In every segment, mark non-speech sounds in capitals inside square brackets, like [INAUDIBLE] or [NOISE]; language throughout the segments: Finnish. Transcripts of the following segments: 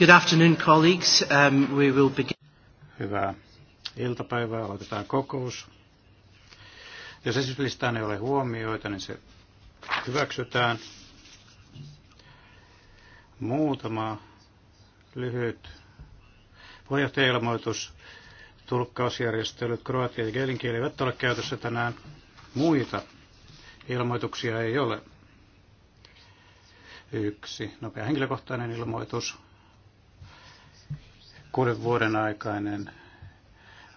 Good afternoon, colleagues. Um, we will begin. Hyvää iltapäivää. Aloitetaan kokous. Jos esityslistaan ei ole huomioita, niin se hyväksytään. Muutama lyhyt puheenjohtajailmoitus. Tulkkausjärjestelyt kroatia ja geelinkieli eivät ole käytössä tänään. Muita ilmoituksia ei ole. Yksi nopea henkilökohtainen ilmoitus kuuden vuoden aikainen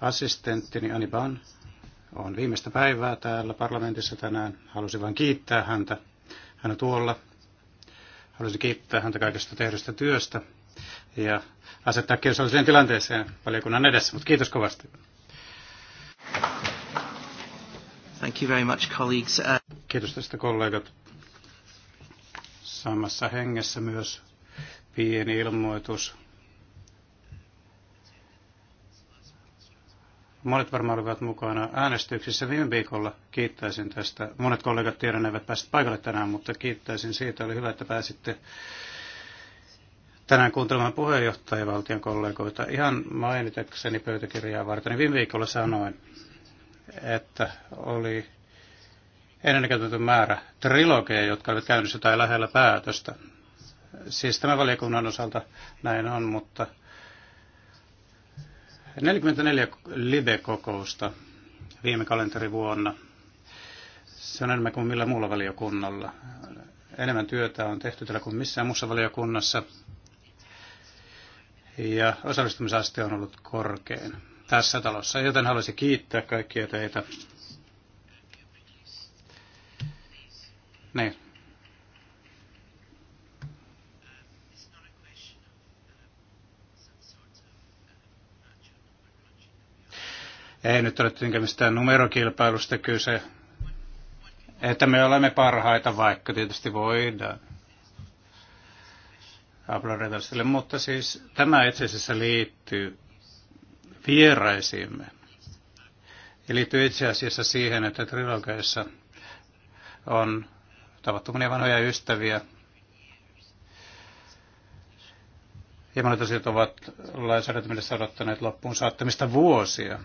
assistenttini Aniban on viimeistä päivää täällä parlamentissa tänään. Halusin vain kiittää häntä. Hän on tuolla. Haluaisin kiittää häntä kaikesta tehdystä työstä ja asettaa kiusalliseen tilanteeseen valiokunnan edessä, mutta kiitos kovasti. Thank you very much, colleagues. Uh, kiitos tästä kollegat. Samassa hengessä myös pieni ilmoitus Monet varmaan olivat mukana äänestyksissä viime viikolla. Kiittäisin tästä. Monet kollegat tiedän eivät päässeet paikalle tänään, mutta kiittäisin siitä. Oli hyvä, että pääsitte tänään kuuntelemaan puheenjohtajavaltion kollegoita. Ihan mainitakseni pöytäkirjaa varten. Niin viime viikolla sanoin, että oli ennennäkömätön määrä trilogeja, jotka olivat käynnissä tai lähellä päätöstä. Siis tämän valiokunnan osalta näin on, mutta 44 live-kokousta viime kalenterivuonna. Se on enemmän kuin millä muulla valiokunnalla. Enemmän työtä on tehty täällä kuin missään muussa valiokunnassa. Ja osallistumisaste on ollut korkein tässä talossa, joten haluaisin kiittää kaikkia teitä. Niin, Ei nyt ole tietenkään mistään numerokilpailusta kyse, että me olemme parhaita, vaikka tietysti voidaan mutta siis tämä itse asiassa liittyy vieraisiimme. Ja liittyy itse asiassa siihen, että trilogeissa on tavattu monia vanhoja ystäviä. Ja monet asiat ovat lainsäädäntömielessä odottaneet loppuun saattamista vuosia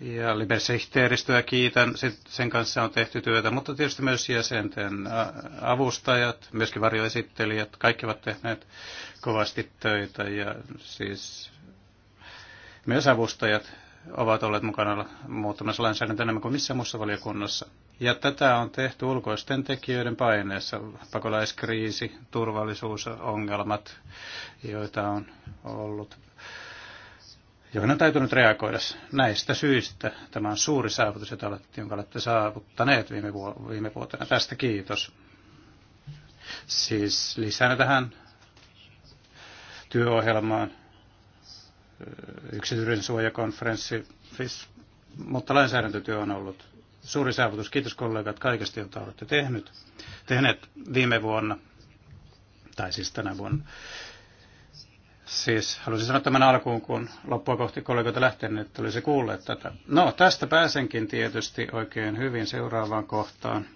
ja Libersihteeristöä kiitän, sen kanssa on tehty työtä, mutta tietysti myös jäsenten avustajat, myöskin varjoesittelijät, kaikki ovat tehneet kovasti töitä ja siis myös avustajat ovat olleet mukana muuttamassa lainsäädäntöä enemmän kuin missä muussa valiokunnassa. Ja tätä on tehty ulkoisten tekijöiden paineessa, pakolaiskriisi, turvallisuusongelmat, joita on ollut johon on täytynyt reagoida näistä syistä. Tämä on suuri saavutus, jota olette, jonka olette saavuttaneet viime, vuo- viime vuotena. Tästä kiitos. Siis lisänä tähän työohjelmaan yksityisen suojakonferenssi, siis, mutta lainsäädäntötyö on ollut suuri saavutus. Kiitos kollegat kaikesta, jota olette tehnyt, tehneet viime vuonna, tai siis tänä vuonna. Siis halusin sanoa tämän alkuun, kun loppua kohti kollegoita lähtenyt, niin että olisi kuulleet tätä. No, tästä pääsenkin tietysti oikein hyvin seuraavaan kohtaan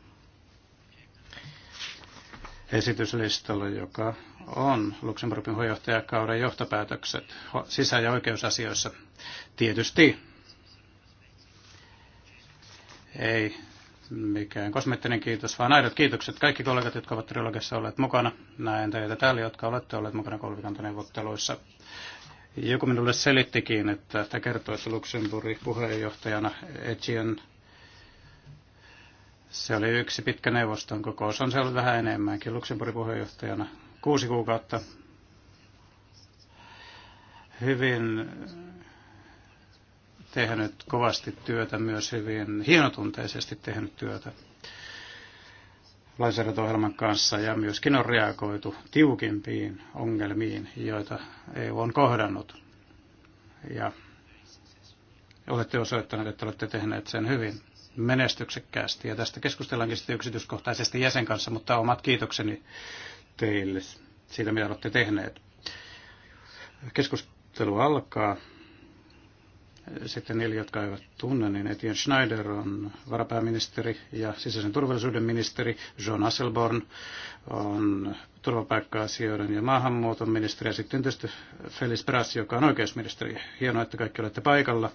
esityslistalla, joka on Luxemburgin puheenjohtajakauden johtopäätökset sisä- ja oikeusasioissa. Tietysti ei mikään kosmettinen kiitos, vaan aidot kiitokset kaikki kollegat, jotka ovat trilogissa olleet mukana. Näen teitä täällä, jotka olette olleet mukana kolmikantaneuvotteluissa. Joku minulle selittikin, että tämä kertoo, että Luxemburgin puheenjohtajana Etienne se oli yksi pitkä neuvoston kokous. On se ollut vähän enemmänkin Luxemburgin puheenjohtajana. Kuusi kuukautta. Hyvin tehnyt kovasti työtä, myös hyvin hienotunteisesti tehnyt työtä lainsäädäntöohjelman kanssa ja myöskin on reagoitu tiukimpiin ongelmiin, joita EU on kohdannut. Ja olette osoittaneet, että olette tehneet sen hyvin menestyksekkäästi ja tästä keskustellaankin sitten yksityiskohtaisesti jäsen kanssa, mutta omat kiitokseni teille siitä, mitä olette tehneet. Keskustelu alkaa. Sitten niille, jotka eivät tunne, niin Etienne Schneider on varapääministeri ja sisäisen turvallisuuden ministeri. John Asselborn on turvapaikka-asioiden ja maahanmuuton ministeri. Ja sitten tietysti Felix Brass, joka on oikeusministeri. Hienoa, että kaikki olette paikalla.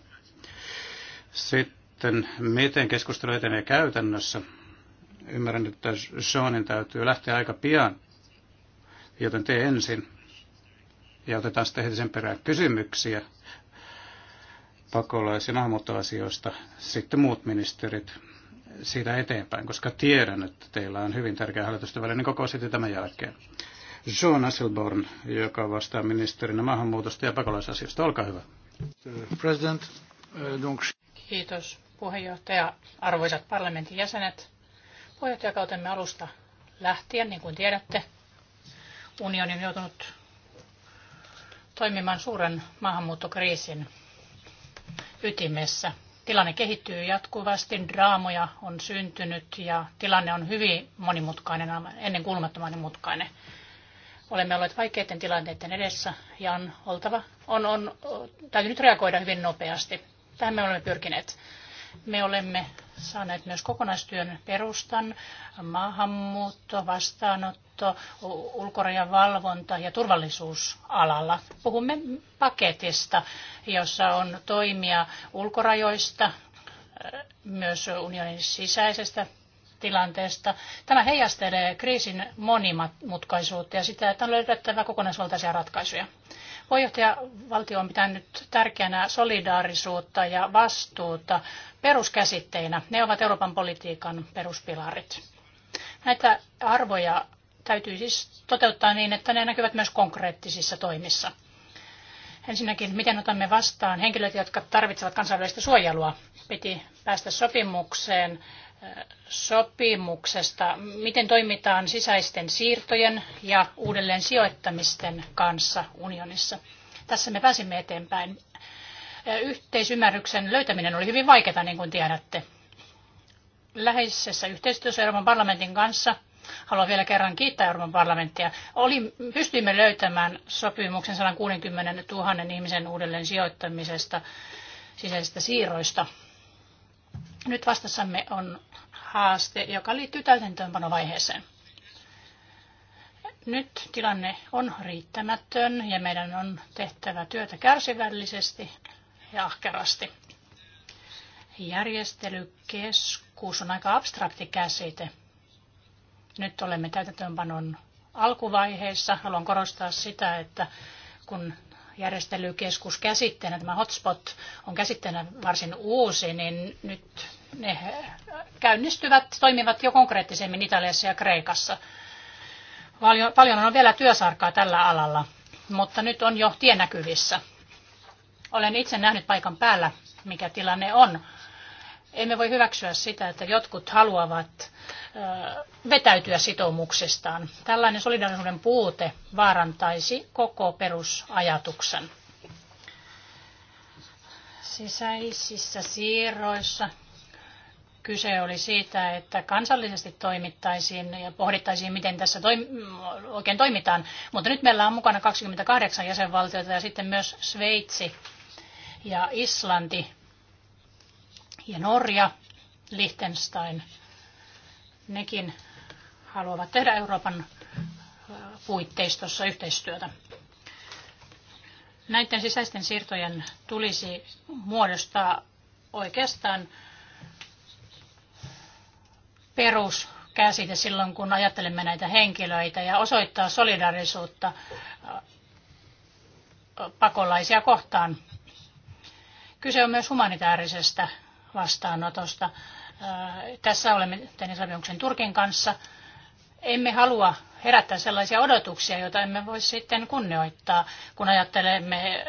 Sitten miten keskustelu etenee käytännössä. Ymmärrän, että Johnin täytyy lähteä aika pian, joten tee ensin ja otetaan sitten heti sen perään kysymyksiä pakolais- ja maahanmuuttoasioista sitten muut ministerit siitä eteenpäin, koska tiedän, että teillä on hyvin tärkeä hallitusten välinen kokous sitten tämän jälkeen. John Asselborn, joka vastaa ministerinä maahanmuutosta ja pakolaisasioista. Olkaa hyvä. President, eh, donc... Kiitos puheenjohtaja, arvoisat parlamentin jäsenet. Puheenjohtajakautemme alusta lähtien, niin kuin tiedätte, unioni on joutunut toimimaan suuren maahanmuuttokriisin ytimessä. Tilanne kehittyy jatkuvasti, draamoja on syntynyt ja tilanne on hyvin monimutkainen, ennen kulmattoman monimutkainen. Olemme olleet vaikeiden tilanteiden edessä ja on, oltava, on, on täytynyt reagoida hyvin nopeasti. Tähän me olemme pyrkineet. Me olemme saaneet myös kokonaistyön perustan, maahanmuutto, vastaanotto, ulkorajan valvonta ja turvallisuusalalla. Puhumme paketista, jossa on toimia ulkorajoista, myös unionin sisäisestä tilanteesta. Tämä heijastelee kriisin monimutkaisuutta ja sitä, että on löydettävä kokonaisvaltaisia ratkaisuja. Puheenjohtajavaltio on pitänyt tärkeänä solidaarisuutta ja vastuuta peruskäsitteinä. Ne ovat Euroopan politiikan peruspilarit. Näitä arvoja täytyy siis toteuttaa niin, että ne näkyvät myös konkreettisissa toimissa. Ensinnäkin, miten otamme vastaan henkilöt, jotka tarvitsevat kansainvälistä suojelua? Piti päästä sopimukseen sopimuksesta, miten toimitaan sisäisten siirtojen ja uudelleen sijoittamisten kanssa unionissa. Tässä me pääsimme eteenpäin. Yhteisymmärryksen löytäminen oli hyvin vaikeaa, niin kuin tiedätte. Läheisessä yhteistyössä Euroopan parlamentin kanssa haluan vielä kerran kiittää Euroopan parlamenttia. Oli, pystyimme löytämään sopimuksen 160 000 ihmisen uudelleen sijoittamisesta sisäisistä siirroista – nyt vastassamme on haaste, joka liittyy täytäntöönpanovaiheeseen. Nyt tilanne on riittämätön ja meidän on tehtävä työtä kärsivällisesti ja ahkerasti. Järjestelykeskus on aika abstrakti käsite. Nyt olemme täytäntöönpanon alkuvaiheessa. Haluan korostaa sitä, että kun järjestelykeskus käsitteenä, tämä hotspot on käsitteenä varsin uusi, niin nyt ne käynnistyvät, toimivat jo konkreettisemmin Italiassa ja Kreikassa. Paljon on vielä työsarkaa tällä alalla, mutta nyt on jo tie näkyvissä. Olen itse nähnyt paikan päällä, mikä tilanne on. Emme voi hyväksyä sitä, että jotkut haluavat vetäytyä sitoumuksistaan. Tällainen solidaarisuuden puute vaarantaisi koko perusajatuksen sisäisissä siirroissa Kyse oli siitä, että kansallisesti toimittaisiin ja pohdittaisiin, miten tässä toim- oikein toimitaan. Mutta nyt meillä on mukana 28 jäsenvaltiota ja sitten myös Sveitsi ja Islanti ja Norja, Liechtenstein. Nekin haluavat tehdä Euroopan äh, puitteistossa yhteistyötä. Näiden sisäisten siirtojen tulisi muodostaa oikeastaan peruskäsite silloin, kun ajattelemme näitä henkilöitä ja osoittaa solidaarisuutta äh, pakolaisia kohtaan. Kyse on myös humanitaarisesta vastaanotosta. Äh, tässä olemme tehneet sopimuksen Turkin kanssa. Emme halua herättää sellaisia odotuksia, joita emme voi sitten kunnioittaa, kun ajattelemme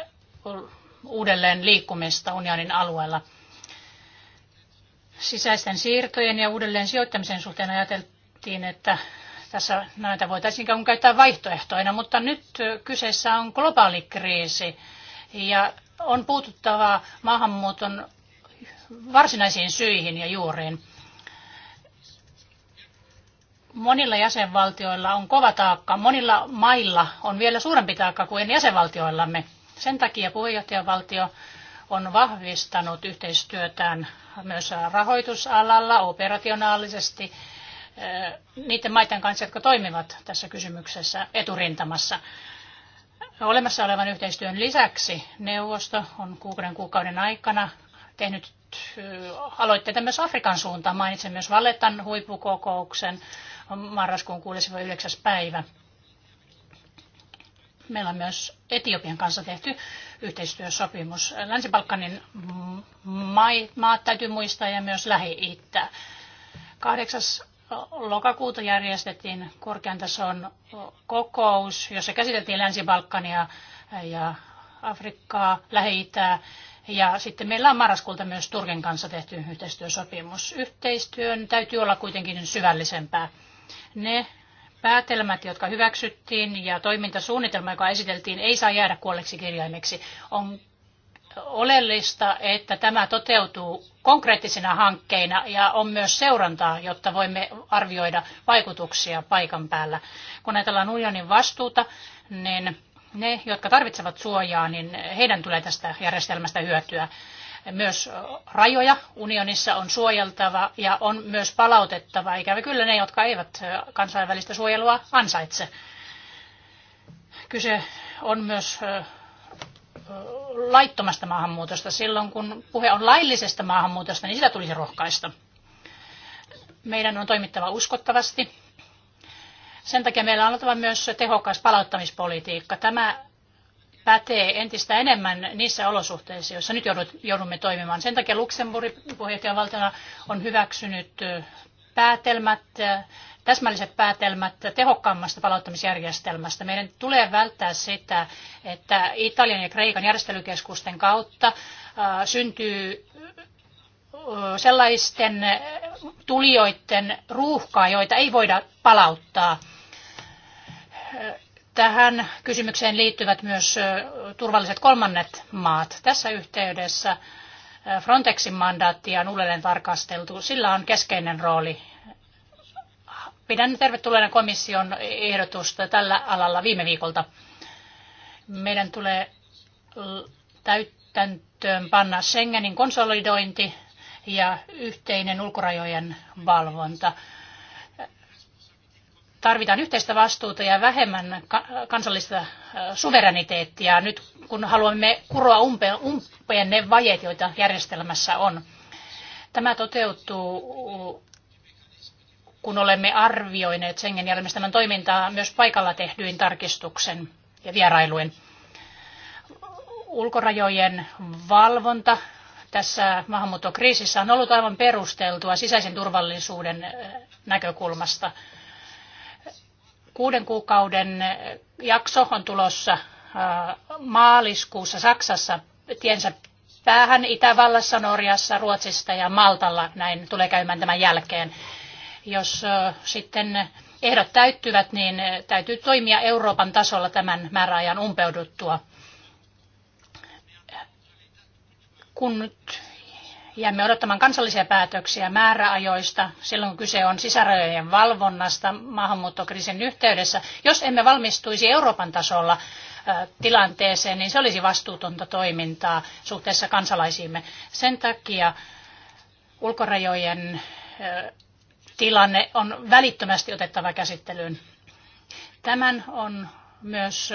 uudelleen liikkumista unionin alueella – sisäisten siirtojen ja uudelleen sijoittamisen suhteen ajateltiin, että tässä näitä voitaisiin käyttää vaihtoehtoina, mutta nyt kyseessä on globaali kriisi ja on puututtava maahanmuuton varsinaisiin syihin ja juuriin. Monilla jäsenvaltioilla on kova taakka, monilla mailla on vielä suurempi taakka kuin jäsenvaltioillamme. Sen takia puheenjohtajavaltio on vahvistanut yhteistyötään myös rahoitusalalla operationaalisesti eh, niiden maiden kanssa, jotka toimivat tässä kysymyksessä eturintamassa. Olemassa olevan yhteistyön lisäksi neuvosto on kuukauden kuukauden aikana tehnyt eh, aloitteita myös Afrikan suuntaan. Mainitsen myös Valletan huippukokouksen marraskuun 6-9. päivä. Meillä on myös Etiopian kanssa tehty yhteistyösopimus. Länsi-Balkanin maat täytyy muistaa ja myös Lähi-Ittä. 8. lokakuuta järjestettiin korkean tason kokous, jossa käsiteltiin Länsi-Balkania ja Afrikkaa, Lähi-Itää ja sitten meillä on marraskuulta myös Turkin kanssa tehty yhteistyösopimus. Yhteistyön täytyy olla kuitenkin syvällisempää. Ne päätelmät, jotka hyväksyttiin ja toimintasuunnitelma, joka esiteltiin, ei saa jäädä kuolleeksi kirjaimeksi. On oleellista, että tämä toteutuu konkreettisina hankkeina ja on myös seurantaa, jotta voimme arvioida vaikutuksia paikan päällä. Kun ajatellaan unionin vastuuta, niin ne, jotka tarvitsevat suojaa, niin heidän tulee tästä järjestelmästä hyötyä myös rajoja unionissa on suojeltava ja on myös palautettava, ikävä kyllä ne, jotka eivät kansainvälistä suojelua ansaitse. Kyse on myös laittomasta maahanmuutosta. Silloin kun puhe on laillisesta maahanmuutosta, niin sitä tulisi rohkaista. Meidän on toimittava uskottavasti. Sen takia meillä on oltava myös tehokas palauttamispolitiikka. Tämä pätee entistä enemmän niissä olosuhteissa, joissa nyt joudumme toimimaan. Sen takia Luxemburgin puheenjohtajavaltiona on hyväksynyt päätelmät, täsmälliset päätelmät tehokkaammasta palauttamisjärjestelmästä. Meidän tulee välttää sitä, että Italian ja Kreikan järjestelykeskusten kautta syntyy sellaisten tulijoiden ruuhkaa, joita ei voida palauttaa Tähän kysymykseen liittyvät myös turvalliset kolmannet maat. Tässä yhteydessä Frontexin mandaattia on uudelleen tarkasteltu. Sillä on keskeinen rooli. Pidän tervetulleena komission ehdotusta tällä alalla viime viikolta. Meidän tulee täyttäntöön panna Schengenin konsolidointi ja yhteinen ulkorajojen valvonta tarvitaan yhteistä vastuuta ja vähemmän kansallista suvereniteettia nyt, kun haluamme kuroa umpeen ne vajeet, joita järjestelmässä on. Tämä toteutuu, kun olemme arvioineet Schengen järjestelmän toimintaa myös paikalla tehdyin tarkistuksen ja vierailuin. Ulkorajojen valvonta tässä maahanmuuttokriisissä on ollut aivan perusteltua sisäisen turvallisuuden näkökulmasta – Kuuden kuukauden jakso on tulossa maaliskuussa Saksassa tiensä päähän Itävallassa, Norjassa, Ruotsista ja Maltalla. Näin tulee käymään tämän jälkeen. Jos sitten ehdot täyttyvät, niin täytyy toimia Euroopan tasolla tämän määräajan umpeuduttua. Kun nyt Jäämme odottamaan kansallisia päätöksiä määräajoista silloin, kun kyse on sisärajojen valvonnasta maahanmuuttokriisin yhteydessä. Jos emme valmistuisi Euroopan tasolla äh, tilanteeseen, niin se olisi vastuutonta toimintaa suhteessa kansalaisiimme. Sen takia ulkorajojen äh, tilanne on välittömästi otettava käsittelyyn. Tämän on myös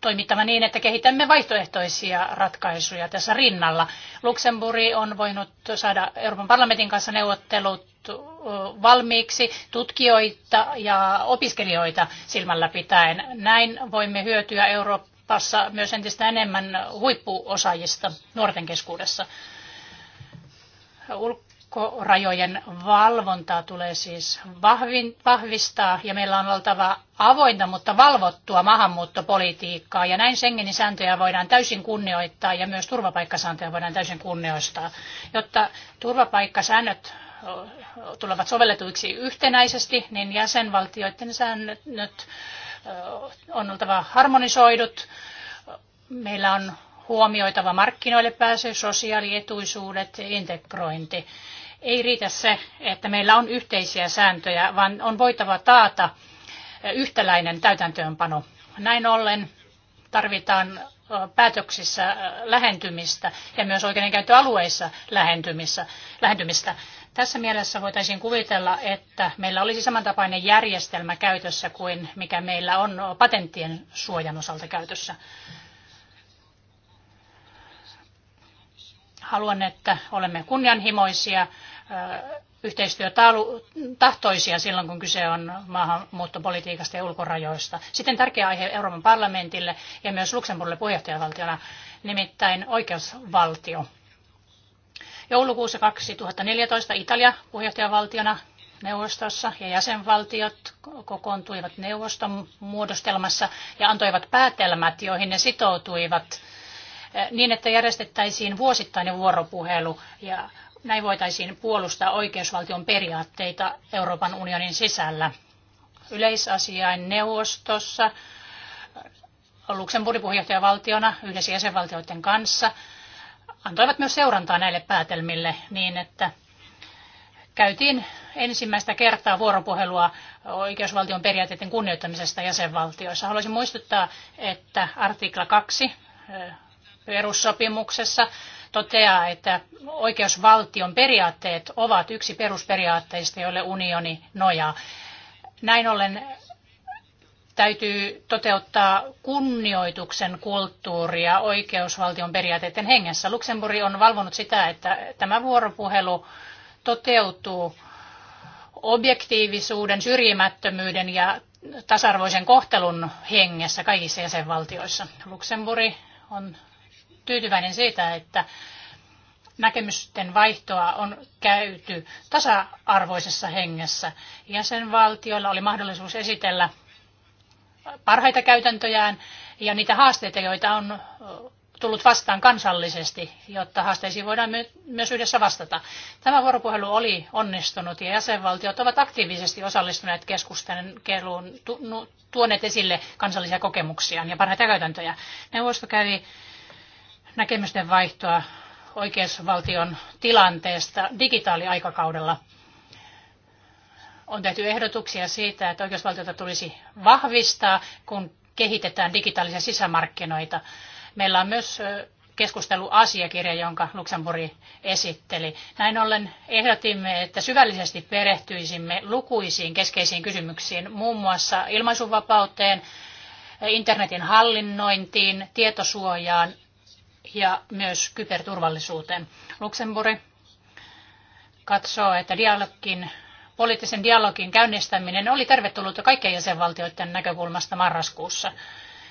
toimittava niin, että kehitämme vaihtoehtoisia ratkaisuja tässä rinnalla. Luxemburg on voinut saada Euroopan parlamentin kanssa neuvottelut valmiiksi tutkijoita ja opiskelijoita silmällä pitäen. Näin voimme hyötyä Euroopassa myös entistä enemmän huippuosaajista nuorten keskuudessa ulkorajojen valvontaa tulee siis vahvin, vahvistaa ja meillä on oltava avointa, mutta valvottua maahanmuuttopolitiikkaa ja näin Schengenin sääntöjä voidaan täysin kunnioittaa ja myös turvapaikkasääntöjä voidaan täysin kunnioittaa, jotta turvapaikkasäännöt tulevat sovelletuiksi yhtenäisesti, niin jäsenvaltioiden säännöt on oltava harmonisoidut. Meillä on huomioitava markkinoille pääsy, sosiaalietuisuudet ja integrointi. Ei riitä se, että meillä on yhteisiä sääntöjä, vaan on voitava taata yhtäläinen täytäntöönpano. Näin ollen tarvitaan päätöksissä lähentymistä ja myös oikeudenkäyttöalueissa lähentymistä. Tässä mielessä voitaisiin kuvitella, että meillä olisi samantapainen järjestelmä käytössä kuin mikä meillä on patenttien suojan osalta käytössä. Haluan, että olemme kunnianhimoisia, yhteistyötahtoisia silloin, kun kyse on maahanmuuttopolitiikasta ja ulkorajoista. Sitten tärkeä aihe Euroopan parlamentille ja myös Luxemburgille puheenjohtajavaltiona, nimittäin oikeusvaltio. Joulukuussa 2014 Italia puheenjohtajavaltiona neuvostossa ja jäsenvaltiot kokoontuivat neuvoston muodostelmassa ja antoivat päätelmät, joihin ne sitoutuivat niin, että järjestettäisiin vuosittainen vuoropuhelu ja näin voitaisiin puolustaa oikeusvaltion periaatteita Euroopan unionin sisällä. Yleisasiain neuvostossa Luxemburgin puheenjohtajavaltiona yhdessä jäsenvaltioiden kanssa antoivat myös seurantaa näille päätelmille niin, että käytiin ensimmäistä kertaa vuoropuhelua oikeusvaltion periaatteiden kunnioittamisesta jäsenvaltioissa. Haluaisin muistuttaa, että artikla 2 perussopimuksessa toteaa, että oikeusvaltion periaatteet ovat yksi perusperiaatteista, joille unioni nojaa. Näin ollen täytyy toteuttaa kunnioituksen kulttuuria oikeusvaltion periaatteiden hengessä. Luxemburg on valvonut sitä, että tämä vuoropuhelu toteutuu objektiivisuuden, syrjimättömyyden ja tasa-arvoisen kohtelun hengessä kaikissa jäsenvaltioissa. Luxemburg on tyytyväinen siitä, että näkemysten vaihtoa on käyty tasa-arvoisessa hengessä. Jäsenvaltioilla oli mahdollisuus esitellä parhaita käytäntöjään ja niitä haasteita, joita on tullut vastaan kansallisesti, jotta haasteisiin voidaan myös yhdessä vastata. Tämä vuoropuhelu oli onnistunut ja jäsenvaltiot ovat aktiivisesti osallistuneet keskusteluun, tuoneet esille kansallisia kokemuksiaan ja parhaita käytäntöjä. Neuvosto kävi näkemysten vaihtoa oikeusvaltion tilanteesta digitaaliaikakaudella. On tehty ehdotuksia siitä, että oikeusvaltiota tulisi vahvistaa, kun kehitetään digitaalisia sisämarkkinoita. Meillä on myös keskusteluasiakirja, jonka Luxemburg esitteli. Näin ollen ehdotimme, että syvällisesti perehtyisimme lukuisiin keskeisiin kysymyksiin, muun muassa ilmaisuvapauteen, internetin hallinnointiin, tietosuojaan, ja myös kyberturvallisuuteen. Luxemburg katsoo, että dialogin, poliittisen dialogin käynnistäminen oli tervetullut kaikkien jäsenvaltioiden näkökulmasta marraskuussa.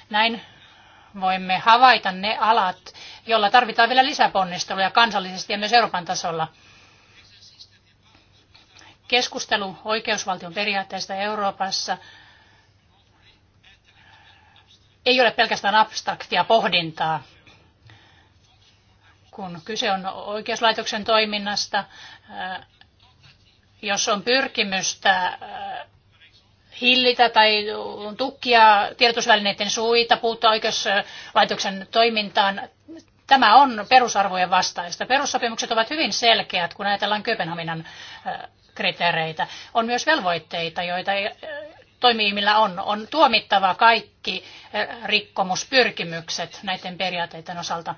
Näin voimme havaita ne alat, joilla tarvitaan vielä lisäponnisteluja kansallisesti ja myös Euroopan tasolla. Keskustelu oikeusvaltion periaatteista Euroopassa ei ole pelkästään abstraktia pohdintaa kun kyse on oikeuslaitoksen toiminnasta, äh, jos on pyrkimystä äh, hillitä tai tukkia tiedotusvälineiden suita, puuttua oikeuslaitoksen toimintaan, tämä on perusarvojen vastaista. Perussopimukset ovat hyvin selkeät, kun ajatellaan Kööpenhaminan äh, kriteereitä. On myös velvoitteita, joita toimiimilla on. On tuomittava kaikki rikkomuspyrkimykset näiden periaatteiden osalta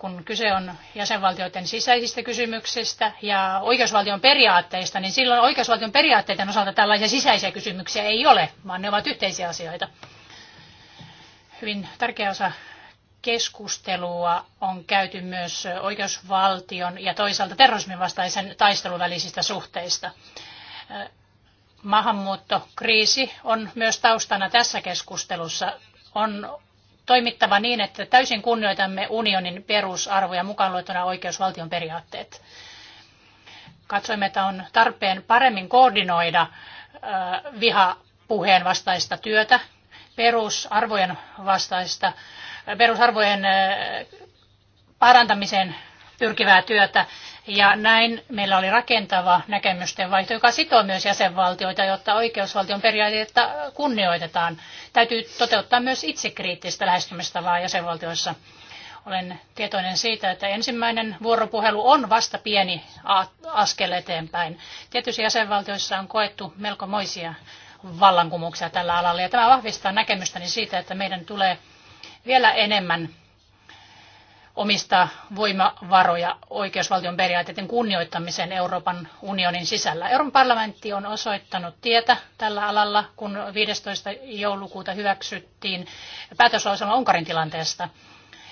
kun kyse on jäsenvaltioiden sisäisistä kysymyksistä ja oikeusvaltion periaatteista, niin silloin oikeusvaltion periaatteiden osalta tällaisia sisäisiä kysymyksiä ei ole, vaan ne ovat yhteisiä asioita. Hyvin tärkeä osa keskustelua on käyty myös oikeusvaltion ja toisaalta terrorismin vastaisen taistelun välisistä suhteista. Maahanmuuttokriisi on myös taustana tässä keskustelussa. On toimittava niin, että täysin kunnioitamme unionin perusarvoja mukaan luettuna oikeusvaltion periaatteet. Katsoimme, että on tarpeen paremmin koordinoida vihapuheen vastaista työtä, perusarvojen vastaista, perusarvojen parantamiseen pyrkivää työtä ja näin meillä oli rakentava näkemysten vaihto, joka sitoo myös jäsenvaltioita, jotta oikeusvaltion periaatetta kunnioitetaan. Täytyy toteuttaa myös itsekriittistä lähestymistavaa jäsenvaltioissa. Olen tietoinen siitä, että ensimmäinen vuoropuhelu on vasta pieni askel eteenpäin. Tietysti jäsenvaltioissa on koettu melkomoisia vallankumouksia tällä alalla, ja tämä vahvistaa näkemystäni siitä, että meidän tulee vielä enemmän omista voimavaroja oikeusvaltion periaatteiden kunnioittamiseen Euroopan unionin sisällä. Euroopan parlamentti on osoittanut tietä tällä alalla, kun 15. joulukuuta hyväksyttiin päätöslauselma Unkarin tilanteesta.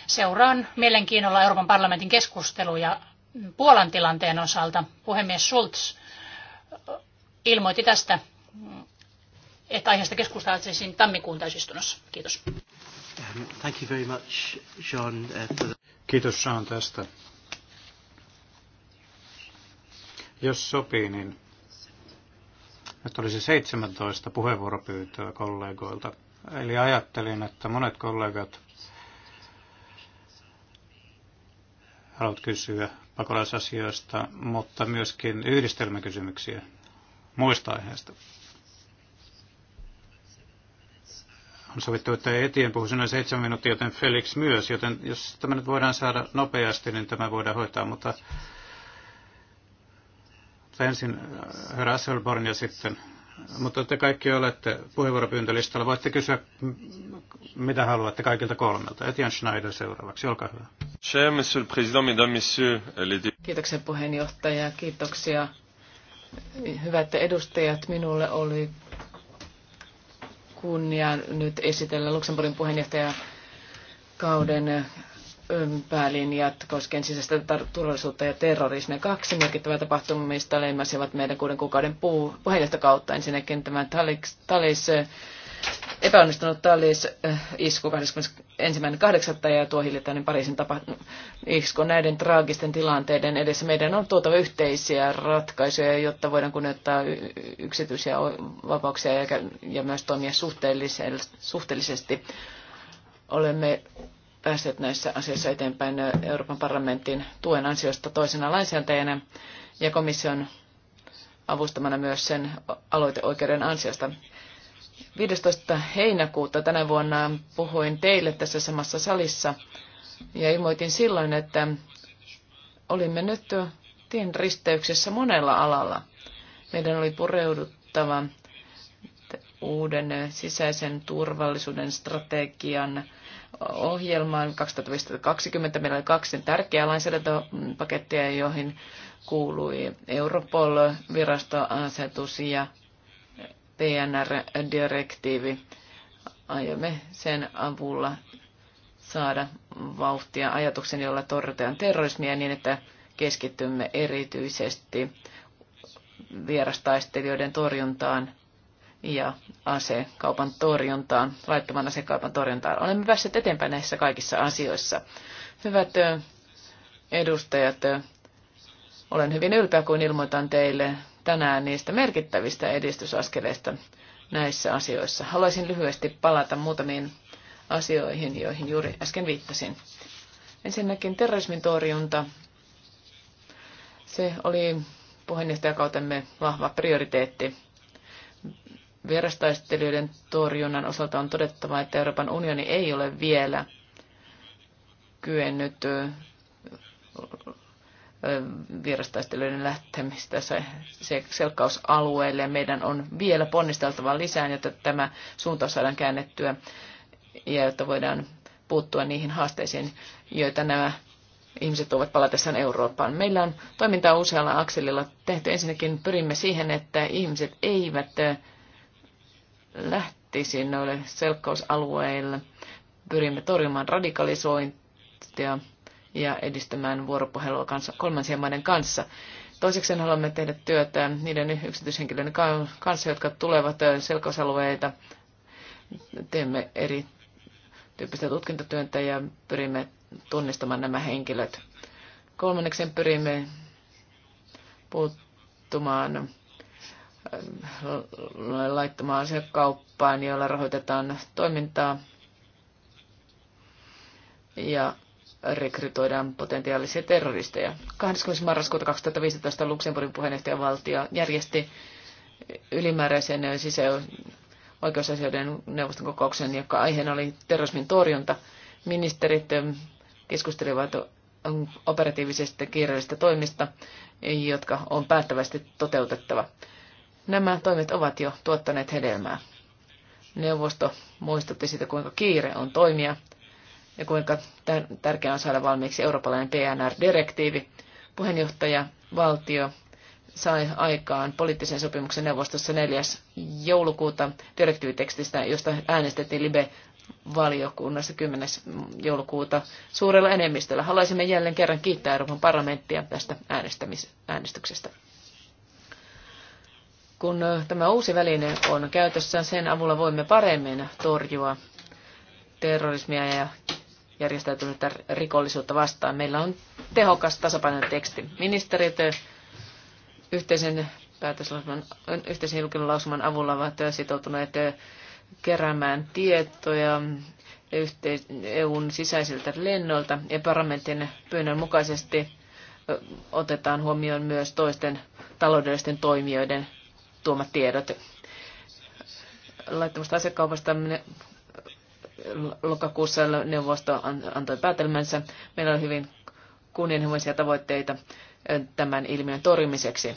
Seuraan mielenkiinnolla Euroopan parlamentin keskusteluja Puolan tilanteen osalta. Puhemies Schulz ilmoitti tästä, että aiheesta keskusteltaisiin tammikuun täysistunnossa. Kiitos. Thank you very much, John, uh, for the... Kiitos saan tästä. Jos sopii, niin nyt olisi 17 puheenvuoropyyntöä kollegoilta. Eli ajattelin, että monet kollegat haluat kysyä pakolaisasioista, mutta myöskin yhdistelmäkysymyksiä muista aiheista. on sovittu, että Etien puhuisi noin seitsemän minuuttia, joten Felix myös, joten jos tämä nyt voidaan saada nopeasti, niin tämä voidaan hoitaa, mutta ensin äh, herra Asselborn ja sitten, mutta te kaikki olette puheenvuoropyyntölistalla, voitte kysyä mitä haluatte kaikilta kolmelta. Etienne Schneider seuraavaksi, olkaa hyvä. Cher monsieur le président, mesdames, messieurs, les... Kiitoksia puheenjohtaja, kiitoksia Hyvät edustajat, minulle oli kunnia nyt esitellä Luxemburgin puheenjohtajakauden päälinjat koskien sisäistä turvallisuutta ja terrorismia. Kaksi merkittävää tapahtumista leimasivat meidän kuuden kuukauden puu- kautta, Ensinnäkin tämä Talis, talis epäonnistunut Tallis isku 21.8. ja tuo hiljattainen Pariisin tapa isku näiden traagisten tilanteiden edessä. Meidän on tuotava yhteisiä ratkaisuja, jotta voidaan kunnioittaa yksityisiä vapauksia ja, myös toimia suhteellisesti. Olemme päässeet näissä asioissa eteenpäin Euroopan parlamentin tuen ansiosta toisena lainsäätäjänä ja komission avustamana myös sen aloiteoikeuden ansiosta. 15. heinäkuuta tänä vuonna puhuin teille tässä samassa salissa ja ilmoitin silloin, että olimme nyt tien risteyksessä monella alalla. Meidän oli pureuduttava uuden sisäisen turvallisuuden strategian ohjelmaan 2020. Meillä oli kaksi tärkeää lainsäädäntöpakettia, joihin kuului Europol-virastoasetus ja PNR-direktiivi. Aiomme sen avulla saada vauhtia ajatuksen, jolla torjutaan terrorismia niin, että keskittymme erityisesti vierastaistelijoiden torjuntaan ja asekaupan torjuntaan, laittoman asekaupan torjuntaan. Olemme päässeet eteenpäin näissä kaikissa asioissa. Hyvät edustajat, olen hyvin ylpeä, kun ilmoitan teille tänään niistä merkittävistä edistysaskeleista näissä asioissa. Haluaisin lyhyesti palata muutamiin asioihin, joihin juuri äsken viittasin. Ensinnäkin terrorismin torjunta. Se oli puheenjohtajakautemme vahva prioriteetti. Vierastaistelijoiden torjunnan osalta on todettava, että Euroopan unioni ei ole vielä kyennyt vierastaistelijoiden lähtemistä se, se selkkausalueelle. Meidän on vielä ponnisteltava lisää, jotta tämä suunta saadaan käännettyä ja jotta voidaan puuttua niihin haasteisiin, joita nämä ihmiset ovat palatessaan Eurooppaan. Meillä on toimintaa usealla akselilla tehty. Ensinnäkin pyrimme siihen, että ihmiset eivät lähtisi noille selkkausalueille. Pyrimme torjumaan radikalisointia ja edistämään vuoropuhelua kanssa, kolmansien maiden kanssa. Toiseksi haluamme tehdä työtä niiden yksityishenkilöiden kanssa, jotka tulevat selkausalueita. Teemme eri tyyppistä tutkintatyöntä ja pyrimme tunnistamaan nämä henkilöt. Kolmanneksi pyrimme puuttumaan laittamaan se kauppaan, jolla rahoitetaan toimintaa. Ja rekrytoidaan potentiaalisia terroristeja. 20. marraskuuta 2015 Luxemburgin puheenjohtajavaltio järjesti ylimääräisen sisäoikeusasioiden neuvoston kokouksen, joka aiheena oli terrorismin torjunta. Ministerit eh, keskustelivat operatiivisista kiireellisistä toimista, jotka on päättävästi toteutettava. Nämä toimet ovat jo tuottaneet hedelmää. Neuvosto muistutti siitä, kuinka kiire on toimia ja kuinka tärkeää on saada valmiiksi eurooppalainen PNR-direktiivi. Puheenjohtaja valtio sai aikaan poliittisen sopimuksen neuvostossa 4. joulukuuta direktiivitekstistä, josta äänestettiin Libe valiokunnassa 10. joulukuuta suurella enemmistöllä. Haluaisimme jälleen kerran kiittää Euroopan parlamenttia tästä äänestyksestä. Kun tämä uusi väline on käytössä, sen avulla voimme paremmin torjua terrorismia ja järjestäytynyttä rikollisuutta vastaan. Meillä on tehokas tasapainoinen teksti. Ministeriöt yhteisen yhteisen yhteisen lausuman avulla ovat sitoutuneet keräämään tietoja EUn sisäisiltä lennoilta ja parlamentin pyynnön mukaisesti otetaan huomioon myös toisten taloudellisten toimijoiden tuomat tiedot laittomasta asekaupasta lokakuussa neuvosto antoi päätelmänsä. Meillä on hyvin kunnianhimoisia tavoitteita tämän ilmiön torjumiseksi.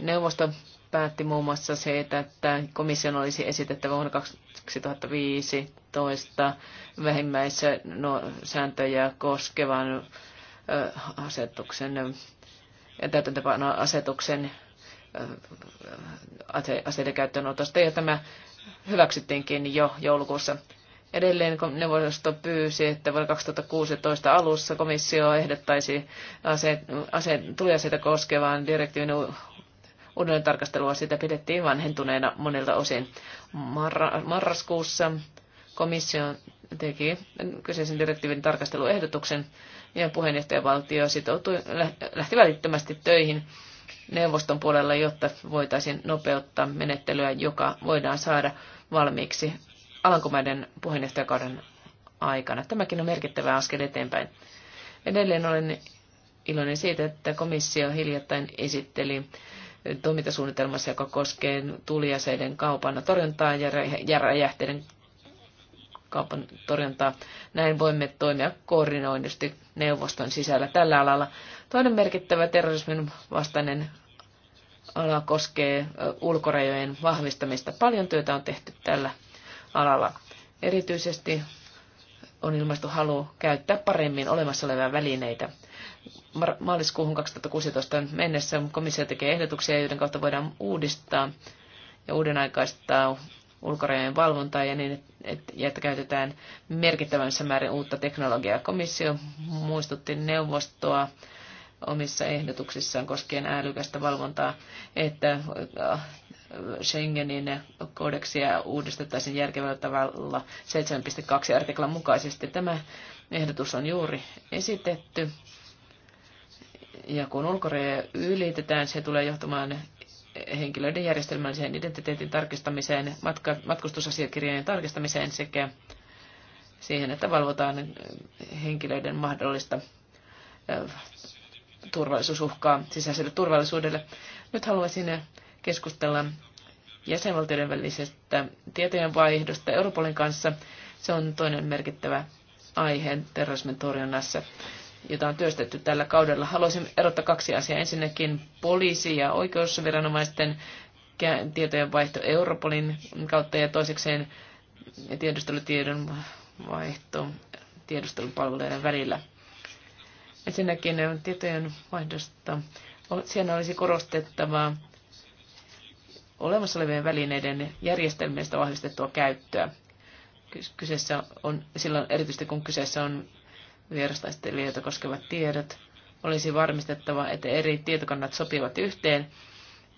Neuvosto päätti muun muassa se, että komission olisi esitettävä vuonna 2015 vähimmäissääntöjä no, koskevan asetuksen täytäntöpanoasetuksen aseiden käyttöönotosta. Ja tämä hyväksyttiinkin jo joulukuussa. Edelleen neuvosto pyysi, että vuonna 2016 alussa komissio ehdottaisi ase, ase, koskevaan direktiivin uudelleen tarkastelua. Sitä pidettiin vanhentuneena monilta osin. Marra, marraskuussa komissio teki kyseisen direktiivin tarkasteluehdotuksen ja puheenjohtajavaltio sitoutui, lähti välittömästi töihin neuvoston puolella, jotta voitaisiin nopeuttaa menettelyä, joka voidaan saada valmiiksi Alankomaiden puheenjohtajakauden aikana. Tämäkin on merkittävä askel eteenpäin. Edelleen olen iloinen siitä, että komissio hiljattain esitteli toimintasuunnitelmassa, joka koskee tuliaseiden kaupan torjuntaa ja räjähteiden ihmiskaupan torjuntaa. Näin voimme toimia koordinoinnisesti neuvoston sisällä tällä alalla. Toinen merkittävä terrorismin vastainen ala koskee ulkorajojen vahvistamista. Paljon työtä on tehty tällä alalla. Erityisesti on ilmaistu halu käyttää paremmin olemassa olevia välineitä. Maaliskuuhun 2016 mennessä komissio tekee ehdotuksia, joiden kautta voidaan uudistaa ja uudenaikaistaa ulkorajojen valvontaa ja, niin, että, että käytetään merkittävässä määrin uutta teknologiaa. Komissio muistutti neuvostoa omissa ehdotuksissaan koskien älykästä valvontaa, että äh, Schengenin kodeksia uudistettaisiin järkevällä tavalla 7.2 artiklan mukaisesti. Tämä ehdotus on juuri esitetty. Ja kun ulkoraja ylitetään, se tulee johtamaan henkilöiden järjestelmälliseen identiteetin tarkistamiseen, matka, matkustusasiakirjojen tarkistamiseen sekä siihen, että valvotaan henkilöiden mahdollista turvallisuusuhkaa sisäiselle turvallisuudelle. Nyt haluaisin keskustella jäsenvaltioiden välisestä tietojenvaihdosta Europolin kanssa. Se on toinen merkittävä aihe terrorismin torjunnassa jota on työstetty tällä kaudella. Haluaisin erottaa kaksi asiaa. Ensinnäkin poliisi- ja oikeusviranomaisten tietojenvaihto Europolin kautta ja toisekseen tiedustelutiedon vaihto tiedustelupalveluiden välillä. Ensinnäkin tietojen vaihdosta. Siinä olisi korostettavaa olemassa olevien välineiden järjestelmistä vahvistettua käyttöä. Kyseessä on, silloin erityisesti kun kyseessä on vierastaistelijoita koskevat tiedot. Olisi varmistettava, että eri tietokannat sopivat yhteen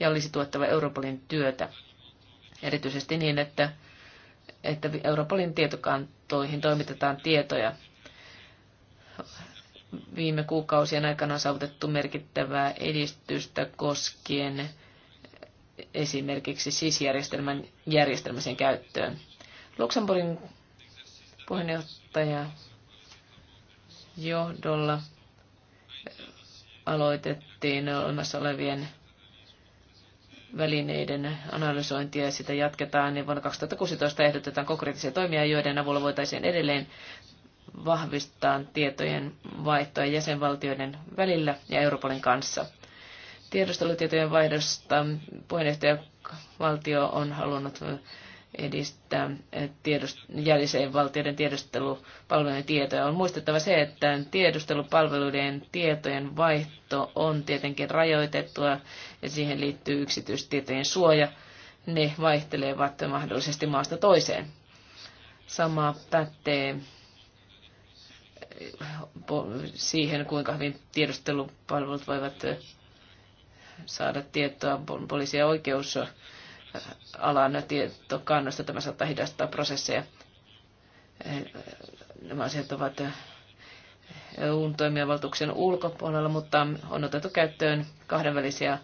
ja olisi tuottava Europolin työtä. Erityisesti niin, että, että Europolin tietokantoihin toimitetaan tietoja. Viime kuukausien aikana on saavutettu merkittävää edistystä koskien esimerkiksi SIS-järjestelmän järjestelmän käyttöön. Luxemburgin puheenjohtaja johdolla aloitettiin olemassa olevien välineiden analysointia ja sitä jatketaan, niin vuonna 2016 ehdotetaan konkreettisia toimia, joiden avulla voitaisiin edelleen vahvistaa tietojen vaihtoa jäsenvaltioiden välillä ja Euroopan kanssa. Tiedustelutietojen vaihdosta puheenjohtajavaltio on halunnut edistää eh, tiedost- valtioiden tiedustelupalvelujen tietoja. On muistettava se, että tiedustelupalveluiden tietojen vaihto on tietenkin rajoitettua ja siihen liittyy yksityistietojen suoja. Ne vaihtelevat mahdollisesti maasta toiseen. Sama pätee eh, siihen, kuinka hyvin tiedustelupalvelut voivat eh, saada tietoa poliisia oikeus alan tietokannasta. Tämä saattaa hidastaa prosesseja. Nämä asiat ovat EUn toimivaltuuksien ulkopuolella, mutta on otettu käyttöön kahdenvälisiä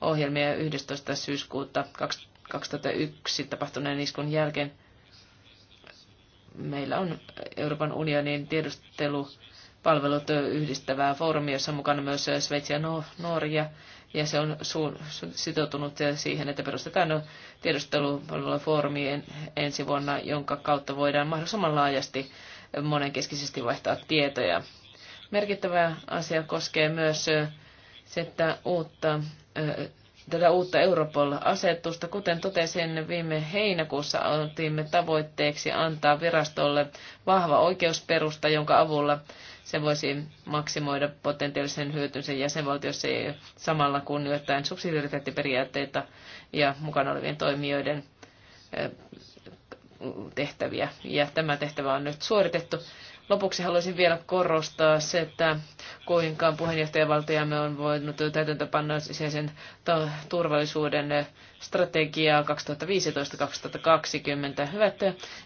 ohjelmia 11. syyskuuta 2001 tapahtuneen iskun jälkeen. Meillä on Euroopan unionin tiedustelu palvelut yhdistävää foorumia, jossa on mukana myös Sveitsi ja Norja. Ja se on sitoutunut siihen, että perustetaan tiedustelupalvelufoorumi ensi vuonna, jonka kautta voidaan mahdollisimman laajasti monenkeskisesti vaihtaa tietoja. Merkittävä asia koskee myös se, että uutta, tätä uutta Europol-asetusta. Kuten totesin, viime heinäkuussa otimme tavoitteeksi antaa virastolle vahva oikeusperusta, jonka avulla se voisi maksimoida potentiaalisen hyötynsä jäsenvaltiossa samalla kunnioittaen subsidiariteettiperiaatteita ja mukana olevien toimijoiden tehtäviä. Ja tämä tehtävä on nyt suoritettu. Lopuksi haluaisin vielä korostaa se, että kuinka puheenjohtajavaltajamme on voinut täytäntöpanna sisäisen turvallisuuden strategiaa 2015-2020. Hyvät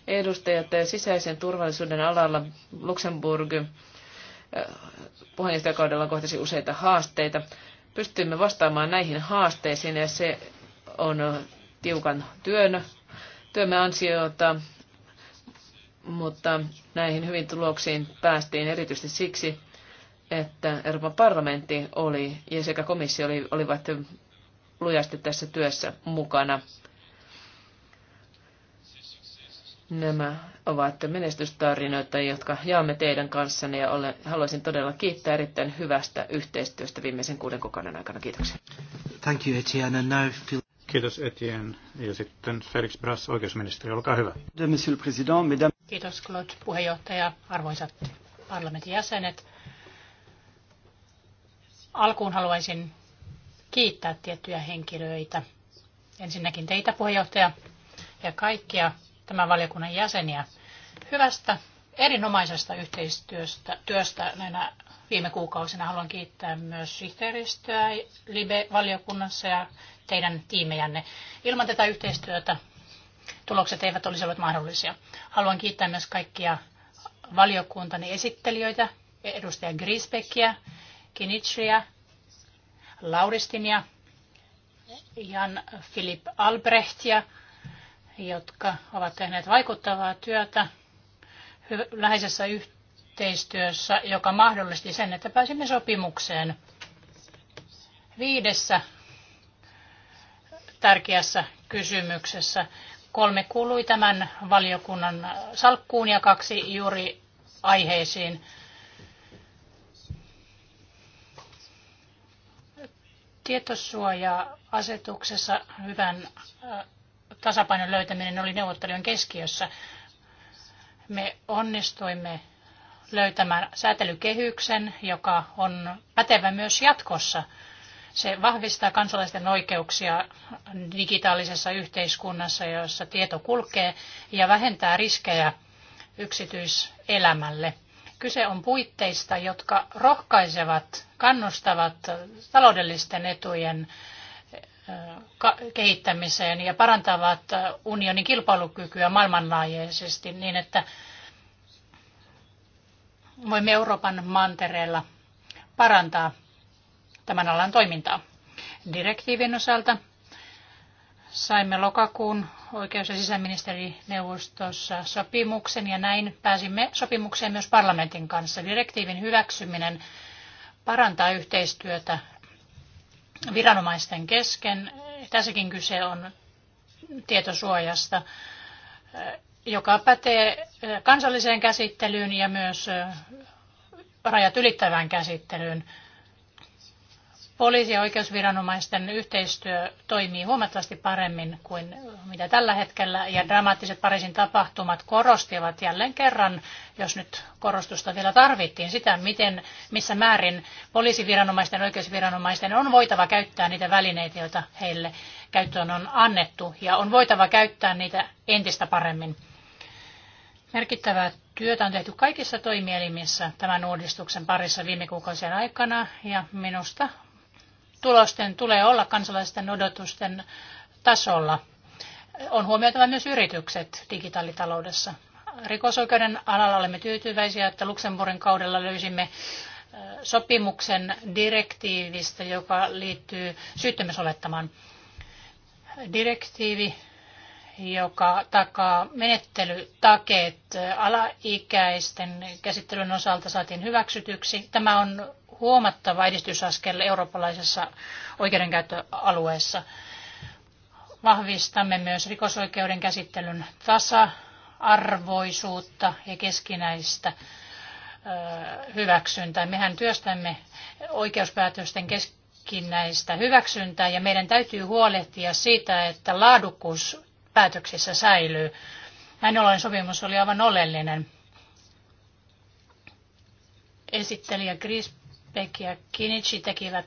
edustajat, sisäisen turvallisuuden alalla Luxemburg puheenjohtajakaudella kohtasi useita haasteita. Pystyimme vastaamaan näihin haasteisiin ja se on tiukan työn, työmme ansiota, mutta näihin hyvin tuloksiin päästiin erityisesti siksi, että Euroopan parlamentti oli ja sekä komissio oli, olivat lujasti tässä työssä mukana. Nämä ovat menestystarinoita, jotka jaamme teidän kanssanne ja olen, haluaisin todella kiittää erittäin hyvästä yhteistyöstä viimeisen kuuden kuukauden aikana. Kiitoksia. Thank you, Etienne. And now Phil... Kiitos Etienne. Ja sitten Felix Brass, oikeusministeri, olkaa hyvä. Monsieur le Président, Kiitos Claude, puheenjohtaja, arvoisat parlamentin jäsenet. Alkuun haluaisin kiittää tiettyjä henkilöitä. Ensinnäkin teitä puheenjohtaja ja kaikkia tämän valiokunnan jäseniä hyvästä, erinomaisesta yhteistyöstä työstä näinä viime kuukausina. Haluan kiittää myös sihteeristöä Libe-valiokunnassa ja teidän tiimejänne. Ilman tätä yhteistyötä tulokset eivät olisi olleet mahdollisia. Haluan kiittää myös kaikkia valiokuntani esittelijöitä, edustaja Grisbeckia, Kinitsriä, Lauristinia, Jan Philip Albrechtia, jotka ovat tehneet vaikuttavaa työtä läheisessä yhteistyössä, joka mahdollisti sen, että pääsimme sopimukseen viidessä tärkeässä kysymyksessä. Kolme kuului tämän valiokunnan salkkuun ja kaksi juuri aiheisiin. Tietosuoja-asetuksessa hyvän äh, tasapainon löytäminen oli neuvottelujen keskiössä. Me onnistuimme löytämään säätelykehyksen, joka on pätevä myös jatkossa. Se vahvistaa kansalaisten oikeuksia digitaalisessa yhteiskunnassa, jossa tieto kulkee ja vähentää riskejä yksityiselämälle. Kyse on puitteista, jotka rohkaisevat, kannustavat taloudellisten etujen kehittämiseen ja parantavat äh, unionin kilpailukykyä maailmanlaajuisesti niin, että voimme Euroopan mantereella parantaa tämän alan toimintaa. Direktiivin osalta saimme lokakuun oikeus- ja sisäministerineuvostossa sopimuksen ja näin pääsimme sopimukseen myös parlamentin kanssa. Direktiivin hyväksyminen parantaa yhteistyötä viranomaisten kesken. Tässäkin kyse on tietosuojasta, joka pätee eh, kansalliseen käsittelyyn ja myös eh, rajat ylittävään käsittelyyn poliisi- ja oikeusviranomaisten yhteistyö toimii huomattavasti paremmin kuin mitä tällä hetkellä. Ja dramaattiset Pariisin tapahtumat korostivat jälleen kerran, jos nyt korostusta vielä tarvittiin, sitä, miten, missä määrin poliisiviranomaisten ja oikeusviranomaisten on voitava käyttää niitä välineitä, joita heille käyttöön on annettu. Ja on voitava käyttää niitä entistä paremmin. Merkittävää työtä on tehty kaikissa toimielimissä tämän uudistuksen parissa viime kuukausien aikana ja minusta tulosten tulee olla kansalaisten odotusten tasolla. On huomioitava myös yritykset digitaalitaloudessa. Rikosoikeuden alalla olemme tyytyväisiä, että Luxemburgin kaudella löysimme sopimuksen direktiivistä, joka liittyy syyttämisolettamaan. Direktiivi, joka takaa menettelytakeet alaikäisten käsittelyn osalta, saatiin hyväksytyksi. Tämä on huomattava edistysaskel eurooppalaisessa oikeudenkäyttöalueessa. Vahvistamme myös rikosoikeuden käsittelyn tasa-arvoisuutta ja keskinäistä hyväksyntää. Mehän työstämme oikeuspäätösten keskinäistä hyväksyntää ja meidän täytyy huolehtia siitä, että laadukkuus päätöksissä säilyy. Näin ollen sopimus oli aivan oleellinen. Esittelijä Chris Beck ja Kinichi tekivät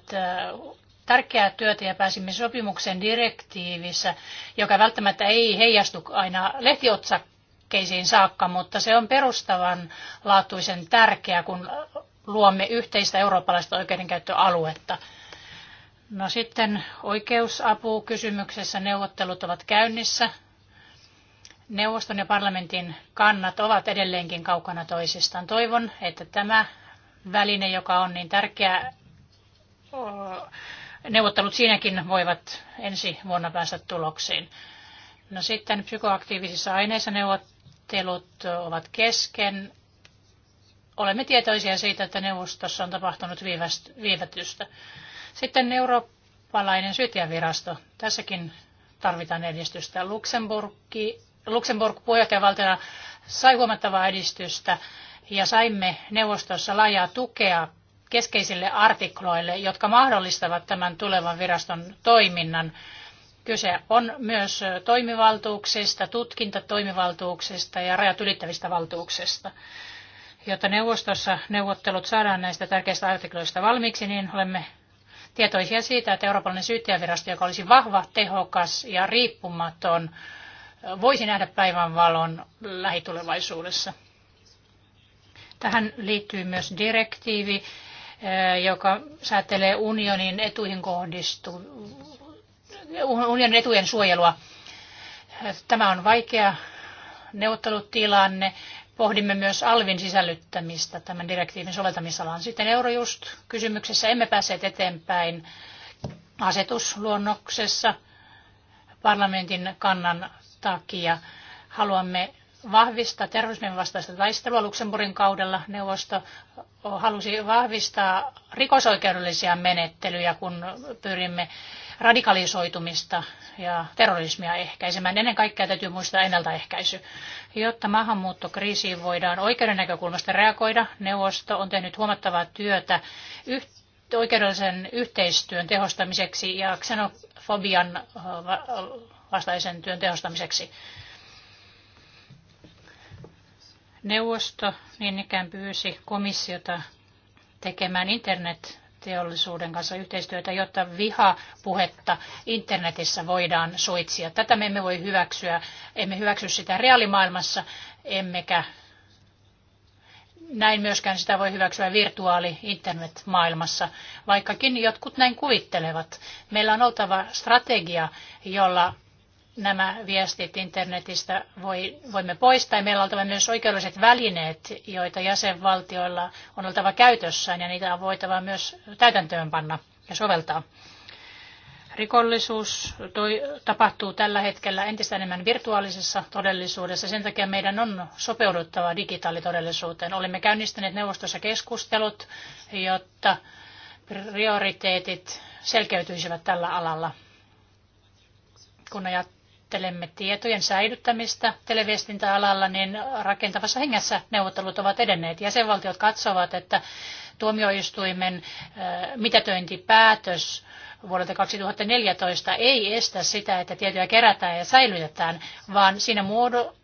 tärkeää työtä ja pääsimme sopimuksen direktiivissä, joka välttämättä ei heijastu aina lehtiotsakkeisiin saakka, mutta se on perustavan laatuisen tärkeä, kun luomme yhteistä eurooppalaista oikeudenkäyttöaluetta. No sitten oikeusapu kysymyksessä neuvottelut ovat käynnissä. Neuvoston ja parlamentin kannat ovat edelleenkin kaukana toisistaan. Toivon, että tämä väline, joka on niin tärkeä. Neuvottelut siinäkin voivat ensi vuonna päästä tuloksiin. No sitten psykoaktiivisissa aineissa neuvottelut ovat kesken. Olemme tietoisia siitä, että neuvostossa on tapahtunut viivätystä. Sitten eurooppalainen syyttäjävirasto. Tässäkin tarvitaan edistystä. Luxemburg, Luxemburg puheenjohtajavaltiona sai huomattavaa edistystä ja saimme neuvostossa laajaa tukea keskeisille artikloille, jotka mahdollistavat tämän tulevan viraston toiminnan. Kyse on myös toimivaltuuksista, tutkintatoimivaltuuksista ja rajat ylittävistä valtuuksista. Jotta neuvostossa neuvottelut saadaan näistä tärkeistä artikloista valmiiksi, niin olemme tietoisia siitä, että Euroopan syyttäjävirasto, joka olisi vahva, tehokas ja riippumaton, voisi nähdä päivänvalon lähitulevaisuudessa. Tähän liittyy myös direktiivi, eh, joka säätelee unionin etuihin kohdistu, unionin etujen suojelua. Tämä on vaikea neuvottelutilanne. Pohdimme myös alvin sisällyttämistä tämän direktiivin soveltamisalaan. Sitten Eurojust kysymyksessä emme päässeet eteenpäin asetusluonnoksessa parlamentin kannan takia. Haluamme vahvistaa terrorismin vastaista taistelua Luxemburgin kaudella. Neuvosto halusi vahvistaa rikosoikeudellisia menettelyjä, kun pyrimme radikalisoitumista ja terrorismia ehkäisemään. Ennen kaikkea täytyy muistaa ennaltaehkäisy. Jotta maahanmuuttokriisiin voidaan oikeuden näkökulmasta reagoida, neuvosto on tehnyt huomattavaa työtä oikeudellisen yhteistyön tehostamiseksi ja xenofobian vastaisen työn tehostamiseksi. Neuvosto niin ikään pyysi komissiota tekemään internetteollisuuden kanssa yhteistyötä, jotta vihapuhetta internetissä voidaan suitsia. Tätä me emme voi hyväksyä. Emme hyväksy sitä reaalimaailmassa, emmekä näin myöskään sitä voi hyväksyä virtuaali-internet-maailmassa, vaikkakin jotkut näin kuvittelevat. Meillä on oltava strategia, jolla nämä viestit internetistä voi, voimme poistaa. Meillä on oltava myös oikeudelliset välineet, joita jäsenvaltioilla on oltava käytössään ja niitä on voitava myös täytäntöönpanna ja soveltaa. Rikollisuus toi, tapahtuu tällä hetkellä entistä enemmän virtuaalisessa todellisuudessa. Sen takia meidän on sopeuduttava digitaalitodellisuuteen. Olemme käynnistäneet neuvostossa keskustelut, jotta prioriteetit selkeytyisivät tällä alalla kun ajat, käsittelemme tietojen säilyttämistä televiestintäalalla, niin rakentavassa hengessä neuvottelut ovat edenneet. Jäsenvaltiot katsovat, että tuomioistuimen äh, mitätöintipäätös vuodelta 2014 ei estä sitä, että tietoja kerätään ja säilytetään, vaan siinä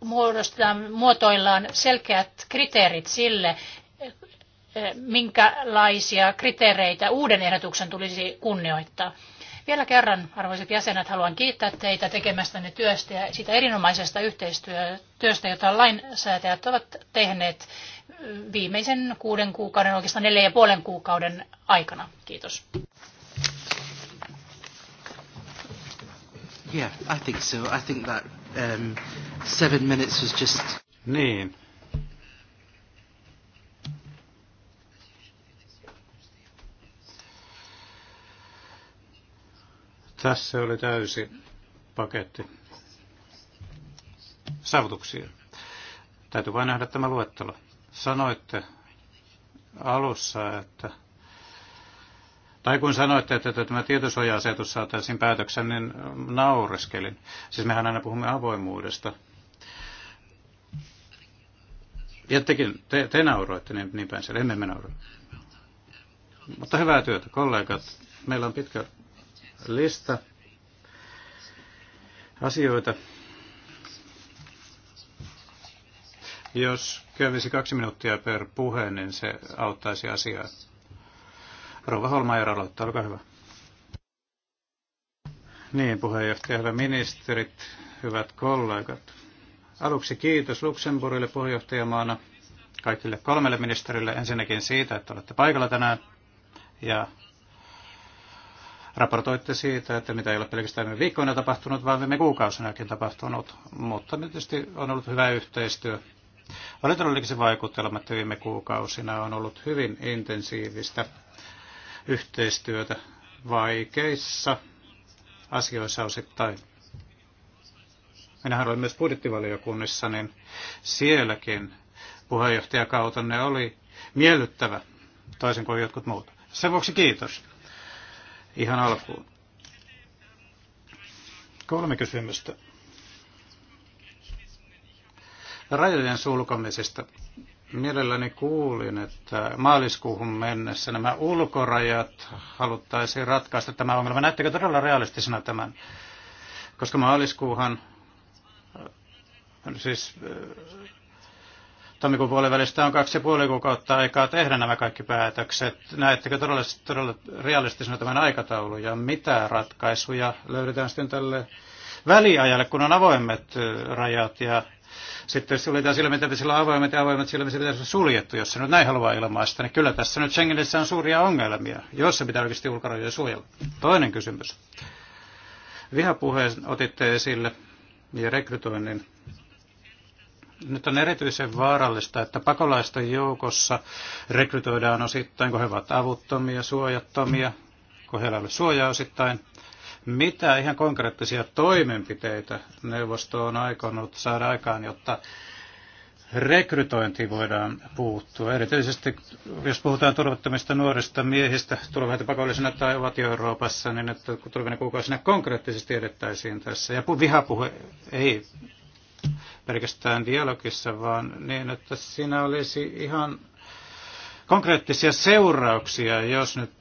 muodostetaan, muotoillaan selkeät kriteerit sille, äh, minkälaisia kriteereitä uuden ehdotuksen tulisi kunnioittaa. Vielä kerran, arvoisat jäsenet, haluan kiittää teitä tekemästänne työstä ja sitä erinomaisesta yhteistyöstä, jota lainsäätäjät ovat tehneet viimeisen kuuden kuukauden, oikeastaan neljän ja puolen kuukauden aikana. Kiitos. Yeah, I think so. I think that um, seven minutes was just... Niin, Tässä oli täysi paketti saavutuksia. Täytyy vain nähdä tämä luettelo. Sanoitte alussa, että tai kun sanoitte, että tämä tietosuoja-asetus saataisiin päätöksen, niin naureskelin. Siis mehän aina puhumme avoimuudesta. Ja tekin, te, te nauroitte niin, niin päin siellä, emme me nauro. Mutta hyvää työtä, kollegat. Meillä on pitkä lista asioita. Jos kävisi kaksi minuuttia per puhe, niin se auttaisi asiaa. Rova Holmaier aloittaa, olkaa hyvä. Niin, puheenjohtaja, hyvä ministerit, hyvät kollegat. Aluksi kiitos Luxemburgille puheenjohtajamaana kaikille kolmelle ministerille ensinnäkin siitä, että olette paikalla tänään ja raportoitte siitä, että mitä ei ole pelkästään viime viikkoina tapahtunut, vaan viime kuukausinakin tapahtunut. Mutta tietysti on ollut hyvä yhteistyö. Valitettavasti se vaikutelma, että viime kuukausina on ollut hyvin intensiivistä yhteistyötä vaikeissa asioissa osittain. Minä olin myös budjettivaliokunnissa, niin sielläkin puheenjohtajakautanne oli miellyttävä, toisin kuin jotkut muut. Sen vuoksi kiitos ihan alkuun. Kolme kysymystä. Rajojen sulkamisesta. Mielelläni kuulin, että maaliskuuhun mennessä nämä ulkorajat haluttaisiin ratkaista tämä ongelma. Näettekö todella realistisena tämän? Koska maaliskuuhan, siis Tammikuun puolen välistä on kaksi ja puoli kuukautta aikaa tehdä nämä kaikki päätökset. Näettekö todella, todella realistisena tämän aikataulun ja mitä ratkaisuja löydetään sitten tälle väliajalle, kun on avoimet rajat ja sitten jos suljetaan silmät, pitäisi on avoimet ja avoimet silmät pitäisi olla suljettu, jos se nyt näin haluaa ilmaista, niin kyllä tässä nyt Schengenissä on suuria ongelmia, jos se pitää oikeasti ulkorajoja suojella. Toinen kysymys. Vihapuheen otitte esille ja rekrytoinnin nyt on erityisen vaarallista, että pakolaisten joukossa rekrytoidaan osittain, kun he ovat avuttomia, suojattomia, kun heillä ei ole suojaa osittain. Mitä ihan konkreettisia toimenpiteitä neuvosto on aikonut saada aikaan, jotta rekrytointiin voidaan puuttua. Erityisesti jos puhutaan turvattomista nuorista miehistä, tulevat pakollisena tai ovat jo Euroopassa, niin että tulevina kuukausina konkreettisesti edettäisiin tässä. Ja vihapuhe ei pelkästään dialogissa, vaan niin, että siinä olisi ihan konkreettisia seurauksia, jos nyt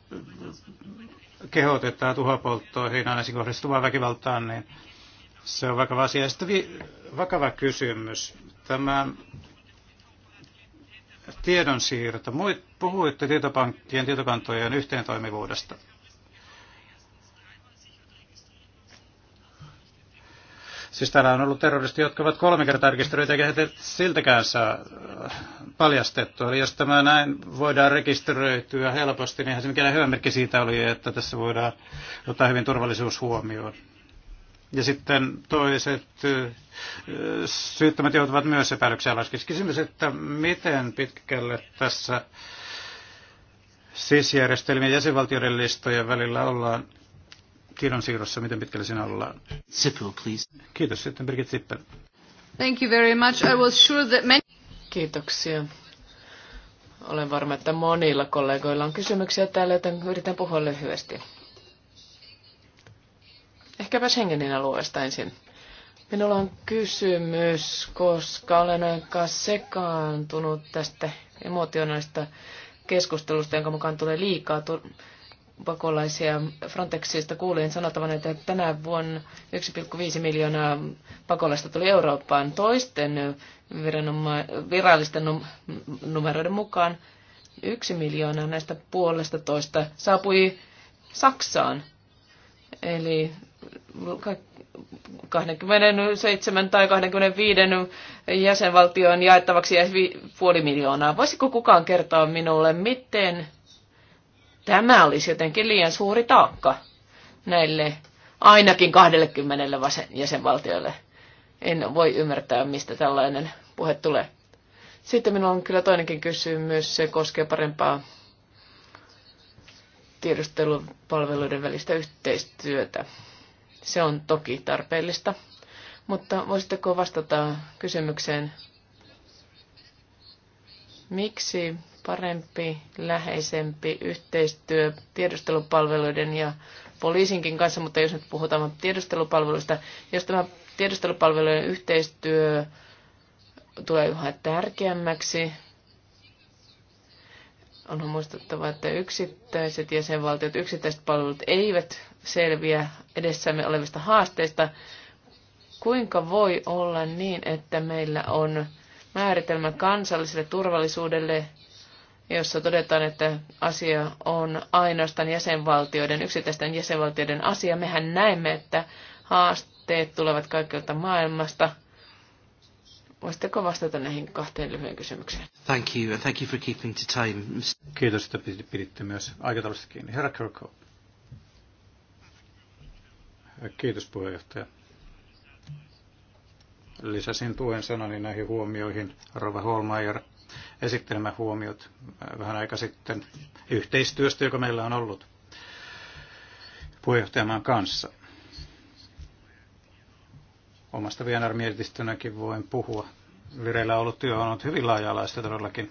kehotetaan tuhopolttoihin naisiin kohdistuvaan väkivaltaan, niin se on vakava asia. Sitten vi- vakava kysymys. Tämä tiedonsiirto. Puhuitte tietopankkien tietokantojen yhteentoimivuudesta. Siis täällä on ollut terroristi, jotka ovat kolme kertaa rekisteröitä, eikä heitä siltäkään saa äh, paljastettua. Eli jos tämä näin voidaan rekisteröityä helposti, niin eihän se mikään hyvä merkki siitä oli, että tässä voidaan ottaa hyvin turvallisuus huomioon. Ja sitten toiset äh, syyttämät joutuvat myös epäilyksiä alaisiksi. Siis kysymys, että miten pitkälle tässä sisjärjestelmien ja jäsenvaltioiden listojen välillä ollaan tiedonsiirrossa, miten pitkällä siinä ollaan. Sippel, please. Kiitos. Sitten Birgit Sippel. Thank you very much. I was sure that many... Kiitoksia. Olen varma, että monilla kollegoilla on kysymyksiä täällä, joten yritän puhua lyhyesti. Ehkäpä Schengenin alueesta ensin. Minulla on kysymys, koska olen aika sekaantunut tästä emotionaalista keskustelusta, jonka mukaan tulee liikaa pakolaisia. Frontexista kuulin sanotavan, että tänä vuonna 1,5 miljoonaa pakolaista tuli Eurooppaan toisten viranoma- virallisten numeroiden mukaan. Yksi miljoonaa näistä puolesta toista saapui Saksaan. Eli 27 tai 25 jäsenvaltioon jaettavaksi jäi puoli miljoonaa. Voisiko kukaan kertoa minulle, miten Tämä olisi jotenkin liian suuri taakka näille ainakin 20 jäsenvaltioille. En voi ymmärtää, mistä tällainen puhe tulee. Sitten minulla on kyllä toinenkin kysymys. Se koskee parempaa tiedustelupalveluiden välistä yhteistyötä. Se on toki tarpeellista, mutta voisitteko vastata kysymykseen, miksi parempi, läheisempi yhteistyö tiedustelupalveluiden ja poliisinkin kanssa, mutta jos nyt puhutaan tiedustelupalveluista, jos tämä tiedustelupalvelujen yhteistyö tulee yhä tärkeämmäksi, on muistettava, että yksittäiset jäsenvaltiot, yksittäiset palvelut eivät selviä edessämme olevista haasteista. Kuinka voi olla niin, että meillä on määritelmä kansalliselle turvallisuudelle, jossa todetaan, että asia on ainoastaan jäsenvaltioiden, yksittäisten jäsenvaltioiden asia. Mehän näemme, että haasteet tulevat kaikilta maailmasta. Voisitteko vastata näihin kahteen lyhyen kysymykseen? Thank you, and thank you for keeping to time. Kiitos, että piditte myös aikataulusta kiinni. Herra Kirkhope. Kiitos puheenjohtaja. Lisäsin tuen sanani näihin huomioihin. Rova Holmeier esittelemä huomiot äh, vähän aika sitten yhteistyöstä, joka meillä on ollut puheenjohtajamaan kanssa. Omasta vnr voin puhua. Vireillä ollut työ on ollut hyvin laaja-alaista todellakin,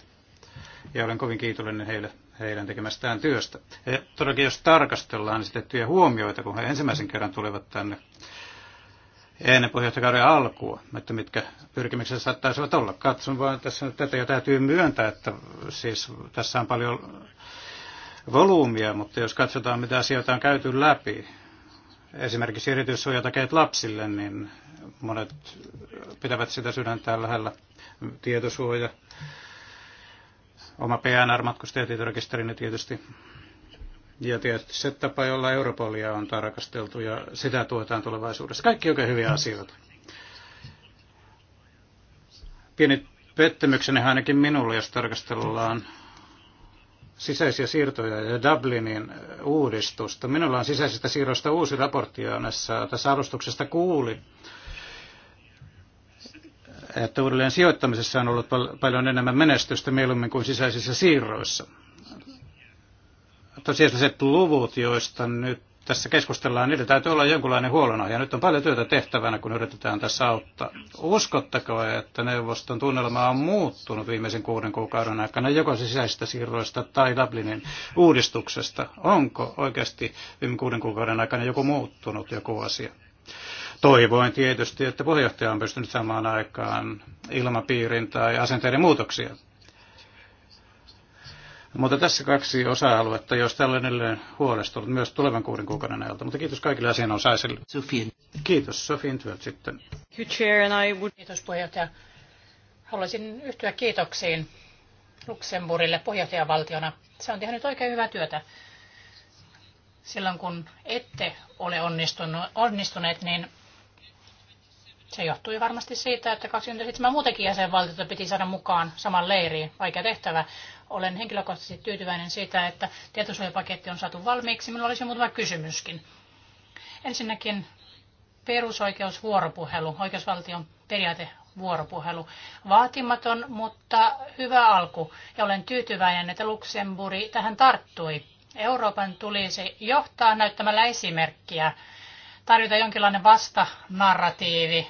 ja olen kovin kiitollinen heille heidän tekemästään työstä. Ja todellakin jos tarkastellaan esitettyjä huomioita, kun he ensimmäisen kerran tulevat tänne ennen puheenjohtajakauden alkua, että mitkä pyrkimykset saattaisivat olla. Katson vaan tässä nyt tätä ja täytyy myöntää, että siis tässä on paljon volyymia, mutta jos katsotaan mitä asioita on käyty läpi, esimerkiksi erityissuojatakeet lapsille, niin monet pitävät sitä sydäntään lähellä. Tietosuoja, oma PNR-matkustajatietorekisterini tietysti ja tietysti se tapa, jolla Europolia on tarkasteltu ja sitä tuetaan tulevaisuudessa. Kaikki oikein hyviä mm. asioita. Pieni pettymykseni ainakin minulle, jos tarkastellaan sisäisiä siirtoja ja Dublinin uudistusta. Minulla on sisäisistä siirroista uusi raportti, on tässä alustuksesta kuuli, että uudelleen sijoittamisessa on ollut paljon enemmän menestystä mieluummin kuin sisäisissä siirroissa tosiasialliset luvut, joista nyt tässä keskustellaan, niitä täytyy olla jonkinlainen huolenaihe. Nyt on paljon työtä tehtävänä, kun yritetään tässä auttaa. Uskottako, että neuvoston tunnelma on muuttunut viimeisen kuuden kuukauden aikana joko sisäisistä siirroista tai Dublinin uudistuksesta? Onko oikeasti viime kuuden kuukauden aikana joku muuttunut joku asia? Toivoin tietysti, että puheenjohtaja on pystynyt samaan aikaan ilmapiirin tai asenteiden muutoksia. Mutta tässä kaksi osa-aluetta, joista olen edelleen huolestunut myös tulevan kuuden kuukauden ajalta. Mutta kiitos kaikille asianosaisille. Sofin. Kiitos, Sofin Työt sitten. Kiitos puheenjohtaja. Haluaisin yhtyä kiitoksiin Luxemburille puheenjohtajavaltiona. Se on tehnyt oikein hyvää työtä. Silloin kun ette ole onnistuneet, niin se johtui varmasti siitä, että 27 muutenkin jäsenvaltiota piti saada mukaan saman leiriin. Vaikea tehtävä. Olen henkilökohtaisesti tyytyväinen siitä, että tietosuojapaketti on saatu valmiiksi. Minulla olisi muutama kysymyskin. Ensinnäkin perusoikeusvuoropuhelu, oikeusvaltion periaate vuoropuhelu. Vaatimaton, mutta hyvä alku. Ja olen tyytyväinen, että Luxemburg tähän tarttui. Euroopan tulisi johtaa näyttämällä esimerkkiä, tarjota jonkinlainen vastanarratiivi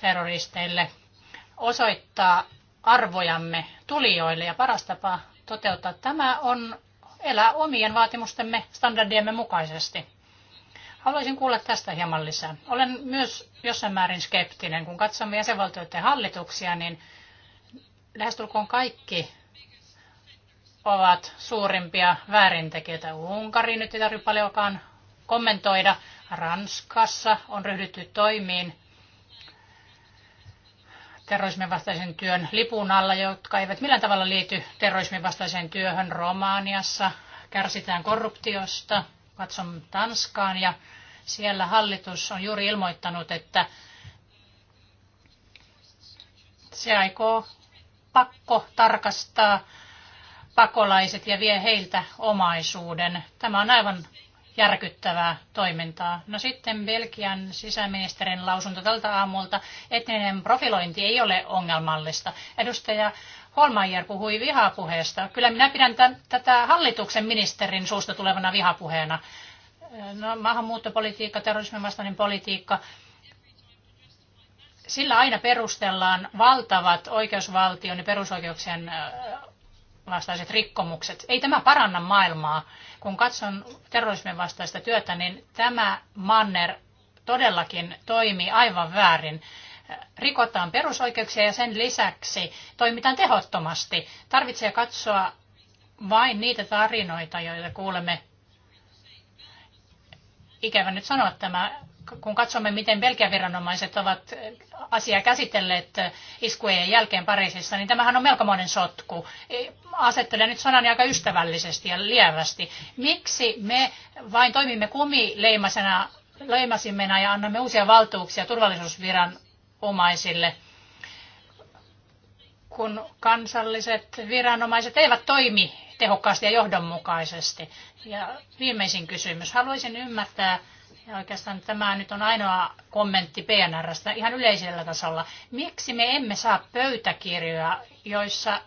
terroristeille osoittaa arvojamme tulijoille ja paras tapa toteuttaa tämä on elää omien vaatimustemme standardiemme mukaisesti. Haluaisin kuulla tästä hieman lisää. Olen myös jossain määrin skeptinen. Kun katsomme jäsenvaltioiden hallituksia, niin lähestulkoon kaikki ovat suurimpia väärintekijöitä. Unkari nyt ei tarvitse paljonkaan kommentoida. Ranskassa on ryhdytty toimiin terrorismin vastaisen työn lipun alla, jotka eivät millään tavalla liity terrorismin vastaiseen työhön Romaniassa. Kärsitään korruptiosta, katson Tanskaan ja siellä hallitus on juuri ilmoittanut, että se aikoo pakko tarkastaa pakolaiset ja vie heiltä omaisuuden. Tämä on aivan järkyttävää toimintaa. No sitten Belgian sisäministerin lausunto tältä aamulta. Etninen profilointi ei ole ongelmallista. Edustaja Holmaier puhui vihapuheesta. Kyllä minä pidän tämän, tätä hallituksen ministerin suusta tulevana vihapuheena. No, maahanmuuttopolitiikka, terrorismin vastainen politiikka, sillä aina perustellaan valtavat oikeusvaltion ja perusoikeuksien vastaiset rikkomukset. Ei tämä paranna maailmaa. Kun katson terrorismin vastaista työtä, niin tämä manner todellakin toimii aivan väärin. Rikotaan perusoikeuksia ja sen lisäksi toimitaan tehottomasti. Tarvitsee katsoa vain niitä tarinoita, joita kuulemme. Ikävä nyt sanoa tämä kun katsomme, miten Belgian viranomaiset ovat asiaa käsitelleet iskujen jälkeen Pariisissa, niin tämähän on melkomoinen sotku. E, Asettelen nyt sanani aika ystävällisesti ja lievästi. Miksi me vain toimimme kumileimasena leimasimena ja annamme uusia valtuuksia turvallisuusviranomaisille, kun kansalliset viranomaiset eivät toimi tehokkaasti ja johdonmukaisesti. Ja viimeisin kysymys. Haluaisin ymmärtää, ja oikeastaan tämä nyt on ainoa kommentti PNRstä ihan yleisellä tasolla. Miksi me emme saa pöytäkirjoja, joissa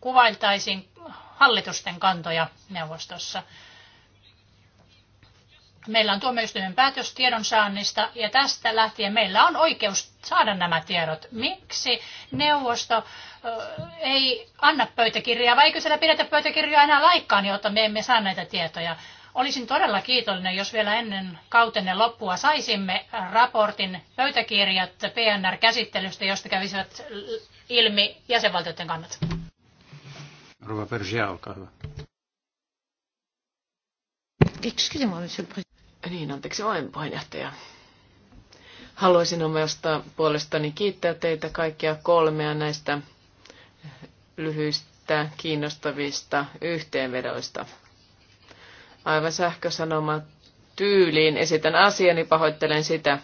kuvailtaisiin hallitusten kantoja neuvostossa? Meillä on tuomioistuimen päätös tiedonsaannista ja tästä lähtien meillä on oikeus saada nämä tiedot. Miksi neuvosto ei anna pöytäkirjaa? vai eikö siellä pidetä pöytäkirjoja enää laikkaan, jotta me emme saa näitä tietoja? Olisin todella kiitollinen, jos vielä ennen kautenne loppua saisimme raportin pöytäkirjat PNR-käsittelystä, josta kävisivät ilmi jäsenvaltioiden kannat. Rova Persia, olkaa hyvä. Niin, anteeksi vain puheenjohtaja. Haluaisin omasta puolestani kiittää teitä kaikkia kolmea näistä lyhyistä, kiinnostavista yhteenvedoista aivan sähkösanoma tyyliin esitän asiani, pahoittelen sitä.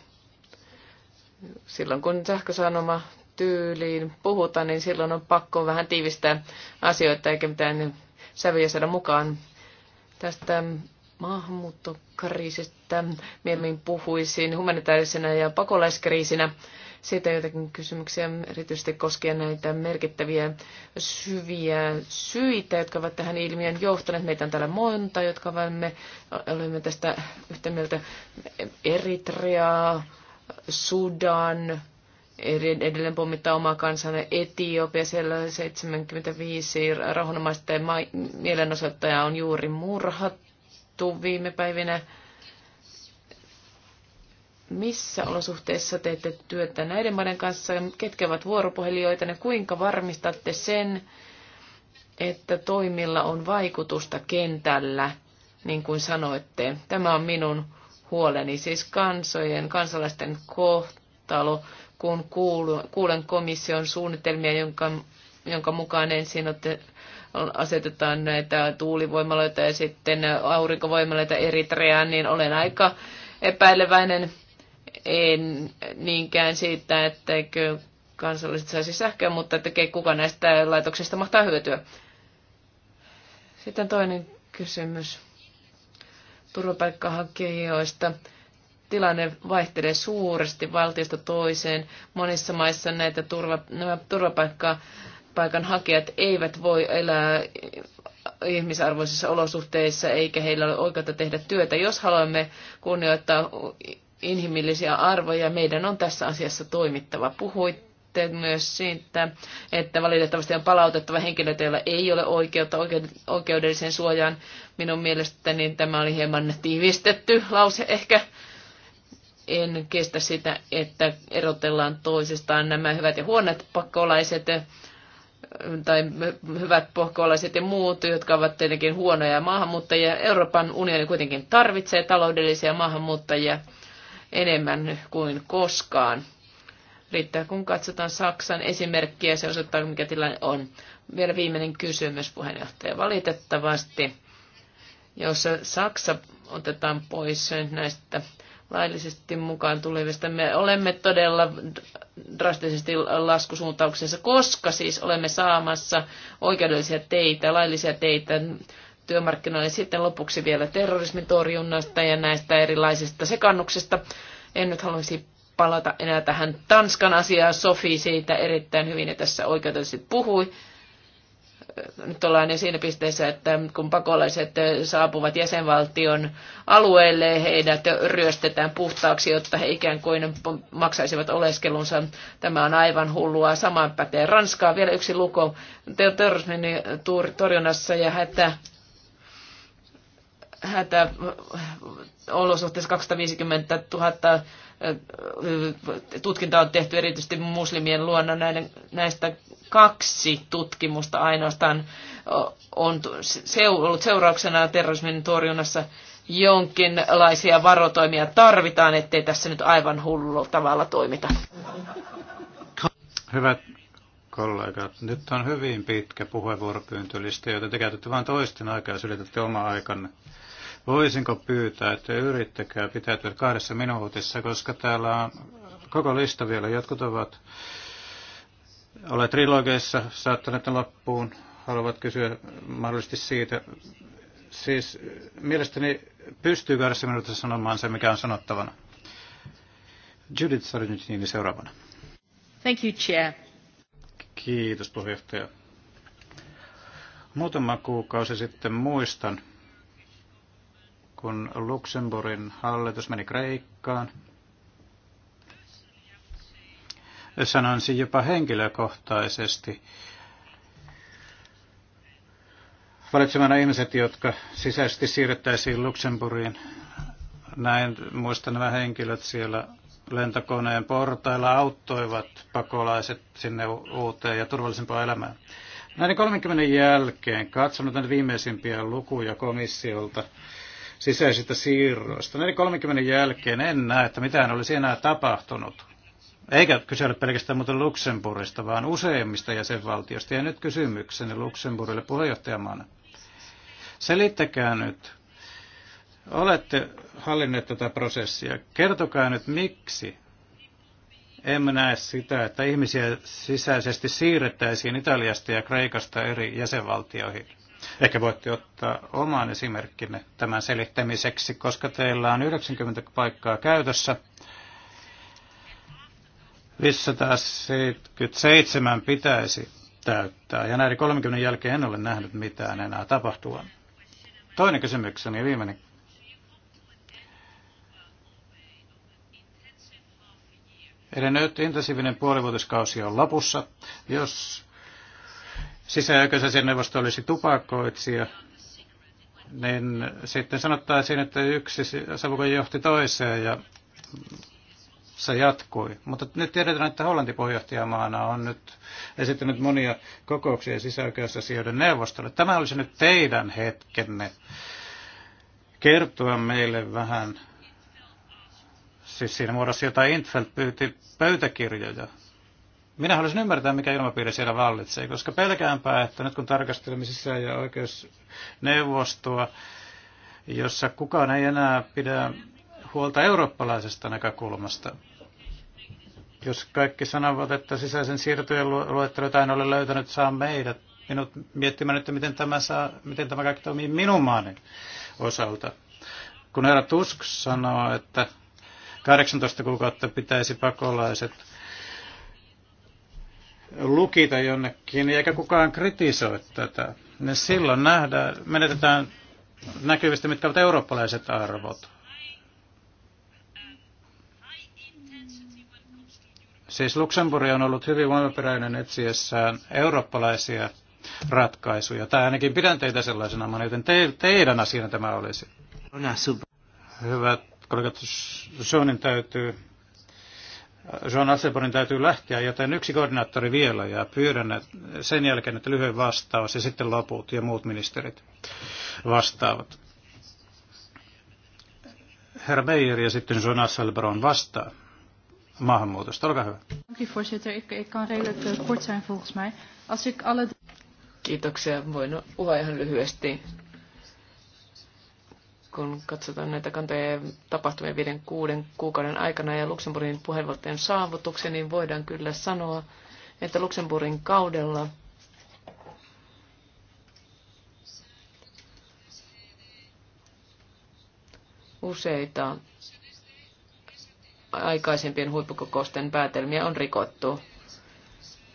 Silloin kun sähkösanoma tyyliin puhutaan, niin silloin on pakko vähän tiivistää asioita eikä mitään sävyjä saada mukaan. Tästä maahanmuuttokriisistä mieluummin puhuisin humanitaarisena ja pakolaiskriisinä. Siitä joitakin kysymyksiä erityisesti koskien näitä merkittäviä syviä syitä, jotka ovat tähän ilmiön johtaneet. Meitä on täällä monta, jotka olemme, olemme tästä yhtä mieltä Eritrea, Sudan, edelleen pommittaa omaa kansana Etiopia. Siellä 75 rauhanomaisten mielenosoittajaa on juuri murhattu viime päivinä missä olosuhteissa teette työtä näiden maiden kanssa, ketkä ovat vuoropuhelijoita ja kuinka varmistatte sen, että toimilla on vaikutusta kentällä, niin kuin sanoitte. Tämä on minun huoleni, siis kansojen, kansalaisten kohtalo, kun kuulen komission suunnitelmia, jonka, jonka mukaan ensin otte, asetetaan näitä tuulivoimaloita ja sitten aurinkovoimaloita Eritreaan, niin olen aika epäileväinen en niinkään siitä, etteikö kansalliset saisi sähköä, mutta että kuka näistä laitoksista mahtaa hyötyä. Sitten toinen kysymys turvapaikkahakijoista. Tilanne vaihtelee suuresti valtiosta toiseen. Monissa maissa näitä turva, nämä turvapaikan hakijat eivät voi elää ihmisarvoisissa olosuhteissa eikä heillä ole oikeutta tehdä työtä. Jos haluamme kunnioittaa inhimillisiä arvoja. Meidän on tässä asiassa toimittava. Puhuitte myös siitä, että valitettavasti on palautettava henkilöitä, joilla ei ole oikeutta oikeudelliseen suojaan. Minun mielestäni tämä oli hieman tiivistetty lause ehkä. En kestä sitä, että erotellaan toisistaan nämä hyvät ja huonot pakkolaiset eh, tai hyvät pohkolaiset ja muut, jotka ovat tietenkin huonoja maahanmuuttajia. Euroopan unioni kuitenkin tarvitsee taloudellisia maahanmuuttajia enemmän kuin koskaan. Riittää, kun katsotaan Saksan esimerkkiä, se osoittaa, mikä tilanne on. Vielä viimeinen kysymys, puheenjohtaja. Valitettavasti, jos Saksa otetaan pois näistä laillisesti mukaan tulevista. Me olemme todella drastisesti laskusuuntauksessa, koska siis olemme saamassa oikeudellisia teitä, laillisia teitä työmarkkinoille. Sitten lopuksi vielä terrorismin torjunnasta ja näistä erilaisista sekannuksista. En nyt haluaisi palata enää tähän Tanskan asiaan. Sofi siitä erittäin hyvin ja tässä oikeudellisesti puhui. Nyt ollaan jo siinä pisteessä, että kun pakolaiset saapuvat jäsenvaltion alueelle, heidät ryöstetään puhtaaksi, jotta he ikään kuin maksaisivat oleskelunsa. Tämä on aivan hullua. samaan pätee Ranskaa. Vielä yksi luku terrorismin torjunnassa ja hätä olosuhteessa 250 000 tutkintaa on tehty erityisesti muslimien luona. Näiden, näistä kaksi tutkimusta ainoastaan on ollut seurauksena terrorismin torjunnassa jonkinlaisia varotoimia tarvitaan, ettei tässä nyt aivan hullu tavalla toimita. Hyvät kollegat, nyt on hyvin pitkä puheenvuoropyyntölistä, joten te käytätte vain toisten aikaa, ja ylitätte oma aikanne. Voisinko pyytää, että yrittäkää pitäytyä kahdessa minuutissa, koska täällä on koko lista vielä. Jotkut ovat olleet trilogeissa, saattaneet loppuun, haluavat kysyä mahdollisesti siitä. Siis mielestäni pystyy kahdessa minuutissa sanomaan se, mikä on sanottavana. Judith Sargentini seuraavana. Thank you, Chair. Kiitos puheenjohtaja. Muutama kuukausi sitten muistan, kun Luxemburgin hallitus meni Kreikkaan. Sanoisin jopa henkilökohtaisesti, valitsemana ihmiset, jotka sisäisesti siirrettäisiin Luxemburgiin. Näin muistan nämä henkilöt siellä lentokoneen portailla auttoivat pakolaiset sinne uuteen ja turvallisempaan elämään. Näiden 30 jälkeen katsomme näitä viimeisimpiä lukuja komissiolta sisäisistä siirroista. 4.30 jälkeen en näe, että mitään olisi enää tapahtunut. Eikä kyse ole pelkästään muuten Luxemburgista, vaan useimmista jäsenvaltioista. Ja nyt kysymykseni Luxemburgille puheenjohtajamaana. Selittäkää nyt, olette hallinneet tätä prosessia. Kertokaa nyt, miksi emme näe sitä, että ihmisiä sisäisesti siirrettäisiin Italiasta ja Kreikasta eri jäsenvaltioihin. Ehkä voitte ottaa oman esimerkkinne tämän selittämiseksi, koska teillä on 90 paikkaa käytössä. 577 pitäisi täyttää, ja näiden 30 jälkeen en ole nähnyt mitään enää tapahtua. Toinen kysymykseni ja viimeinen Eli nyt intensiivinen puolivuotiskausi on lopussa. Jos neuvosto olisi tupakoitsija, niin sitten sanottaisiin, että yksi savuko johti toiseen ja se jatkui. Mutta nyt tiedetään, että Hollanti pohjohtajamaana on nyt esittänyt monia kokouksia sisäoikeusasioiden neuvostolle. Tämä olisi nyt teidän hetkenne kertoa meille vähän, siis siinä muodossa jotain Intfeld pyyti pöytäkirjoja minä haluaisin ymmärtää, mikä ilmapiiri siellä vallitsee, koska pelkäänpä, että nyt kun tarkastelemme sisään- ja oikeusneuvostoa, jossa kukaan ei enää pidä huolta eurooppalaisesta näkökulmasta, jos kaikki sanovat, että sisäisen siirtojen luetteloita en ole löytänyt, saa meidät minut miettimään, että miten tämä, saa, miten tämä kaikki toimii minun maani osalta. Kun herra Tusk sanoo, että 18 kuukautta pitäisi pakolaiset lukita jonnekin, eikä kukaan kritisoi tätä, ne silloin nähdään, menetetään näkyvistä, mitkä ovat eurooppalaiset arvot. Siis Luxemburg on ollut hyvin voimaperäinen etsiessään eurooppalaisia ratkaisuja. Tai ainakin pidän teitä sellaisena mä joten te, teidän asiana tämä olisi. Hyvät kollegat, Seanin täytyy Jean Asselbornin täytyy lähteä, joten yksi koordinaattori vielä ja pyydän sen jälkeen, että lyhyen vastaus ja sitten loput ja muut ministerit vastaavat. Herra Meijer ja sitten Jean Asselborn vastaa maahanmuutosta. Olkaa hyvä. Eh, Kiitoksia. Voin puhua ihan lyhyesti kun katsotaan näitä kantoja ja tapahtumia viiden kuuden kuukauden aikana ja Luxemburgin puheenvuorojen saavutuksia, niin voidaan kyllä sanoa, että Luxemburgin kaudella useita aikaisempien huippukokousten päätelmiä on rikottu.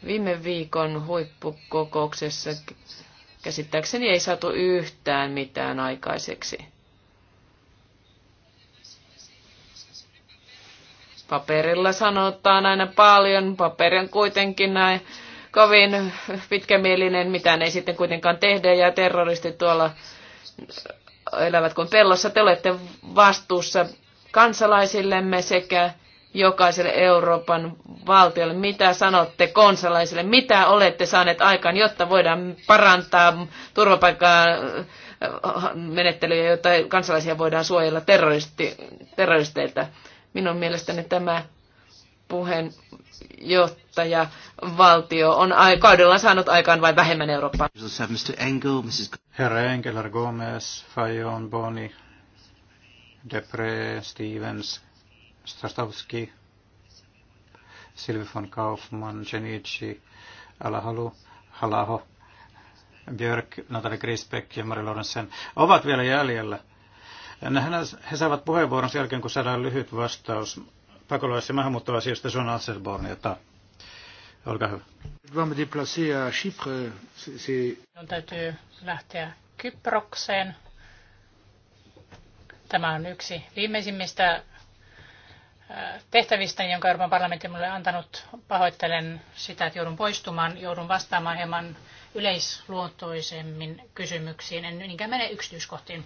Viime viikon huippukokouksessa käsittääkseni ei saatu yhtään mitään aikaiseksi. Paperilla sanotaan aina paljon, paperi on kuitenkin näin kovin pitkämielinen, mitään ei sitten kuitenkaan tehdä ja terroristit tuolla elävät kuin pellossa. Te olette vastuussa kansalaisillemme sekä jokaiselle Euroopan valtiolle. Mitä sanotte kansalaisille? Mitä olette saaneet aikaan, jotta voidaan parantaa turvapaikkaa menettelyjä, jotta kansalaisia voidaan suojella terroristi, terroristeilta? Minun mielestäni tämä puheenjohtaja valtio on kaudella saanut aikaan vain vähemmän Eurooppaa. Herra Engel, Gomez, Fajon, Boni, Depre, Stevens, Strastowski, Silvi von Kaufmann, Genici, Alahalu, Halaho, Björk, Natalia Grisbeck ja Mari Lorentzen ovat vielä jäljellä. He saavat puheenvuoron sen jälkeen, kun saadaan lyhyt vastaus pakolais- ja maahanmuuttoasioista John Asselbornilta. Olkaa hyvä. Minun täytyy lähteä Kyprokseen. Tämä on yksi viimeisimmistä tehtävistä, jonka Euroopan parlamentti minulle on antanut. Pahoittelen sitä, että joudun poistumaan. Joudun vastaamaan hieman yleisluontoisemmin kysymyksiin. En niinkään mene yksityiskohtiin.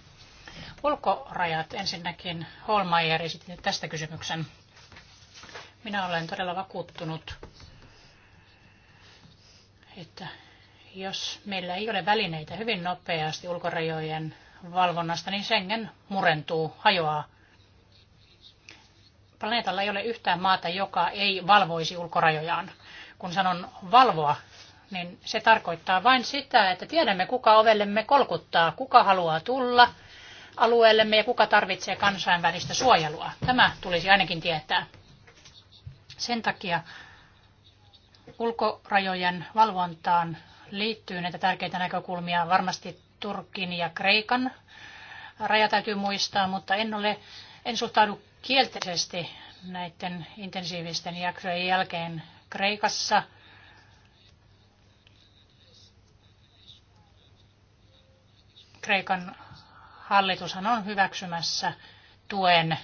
Ulkorajat ensinnäkin Holmeier esitti tästä kysymyksen. Minä olen todella vakuuttunut, että jos meillä ei ole välineitä hyvin nopeasti ulkorajojen valvonnasta, niin Schengen murentuu, hajoaa. Planeetalla ei ole yhtään maata, joka ei valvoisi ulkorajojaan. Kun sanon valvoa, niin se tarkoittaa vain sitä, että tiedämme, kuka ovellemme kolkuttaa, kuka haluaa tulla – alueellemme ja kuka tarvitsee kansainvälistä suojelua. Tämä tulisi ainakin tietää. Sen takia ulkorajojen valvontaan liittyy näitä tärkeitä näkökulmia. Varmasti Turkin ja Kreikan raja täytyy muistaa, mutta en, ole, en suhtaudu kielteisesti näiden intensiivisten jaksojen jälkeen Kreikassa. Kreikan Hallitushan on hyväksymässä tuen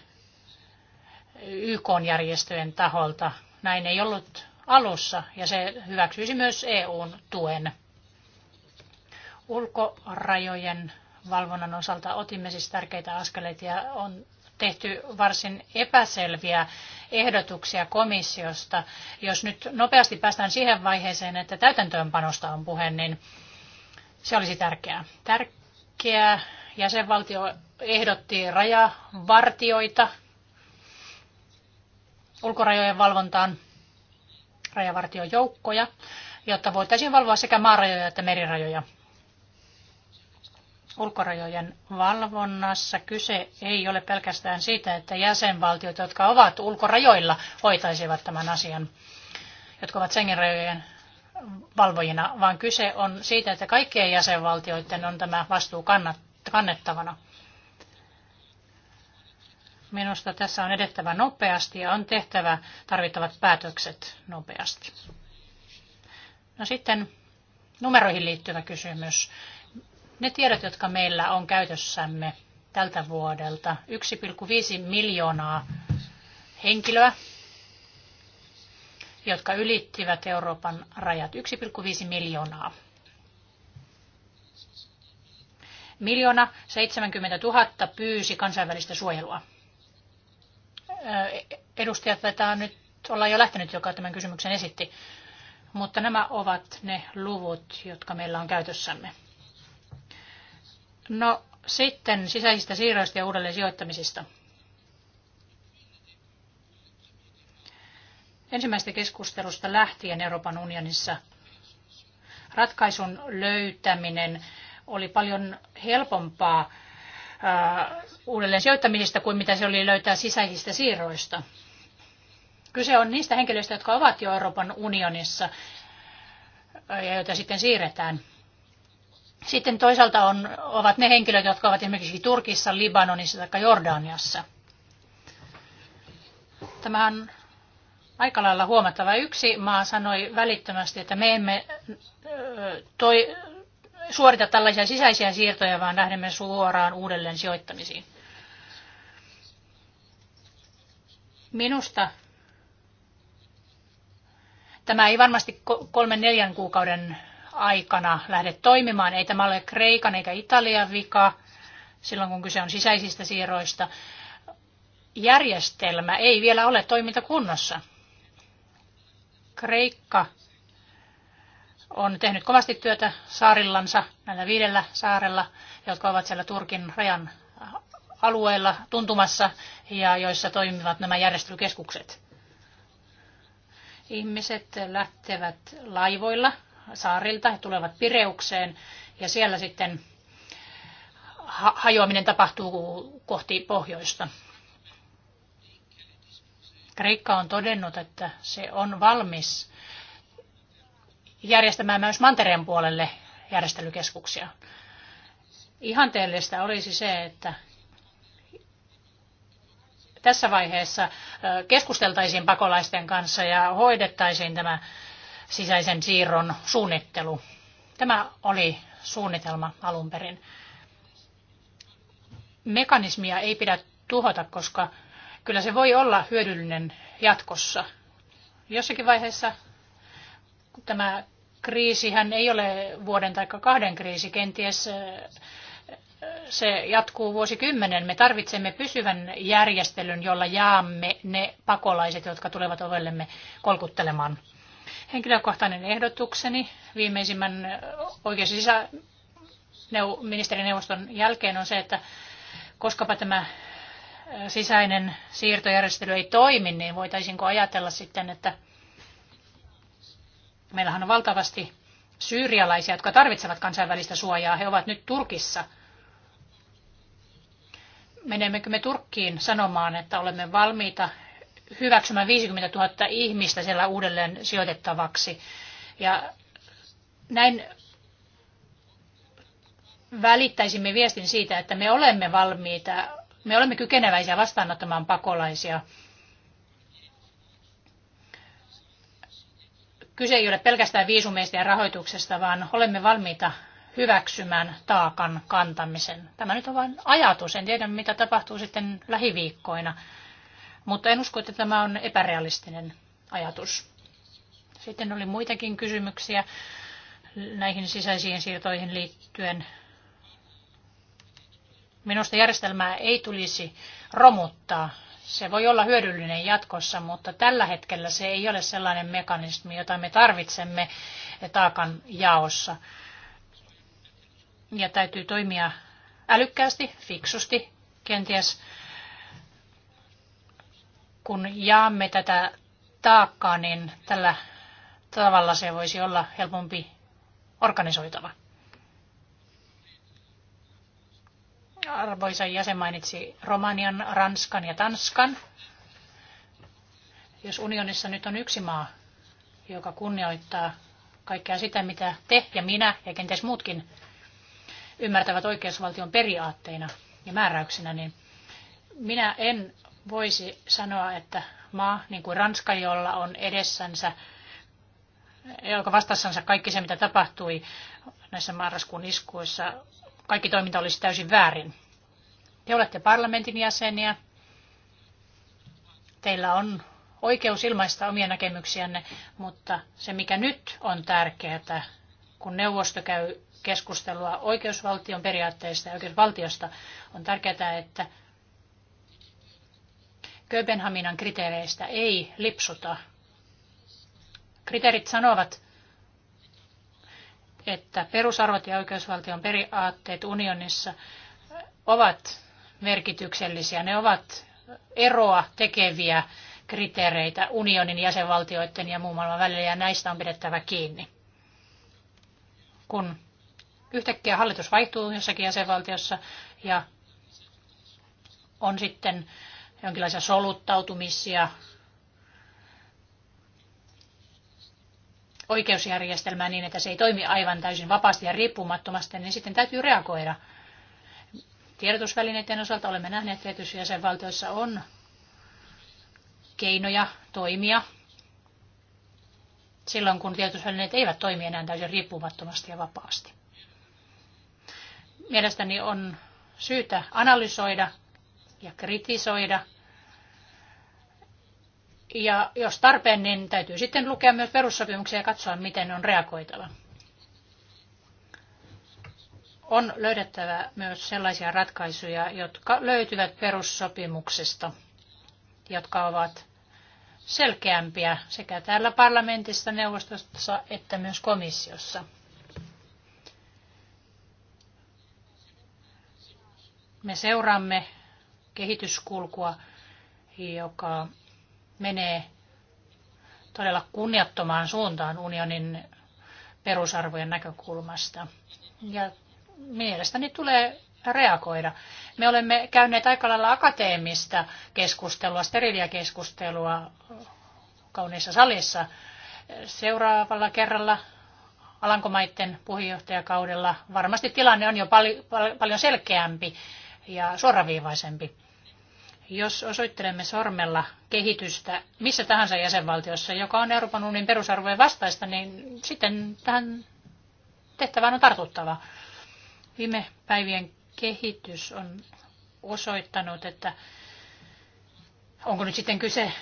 YK-järjestöjen taholta. Näin ei ollut alussa ja se hyväksyisi myös EUn tuen. Ulkorajojen valvonnan osalta otimme siis tärkeitä askeleita ja on tehty varsin epäselviä ehdotuksia komissiosta. Jos nyt nopeasti päästään siihen vaiheeseen, että täytäntöönpanosta on puhe, niin se olisi tärkeää. Tärkeää jäsenvaltio ehdotti rajavartioita ulkorajojen valvontaan rajavartiojoukkoja, jotta voitaisiin valvoa sekä maarajoja että merirajoja. Ulkorajojen valvonnassa kyse ei ole pelkästään siitä, että jäsenvaltiot, jotka ovat ulkorajoilla, hoitaisivat tämän asian, jotka ovat Schengen-rajojen valvojina, vaan kyse on siitä, että kaikkien jäsenvaltioiden on tämä vastuu kannattaa kannettavana. Minusta tässä on edettävä nopeasti ja on tehtävä tarvittavat päätökset nopeasti. No sitten numeroihin liittyvä kysymys. Ne tiedot, jotka meillä on käytössämme tältä vuodelta, 1,5 miljoonaa henkilöä, jotka ylittivät Euroopan rajat, 1,5 miljoonaa. Miljoona 70 000 pyysi kansainvälistä suojelua. Edustajat taitaa nyt olla jo lähtenyt, joka tämän kysymyksen esitti. Mutta nämä ovat ne luvut, jotka meillä on käytössämme. No sitten sisäisistä siirroista ja uudelleen sijoittamisista. Ensimmäistä keskustelusta lähtien Euroopan unionissa ratkaisun löytäminen oli paljon helpompaa äh, uudelleen sijoittamisesta kuin mitä se oli löytää sisäisistä siirroista. Kyse on niistä henkilöistä, jotka ovat jo Euroopan unionissa ja joita sitten siirretään. Sitten toisaalta on, ovat ne henkilöt, jotka ovat esimerkiksi Turkissa, Libanonissa tai Jordaniassa. Tämä on aika lailla huomattava. Yksi maa sanoi välittömästi, että me emme toi, suorita tällaisia sisäisiä siirtoja, vaan lähdemme suoraan uudelleen sijoittamisiin. Minusta tämä ei varmasti kolmen neljän kuukauden aikana lähde toimimaan. Ei tämä ole Kreikan eikä Italian vika silloin, kun kyse on sisäisistä siirroista. Järjestelmä ei vielä ole toimintakunnossa. Kreikka on tehnyt kovasti työtä saarillansa, näillä viidellä saarella, jotka ovat siellä Turkin rajan alueella tuntumassa ja joissa toimivat nämä järjestelykeskukset. Ihmiset lähtevät laivoilla saarilta, he tulevat Pireukseen ja siellä sitten hajoaminen tapahtuu kohti pohjoista. Kreikka on todennut, että se on valmis järjestämään myös mantereen puolelle järjestelykeskuksia. Ihanteellista olisi se, että tässä vaiheessa keskusteltaisiin pakolaisten kanssa ja hoidettaisiin tämä sisäisen siirron suunnittelu. Tämä oli suunnitelma alun perin. Mekanismia ei pidä tuhota, koska kyllä se voi olla hyödyllinen jatkossa. Jossakin vaiheessa tämä kriisihän ei ole vuoden tai kahden kriisi, kenties se jatkuu vuosikymmenen. Me tarvitsemme pysyvän järjestelyn, jolla jaamme ne pakolaiset, jotka tulevat ovellemme kolkuttelemaan. Henkilökohtainen ehdotukseni viimeisimmän oikeus sisäministerineuvoston jälkeen on se, että koskapa tämä sisäinen siirtojärjestely ei toimi, niin voitaisiinko ajatella sitten, että Meillähän on valtavasti syyrialaisia, jotka tarvitsevat kansainvälistä suojaa. He ovat nyt Turkissa. Menemmekö me Turkkiin sanomaan, että olemme valmiita hyväksymään 50 000 ihmistä siellä uudelleen sijoitettavaksi? Ja näin välittäisimme viestin siitä, että me olemme valmiita, me olemme kykeneväisiä vastaanottamaan pakolaisia – Kyse ei ole pelkästään viisumeista ja rahoituksesta, vaan olemme valmiita hyväksymään taakan kantamisen. Tämä nyt on vain ajatus. En tiedä, mitä tapahtuu sitten lähiviikkoina. Mutta en usko, että tämä on epärealistinen ajatus. Sitten oli muitakin kysymyksiä näihin sisäisiin siirtoihin liittyen. Minusta järjestelmää ei tulisi romuttaa. Se voi olla hyödyllinen jatkossa, mutta tällä hetkellä se ei ole sellainen mekanismi, jota me tarvitsemme taakan jaossa. Ja täytyy toimia älykkäästi, fiksusti, kenties kun jaamme tätä taakkaa, niin tällä tavalla se voisi olla helpompi organisoitava. Arvoisa jäsen mainitsi Romanian, Ranskan ja Tanskan. Jos unionissa nyt on yksi maa, joka kunnioittaa kaikkea sitä, mitä te ja minä ja kenties muutkin ymmärtävät oikeusvaltion periaatteina ja määräyksinä, niin minä en voisi sanoa, että maa, niin kuin Ranska, jolla on edessänsä, joka vastassansa kaikki se, mitä tapahtui näissä marraskuun iskuissa, kaikki toiminta olisi täysin väärin. Te olette parlamentin jäseniä. Teillä on oikeus ilmaista omia näkemyksiänne, mutta se mikä nyt on tärkeää, kun neuvosto käy keskustelua oikeusvaltion periaatteista ja oikeusvaltiosta, on tärkeää, että Kööpenhaminan kriteereistä ei lipsuta. Kriteerit sanovat, että perusarvot ja oikeusvaltion periaatteet unionissa ovat merkityksellisiä. Ne ovat eroa tekeviä kriteereitä unionin jäsenvaltioiden ja muun maailman välillä, ja näistä on pidettävä kiinni. Kun yhtäkkiä hallitus vaihtuu jossakin jäsenvaltiossa ja on sitten jonkinlaisia soluttautumisia, oikeusjärjestelmää niin, että se ei toimi aivan täysin vapaasti ja riippumattomasti, niin sitten täytyy reagoida. Tiedotusvälineiden osalta olemme nähneet, että tietyissä jäsenvaltioissa on keinoja toimia silloin, kun tiedotusvälineet eivät toimi enää täysin riippumattomasti ja vapaasti. Mielestäni on syytä analysoida ja kritisoida – ja jos tarpeen, niin täytyy sitten lukea myös perussopimuksia ja katsoa, miten on reagoitava. On löydettävä myös sellaisia ratkaisuja, jotka löytyvät perussopimuksesta, jotka ovat selkeämpiä sekä täällä parlamentissa, neuvostossa että myös komissiossa. Me seuraamme kehityskulkua, joka menee todella kunniattomaan suuntaan unionin perusarvojen näkökulmasta. Ja mielestäni tulee reagoida. Me olemme käyneet aika lailla akateemista keskustelua, steriliä keskustelua kauniissa salissa. Seuraavalla kerralla Alankomaiden puheenjohtajakaudella varmasti tilanne on jo pal- pal- paljon selkeämpi ja suoraviivaisempi. Jos osoittelemme sormella kehitystä missä tahansa jäsenvaltiossa, joka on Euroopan unionin perusarvojen vastaista, niin sitten tähän tehtävään on tartuttava. Viime päivien kehitys on osoittanut, että onko nyt sitten kyse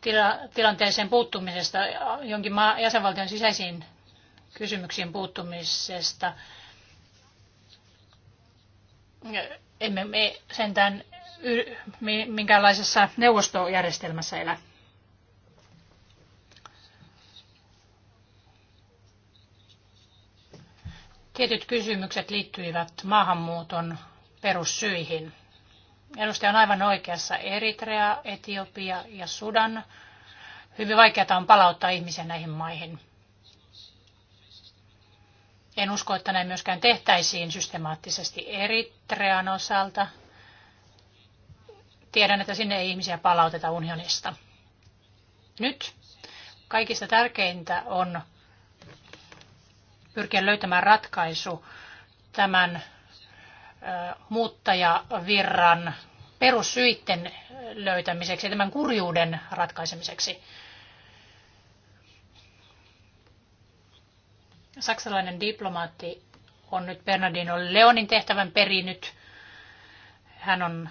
tila, tilanteeseen puuttumisesta, jonkin maa, jäsenvaltion sisäisiin kysymyksiin puuttumisesta. Emme me sentään minkälaisessa neuvostojärjestelmässä elä. Tietyt kysymykset liittyivät maahanmuuton perussyihin. Edustaja on aivan oikeassa. Eritrea, Etiopia ja Sudan. Hyvin vaikeata on palauttaa ihmisiä näihin maihin. En usko, että näin myöskään tehtäisiin systemaattisesti Eritrean osalta. Tiedän, että sinne ei ihmisiä palauteta unionista. Nyt kaikista tärkeintä on pyrkiä löytämään ratkaisu tämän muuttajavirran perussyitten löytämiseksi ja tämän kurjuuden ratkaisemiseksi. Saksalainen diplomaatti on nyt Bernardino Leonin tehtävän perinyt. Hän on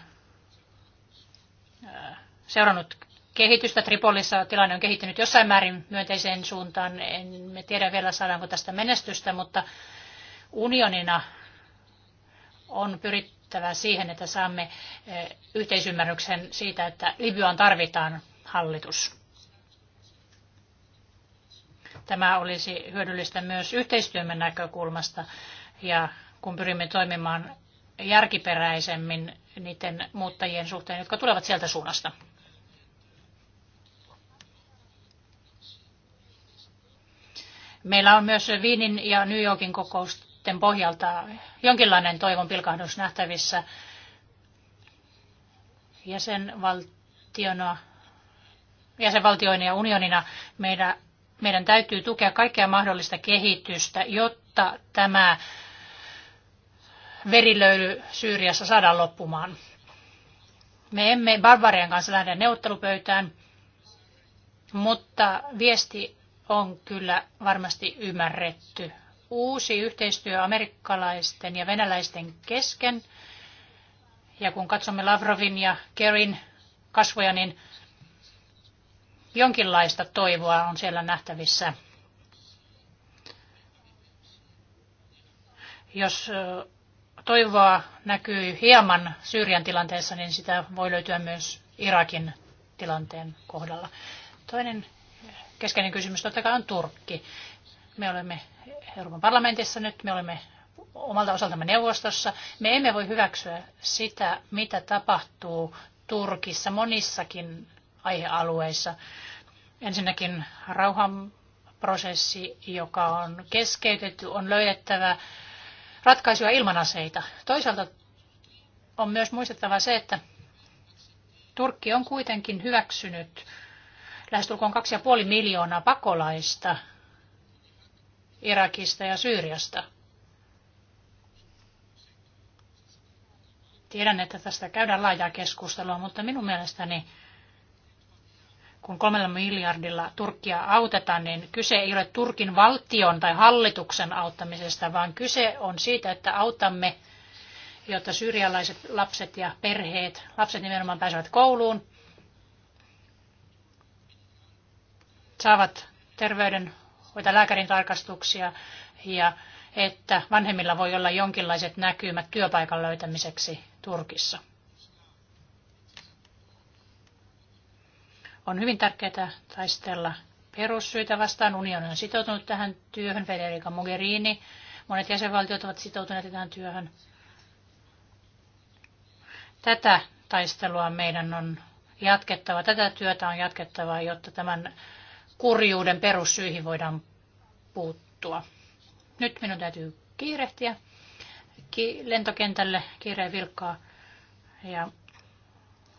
seurannut kehitystä. Tripolissa tilanne on kehittynyt jossain määrin myönteiseen suuntaan. En me tiedä vielä saadaanko tästä menestystä, mutta unionina on pyrittävä siihen, että saamme eh, yhteisymmärryksen siitä, että Libyaan tarvitaan hallitus. Tämä olisi hyödyllistä myös yhteistyömme näkökulmasta ja kun pyrimme toimimaan järkiperäisemmin niiden muuttajien suhteen, jotka tulevat sieltä suunnasta. Meillä on myös Viinin ja New Yorkin kokousten pohjalta jonkinlainen toivon pilkahdus nähtävissä jäsenvaltiona, jäsenvaltioina ja unionina. Meidän, meidän täytyy tukea kaikkea mahdollista kehitystä, jotta tämä verilöyly Syyriassa saadaan loppumaan. Me emme Barbarian kanssa lähde neuvottelupöytään, mutta viesti on kyllä varmasti ymmärretty. Uusi yhteistyö amerikkalaisten ja venäläisten kesken. Ja kun katsomme Lavrovin ja Kerin kasvoja, niin jonkinlaista toivoa on siellä nähtävissä. Jos toivoa näkyy hieman Syyrian tilanteessa, niin sitä voi löytyä myös Irakin tilanteen kohdalla. Toinen keskeinen kysymys totta kai on Turkki. Me olemme Euroopan parlamentissa nyt, me olemme omalta osaltamme neuvostossa. Me emme voi hyväksyä sitä, mitä tapahtuu Turkissa monissakin aihealueissa. Ensinnäkin rauhanprosessi, joka on keskeytetty, on löydettävä ratkaisuja ilman aseita. Toisaalta on myös muistettava se, että Turkki on kuitenkin hyväksynyt lähestulkoon 2,5 miljoonaa pakolaista Irakista ja Syyriasta. Tiedän, että tästä käydään laajaa keskustelua, mutta minun mielestäni kun kolmella miljardilla Turkkia autetaan, niin kyse ei ole Turkin valtion tai hallituksen auttamisesta, vaan kyse on siitä, että autamme, jotta syyrialaiset lapset ja perheet, lapset nimenomaan pääsevät kouluun, saavat terveydenhoitolääkärin lääkärin tarkastuksia ja että vanhemmilla voi olla jonkinlaiset näkymät työpaikan löytämiseksi Turkissa. On hyvin tärkeää taistella perussyitä vastaan. Unioni on sitoutunut tähän työhön. Federica Mogherini, monet jäsenvaltiot ovat sitoutuneet tähän työhön. Tätä taistelua meidän on jatkettava, tätä työtä on jatkettava, jotta tämän kurjuuden perussyihin voidaan puuttua. Nyt minun täytyy kiirehtiä ki- lentokentälle kiireen vilkkaa ja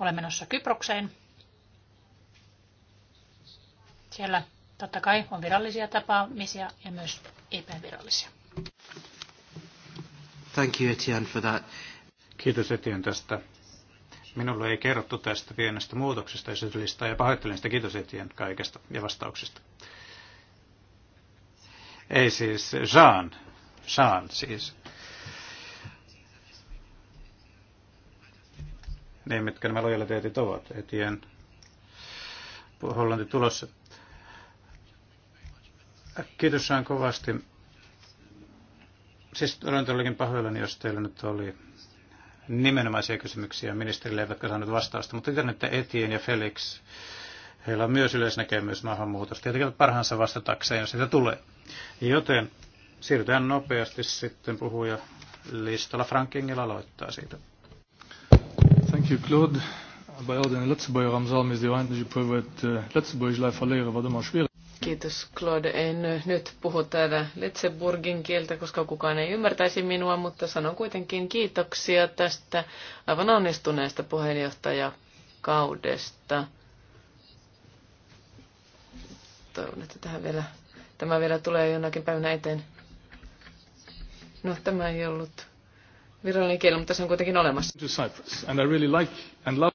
olen menossa Kyprokseen. Siellä totta kai on virallisia tapaamisia ja myös epävirallisia. Thank you, Etienne, for that. Kiitos Etienne tästä Minulle ei kerrottu tästä pienestä muutoksesta esityslistaa ja pahoittelen sitä. Kiitos Etien kaikesta ja vastauksista. Ei siis, Jean. Jean siis. Ne, niin, mitkä nämä lojaliteetit ovat Etien Hollanti tulossa. Kiitos Jean kovasti. Siis olen todellakin pahoillani, jos teillä nyt oli nimenomaisia kysymyksiä ministerille, eivätkä saaneet vastausta. Mutta tiedän, että Etien ja Felix, heillä on myös yleisnäkemys maahanmuutosta ja tekevät parhaansa vastatakseen, jos sitä tulee. Joten siirrytään nopeasti sitten puhuja listalla. Frank Engel aloittaa siitä. Thank you, Claude. Bei all den Letzteburger am Saal ist die Einheit, die Prüfung Letzteburg live war immer schwierig. Kiitos Claude. En nyt puhu täällä Letseburgin kieltä, koska kukaan ei ymmärtäisi minua, mutta sanon kuitenkin kiitoksia tästä aivan onnistuneesta puheenjohtajakaudesta. Toivon, että tähän vielä, tämä vielä tulee jonakin päivänä eteen. No, tämä ei ollut virallinen kieli, mutta se on kuitenkin olemassa. To Cyprus, and I really like and love...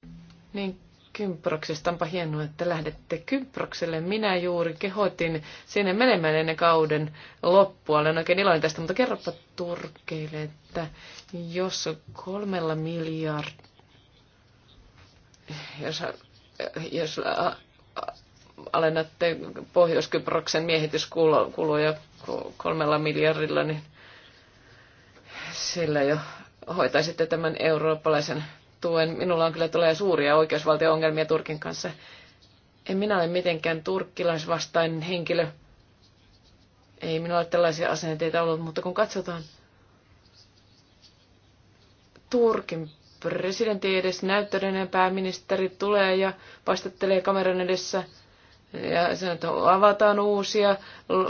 Niin, Kymproksesta. Onpa hienoa, että lähdette Kymprokselle. Minä juuri kehotin sinne menemään ennen kauden loppua. Olen oikein iloinen tästä, mutta kerropa Turkeille, että jos kolmella miljard... Jos, jos a, a, alennatte Pohjois-Kyproksen miehityskuluja kolmella miljardilla, niin sillä jo hoitaisitte tämän eurooppalaisen tuen. Minulla on kyllä tulee suuria oikeusvaltio-ongelmia Turkin kanssa. En minä ole mitenkään turkkilaisvastainen henkilö. Ei minulla ole tällaisia asenteita ollut, mutta kun katsotaan Turkin presidentti edes näyttöinen pääministeri tulee ja paistattelee kameran edessä – ja sanotaan, avataan uusia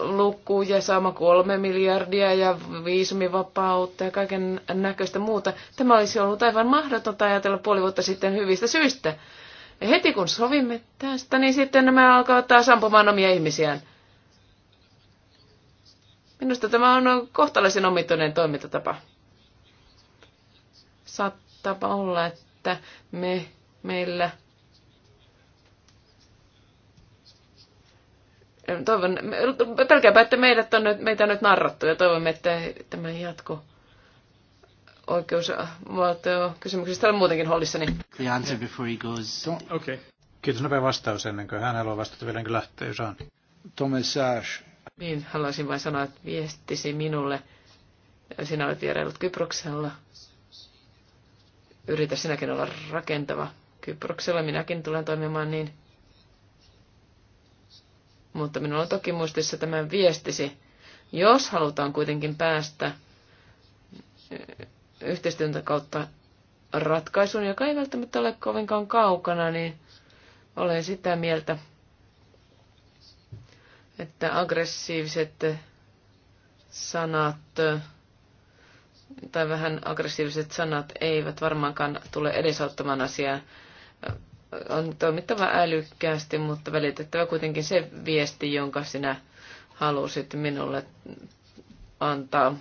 lukuja, sama kolme miljardia ja viisumivapautta ja kaiken näköistä muuta. Tämä olisi ollut aivan mahdotonta ajatella puoli vuotta sitten hyvistä syistä. Ja heti kun sovimme tästä, niin sitten nämä alkavat taas ampumaan omia ihmisiään. Minusta tämä on kohtalaisen omituinen toimintatapa. Saattaa olla, että me, meillä Toivon, pelkääpä, että meidät on nyt, meitä on nyt narrattu ja toivomme, että tämä jatko oikeusvaltio kysymyksistä on muutenkin hollissani. The answer before he goes. Okay. Kiitos nopea vastaus ennen kuin hän haluaa vastata vielä, kun lähtee, jos on. Niin, haluaisin vain sanoa, että viestisi minulle. Sinä olet vierailut Kyproksella. Yritä sinäkin olla rakentava. Kyproksella minäkin tulen toimimaan niin mutta minulla on toki muistissa tämän viestisi. Jos halutaan kuitenkin päästä eh, yhteistyön kautta ratkaisuun, joka ei välttämättä ole kovinkaan kaukana, niin olen sitä mieltä, että aggressiiviset sanat tai vähän aggressiiviset sanat eivät varmaankaan tule edesauttamaan asiaa on toimittava älykkäästi, mutta välitettävä kuitenkin se viesti, jonka sinä halusit minulle antaa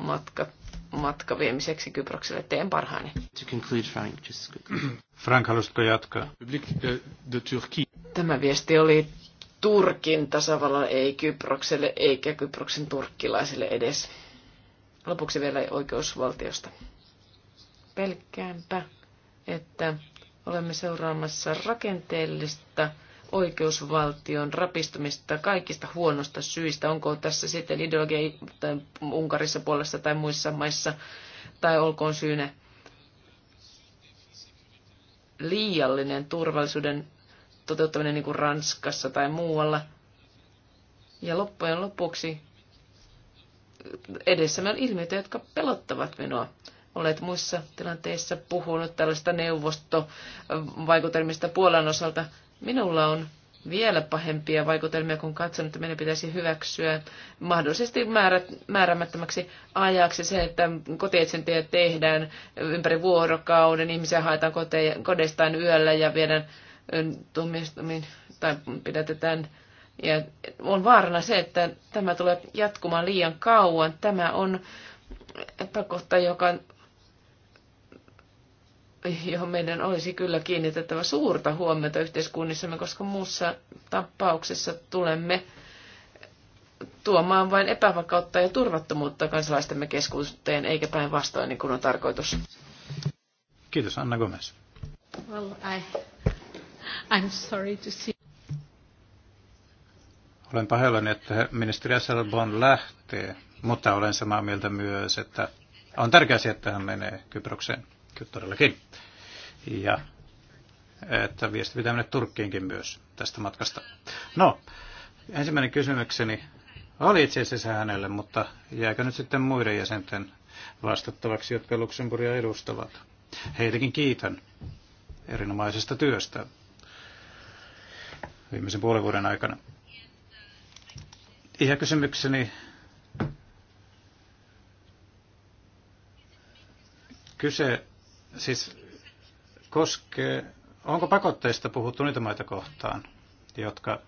matka, matka viemiseksi Kyprokselle. Teen parhaani. To conclude, Frank, just... [CLEARS THROAT] Frank, haluaisitko jatkaa? Uh, Tämä viesti oli Turkin tasavallan ei Kyprokselle, eikä Kyproksen turkkilaisille edes. Lopuksi vielä oikeusvaltiosta. Pelkäänpä, että Olemme seuraamassa rakenteellista oikeusvaltion rapistumista kaikista huonosta syistä. Onko tässä sitten ideologia tai Unkarissa puolessa tai muissa maissa, tai olkoon syynä liiallinen turvallisuuden toteuttaminen niin kuin Ranskassa tai muualla. Ja loppujen lopuksi edessämme on ilmiöitä, jotka pelottavat minua olet muissa tilanteissa puhunut tällaista neuvostovaikutelmista Puolan osalta. Minulla on vielä pahempia vaikutelmia, kun katson, että meidän pitäisi hyväksyä mahdollisesti määrät, määrämättömäksi ajaksi se, että kotietsintiä tehdään ympäri vuorokauden, ihmisiä haetaan kote, kodestaan yöllä ja viedään tummistumin tai pidätetään. Ja on vaarana se, että tämä tulee jatkumaan liian kauan. Tämä on epäkohta, joka johon meidän olisi kyllä kiinnitettävä suurta huomiota yhteiskunnissamme, koska muussa tapauksessa tulemme tuomaan vain epävakautta ja turvattomuutta kansalaistemme keskuuteen, eikä päinvastoin niin kuin on tarkoitus. Kiitos, Anna Gomez. Well, I, I'm sorry to see. Olen pahoillani, että ministeri Asselborn lähtee, mutta olen samaa mieltä myös, että on tärkeää, että hän menee Kyprokseen todellakin. Ja että viesti pitää mennä Turkkiinkin myös tästä matkasta. No, ensimmäinen kysymykseni oli itse asiassa hänelle, mutta jääkö nyt sitten muiden jäsenten vastattavaksi, jotka Luxemburgia edustavat? Heitäkin kiitän erinomaisesta työstä viimeisen puolen vuoden aikana. Ja kysymykseni kyse siis koskee, onko pakotteista puhuttu niitä maita kohtaan, jotka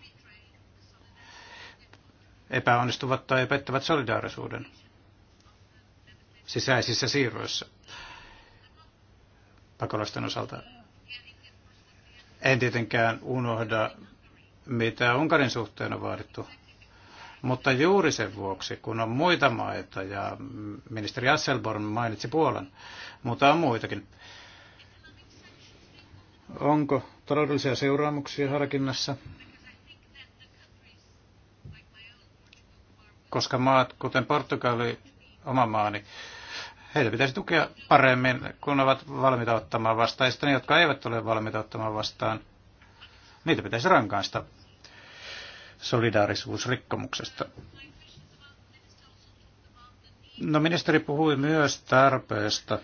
epäonnistuvat tai pettävät solidaarisuuden sisäisissä siirroissa pakolaisten osalta. En tietenkään unohda, mitä Unkarin suhteen on vaadittu mutta juuri sen vuoksi, kun on muita maita, ja ministeri Asselborn mainitsi Puolan, mutta on muitakin. Onko taloudellisia seuraamuksia harkinnassa? Koska maat, kuten Portugali, oma maani, heitä pitäisi tukea paremmin, kun ovat valmiita ottamaan vastaan. Ja sitten ne, jotka eivät ole valmiita ottamaan vastaan, niitä pitäisi rankaista solidaarisuusrikkomuksesta. No ministeri puhui myös tarpeesta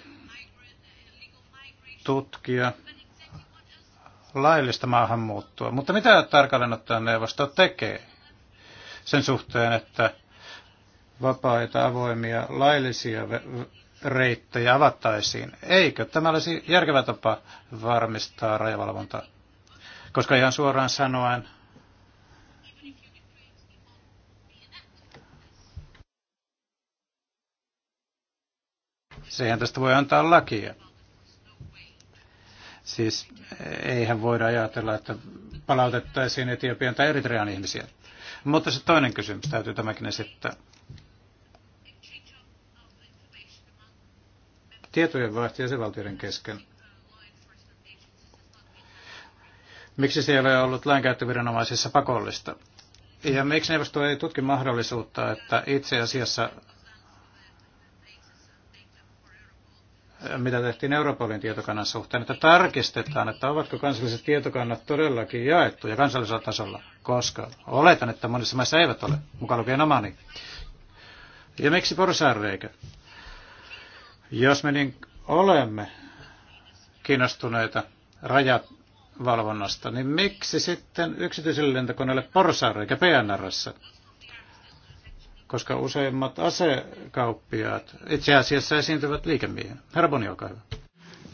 tutkia laillista maahanmuuttoa. Mutta mitä tarkalleen ottaen neuvosto tekee sen suhteen, että vapaita, avoimia, laillisia reittejä avattaisiin? Eikö tämä olisi järkevä tapa varmistaa rajavalvontaa? Koska ihan suoraan sanoen Sehän tästä voi antaa lakia. Siis eihän voida ajatella, että palautettaisiin Etiopian tai Eritrean ihmisiä. Mutta se toinen kysymys täytyy tämäkin esittää. Tietojen vaihto jäsenvaltioiden kesken. Miksi siellä ei ollut lainkäyttöviranomaisissa pakollista? Ja miksi neuvosto ei tutki mahdollisuutta, että itse asiassa mitä tehtiin Europolin tietokannan suhteen, että tarkistetaan, että ovatko kansalliset tietokannat todellakin jaettuja kansallisella tasolla, koska oletan, että monissa maissa eivät ole, mukaan lukien omani. Ja miksi porsaanreikä? Jos me niin olemme kiinnostuneita valvonnasta, niin miksi sitten yksityiselle lentokoneelle porsaanreikä PNRssä? koska useimmat asekauppiaat itse asiassa esiintyvät liikemiehen. Herra Boni, olkaa hyvä.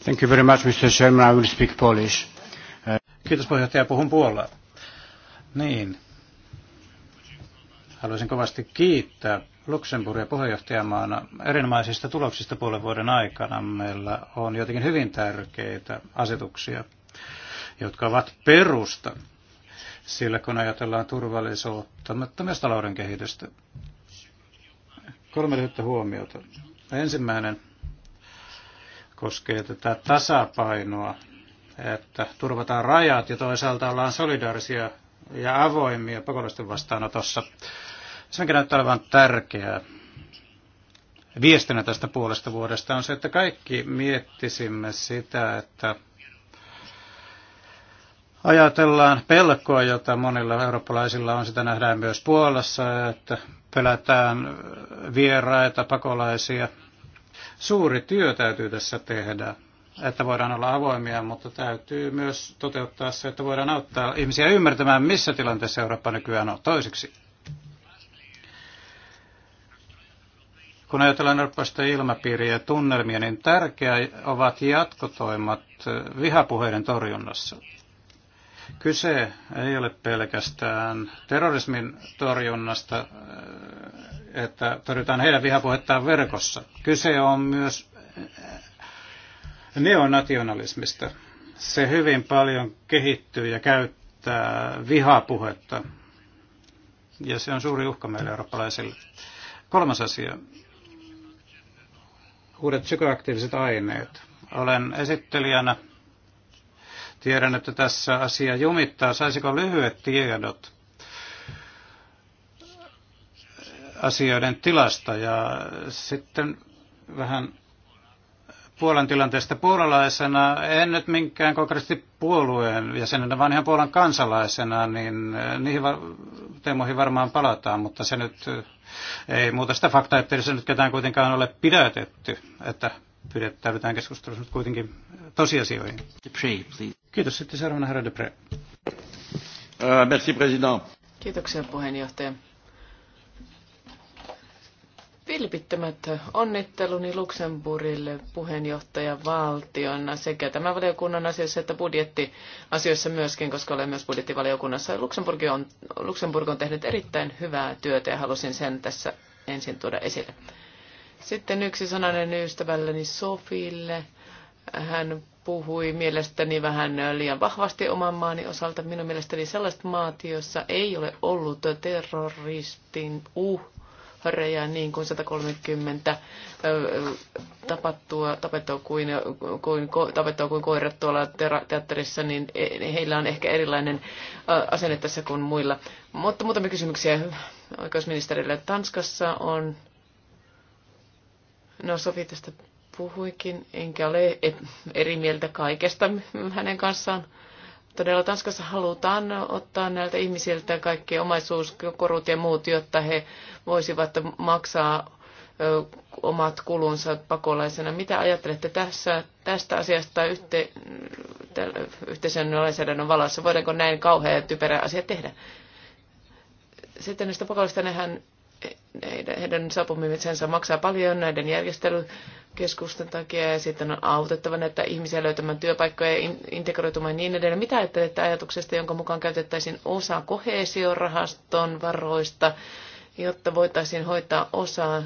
Thank you very much, Mr. Chairman. I will speak Polish. Kiitos puheenjohtaja, puhun puolella. Niin. Haluaisin kovasti kiittää Luxemburgia puheenjohtajamaana erinomaisista tuloksista puolen vuoden aikana. Meillä on jotenkin hyvin tärkeitä asetuksia, jotka ovat perusta sillä, kun ajatellaan turvallisuutta, mutta myös talouden kehitystä. Kolme lyhyttä huomiota. Ensimmäinen koskee tätä tasapainoa, että turvataan rajat ja toisaalta ollaan solidaarisia ja avoimia pakolaisten vastaanotossa. Se, mikä näyttää olevan tärkeää viestinä tästä puolesta vuodesta, on se, että kaikki miettisimme sitä, että ajatellaan pelkoa, jota monilla eurooppalaisilla on, sitä nähdään myös Puolassa, että pelätään vieraita pakolaisia. Suuri työ täytyy tässä tehdä, että voidaan olla avoimia, mutta täytyy myös toteuttaa se, että voidaan auttaa ihmisiä ymmärtämään, missä tilanteessa Eurooppa nykyään on toiseksi. kun ajatellaan Eurooppaista ilmapiiriä ja tunnelmia, niin tärkeä ovat jatkotoimat vihapuheiden torjunnassa. Kyse ei ole pelkästään terrorismin torjunnasta, että torjutaan heidän vihapuhettaan verkossa. Kyse on myös neonationalismista. Se hyvin paljon kehittyy ja käyttää vihapuhetta. Ja se on suuri uhka meille eurooppalaisille. Kolmas asia. Uudet psykoaktiiviset aineet. Olen esittelijänä Tiedän, että tässä asia jumittaa. Saisiko lyhyet tiedot asioiden tilasta ja sitten vähän Puolan tilanteesta puolalaisena, en nyt minkään konkreettisesti puolueen jäsenenä, vaan ihan Puolan kansalaisena, niin niihin teemoihin varmaan palataan, mutta se nyt eh, ei muuta sitä faktaa, että se nyt ketään kuitenkaan ole pidätetty, että pidettäydytään keskustelussa nyt kuitenkin tosiasioihin. Dupree, please. Kiitos. Sitten seuraavana herra Depre. Äh, merci, president. Kiitoksia puheenjohtaja. Vilpittömät onnitteluni Luxemburgille puheenjohtajavaltiona sekä tämän valiokunnan asioissa että budjettiasioissa myöskin, koska olen myös budjettivaliokunnassa. Luxemburg on, Luxemburg on tehnyt erittäin hyvää työtä ja halusin sen tässä ensin tuoda esille. Sitten yksi sananen ystävälleni Sofille. Hän puhui mielestäni vähän liian vahvasti oman maani osalta. Minun mielestäni sellaiset maat, joissa ei ole ollut terroristin uhreja niin kuin 130 tapattua, tapettua kuin, kuin, tapettua kuin koirat tuolla teatterissa, niin e, heillä on ehkä erilainen asenne tässä kuin muilla. Mutta muutamia kysymyksiä oikeusministerille. Tanskassa on No Sofi tästä puhuikin, enkä ole eri mieltä kaikesta hänen kanssaan. Todella Tanskassa halutaan ottaa näiltä ihmisiltä kaikki omaisuuskorut ja muut, jotta he voisivat maksaa omat kulunsa pakolaisena. Mitä ajattelette tässä, tästä asiasta yhte, yhteisön lainsäädännön valossa? Voidaanko näin kauhea ja typerä asia tehdä? Sitten näistä pakolaisista nehän heidän saapumisensa maksaa paljon näiden järjestelykeskusten takia ja sitten on autettava näitä ihmisiä löytämään työpaikkoja, integroitumaan ja niin edelleen. Mitä ajattelette ajatuksesta, jonka mukaan käytettäisiin osa kohesiorahaston varoista, jotta voitaisiin hoitaa osa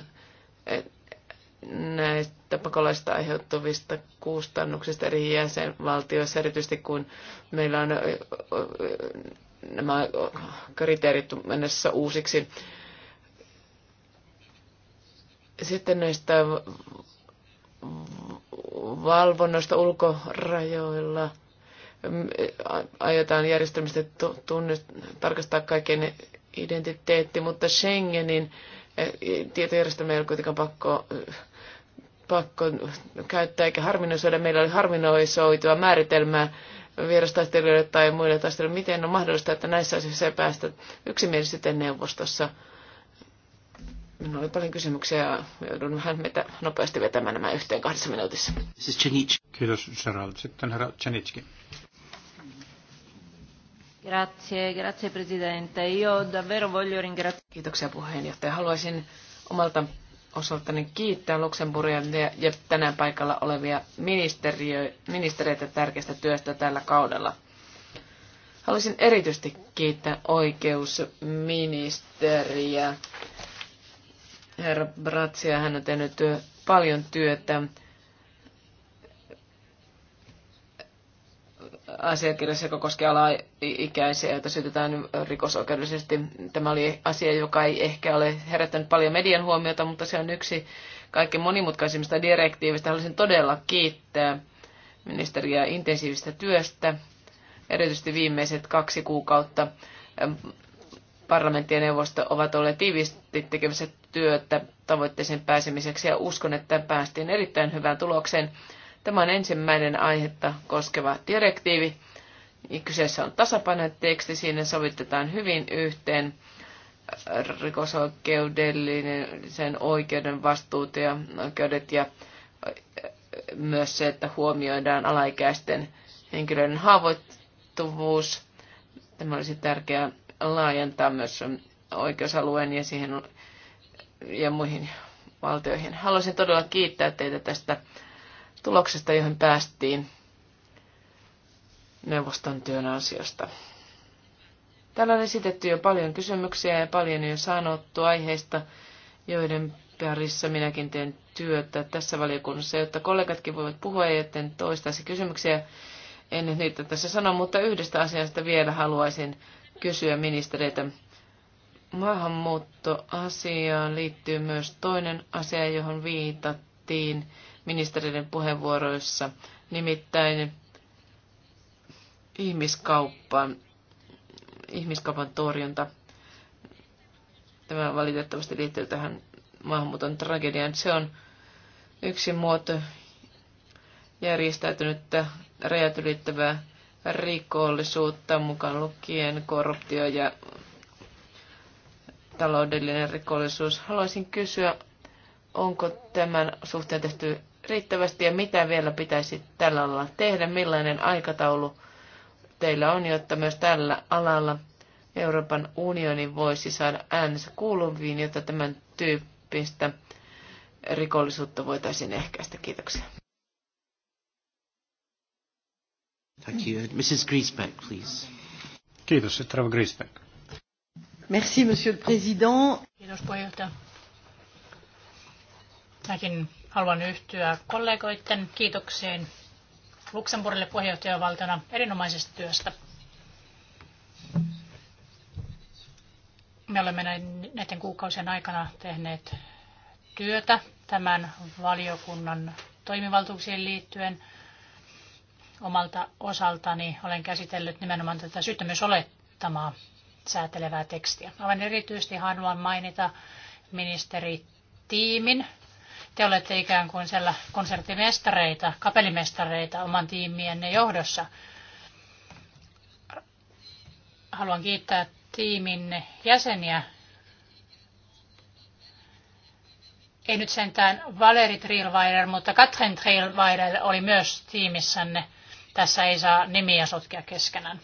eh, näistä pakolaista aiheuttuvista kustannuksista eri jäsenvaltioissa, erityisesti kun meillä on eh, eh, nämä kriteerit mennessä uusiksi sitten näistä valvonnoista ulkorajoilla mm, aiotaan järjestelmistä tunnist, tarkastaa kaiken identiteetti, mutta Schengenin eh, tietojärjestelmä ei ole kuitenkaan pakko, eh, pakko käyttää eikä harminoisoida. Meillä oli harminoisoitua määritelmää vierastaistelijoille tai muille taistelijoille. Miten on mahdollista, että näissä asioissa ei päästä yksimielisyyteen neuvostossa? Minulla oli paljon kysymyksiä. Joudun vähän meitä nopeasti vetämään nämä yhteen kahdessa minuutissa. Kiitos Gerald. Sitten herra Cenicki. Grazie, grazie presidente. Io davvero voglio ringraziare. Kiitoksia puheenjohtaja. Haluaisin omalta osaltani kiittää Luxemburgia ja tänään paikalla olevia ministereitä tärkeästä työstä tällä kaudella. Haluaisin erityisesti kiittää oikeusministeriä herra Bratsia. Hän on tehnyt paljon työtä asiakirjassa, joka koskee alaikäisiä, joita syytetään rikosoikeudellisesti. Tämä oli asia, joka ei ehkä ole herättänyt paljon median huomiota, mutta se on yksi kaikkein monimutkaisimmista direktiivistä. Haluaisin todella kiittää ministeriä intensiivistä työstä, erityisesti viimeiset kaksi kuukautta parlamentti ja neuvosto ovat olleet tiivisti tekemässä työtä tavoitteeseen pääsemiseksi ja uskon, että päästiin erittäin hyvään tulokseen. Tämä on ensimmäinen aihetta koskeva direktiivi. Kyseessä on tasapainoteksti, siinä sovitetaan hyvin yhteen rikosoikeudellisen oikeuden vastuut ja oikeudet ja myös se, että huomioidaan alaikäisten henkilöiden haavoittuvuus. Tämä olisi tärkeää laajentaa myös oikeusalueen ja, siihen, ja muihin valtioihin. Haluaisin todella kiittää teitä tästä tuloksesta, johon päästiin neuvoston työn ansiosta. Täällä on esitetty jo paljon kysymyksiä ja paljon jo sanottu aiheista, joiden parissa minäkin teen työtä tässä valiokunnassa, jotta kollegatkin voivat puhua ja etten toistaisi kysymyksiä. En nyt niitä tässä sano, mutta yhdestä asiasta vielä haluaisin kysyä ministereitä. Maahanmuuttoasiaan liittyy myös toinen asia, johon viitattiin ministeriöiden puheenvuoroissa, nimittäin ihmiskauppa, ihmiskaupan torjunta. Tämä valitettavasti liittyy tähän maahanmuuton tragediaan. Se on yksi muoto järjestäytynyttä rajat ylittävää rikollisuutta, mukaan lukien korruptio ja taloudellinen rikollisuus. Haluaisin kysyä, onko tämän suhteen tehty riittävästi ja mitä vielä pitäisi tällä alalla tehdä, millainen aikataulu teillä on, jotta myös tällä alalla Euroopan unioni voisi saada äänensä kuuluviin, jotta tämän tyyppistä rikollisuutta voitaisiin ehkäistä. Kiitoksia. Thank you. Mrs. Griesbeck, please. Kiitos, Sitrava Griesbeck. Merci, monsieur le président. Kiitos puheenjohtaja. Mäkin haluan yhtyä kollegoiden kiitokseen Luxemburgille puheenjohtajavaltiona erinomaisesta työstä. Me olemme näiden kuukausien aikana tehneet työtä tämän valiokunnan toimivaltuuksiin liittyen – Omalta osaltani olen käsitellyt nimenomaan tätä syyttömyysolettamaa säätelevää tekstiä. Aivan erityisesti haluan mainita ministeri tiimin. Te olette ikään kuin siellä konserttimestareita, kapelimestareita oman tiimienne johdossa. Haluan kiittää tiimin jäseniä. Ei nyt sentään Valeri Trilweiler, mutta Katrin Trilweiler oli myös tiimissänne. Tässä ei saa nimiä sotkea keskenään.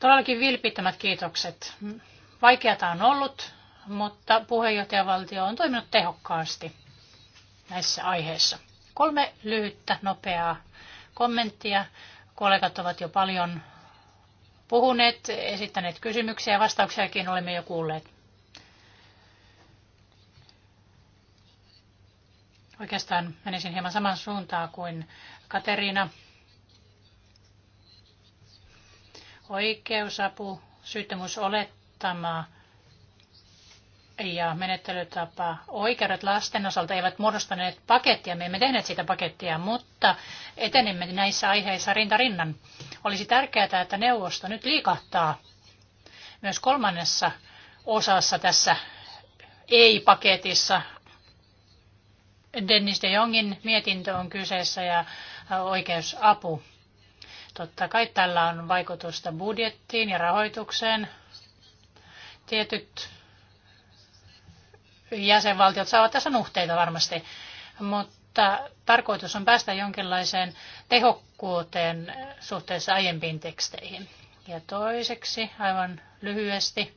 Todellakin vilpittömät kiitokset. Vaikeata on ollut, mutta puheenjohtajavaltio on toiminut tehokkaasti näissä aiheissa. Kolme lyhyttä, nopeaa kommenttia. Kollegat ovat jo paljon puhuneet, esittäneet kysymyksiä ja vastauksiakin olemme jo kuulleet. Oikeastaan menisin hieman saman suuntaan kuin Katerina. Oikeusapu, syyttämysolettama ja menettelytapa. Oikeudet lasten osalta eivät muodostaneet pakettia, me emme tehneet sitä pakettia, mutta etenemme näissä aiheissa rinta rinnan. Olisi tärkeää, että neuvosto nyt liikahtaa myös kolmannessa osassa tässä ei-paketissa Dennis de Jongin mietintö on kyseessä ja oikeusapu. Totta kai tällä on vaikutusta budjettiin ja rahoitukseen. Tietyt jäsenvaltiot saavat tässä nuhteita varmasti, mutta tarkoitus on päästä jonkinlaiseen tehokkuuteen suhteessa aiempiin teksteihin. Ja toiseksi, aivan lyhyesti,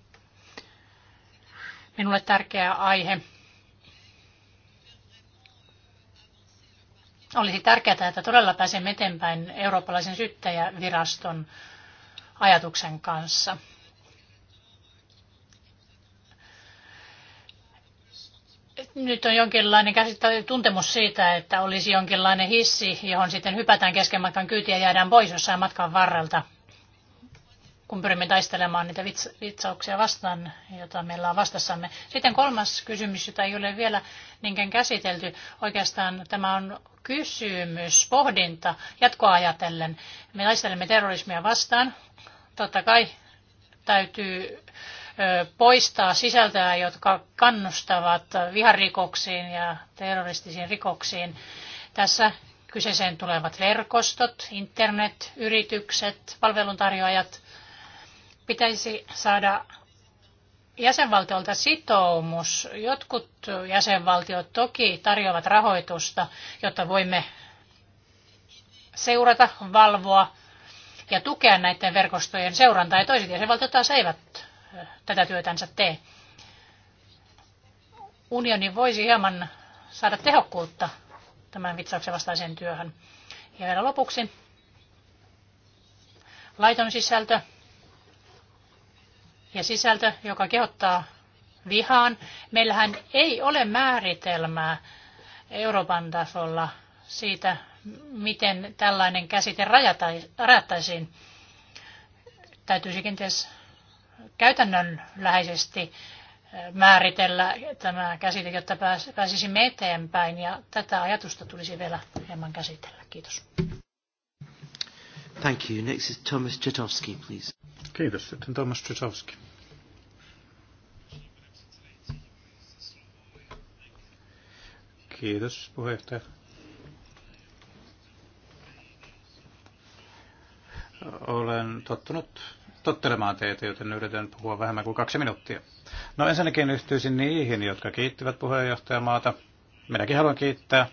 minulle tärkeä aihe Olisi tärkeää, että todella pääsemme eteenpäin eurooppalaisen syyttäjäviraston ajatuksen kanssa. nyt on jonkinlainen tuntemus siitä, että olisi jonkinlainen hissi, johon sitten hypätään kesken matkan kyytiä ja jäädään pois jossain matkan varrelta kun pyrimme taistelemaan niitä vitsauksia vastaan, joita meillä on vastassamme. Sitten kolmas kysymys, jota ei ole vielä niinkään käsitelty. Oikeastaan tämä on kysymys, pohdinta jatkoa ajatellen. Me taistelemme terrorismia vastaan. Totta kai täytyy poistaa sisältöä, jotka kannustavat viharikoksiin ja terroristisiin rikoksiin. Tässä kyseeseen tulevat verkostot, internet, yritykset, palveluntarjoajat pitäisi saada jäsenvaltiolta sitoumus. Jotkut jäsenvaltiot toki tarjoavat rahoitusta, jotta voimme seurata, valvoa ja tukea näiden verkostojen seurantaa. Ja toiset jäsenvaltiot taas eivät tätä työtänsä tee. Unioni voisi hieman saada tehokkuutta tämän vitsauksen vastaiseen työhön. Ja vielä lopuksi laiton sisältö ja sisältö, joka kehottaa vihaan. Meillähän ei ole määritelmää Euroopan tasolla siitä, miten tällainen käsite rajattaisiin. Täytyisi kenties käytännönläheisesti äh, määritellä tämä käsite, jotta pääsisimme eteenpäin. Ja tätä ajatusta tulisi vielä hieman käsitellä. Kiitos. Thank you. Next is Thomas Czetowski, please. Kiitos. Sitten Thomas Kiitos puheenjohtaja. Olen tottunut tottelemaan teitä, joten yritän puhua vähemmän kuin kaksi minuuttia. No ensinnäkin yhtyisin niihin, jotka kiittivät puheenjohtajamaata. Minäkin haluan kiittää.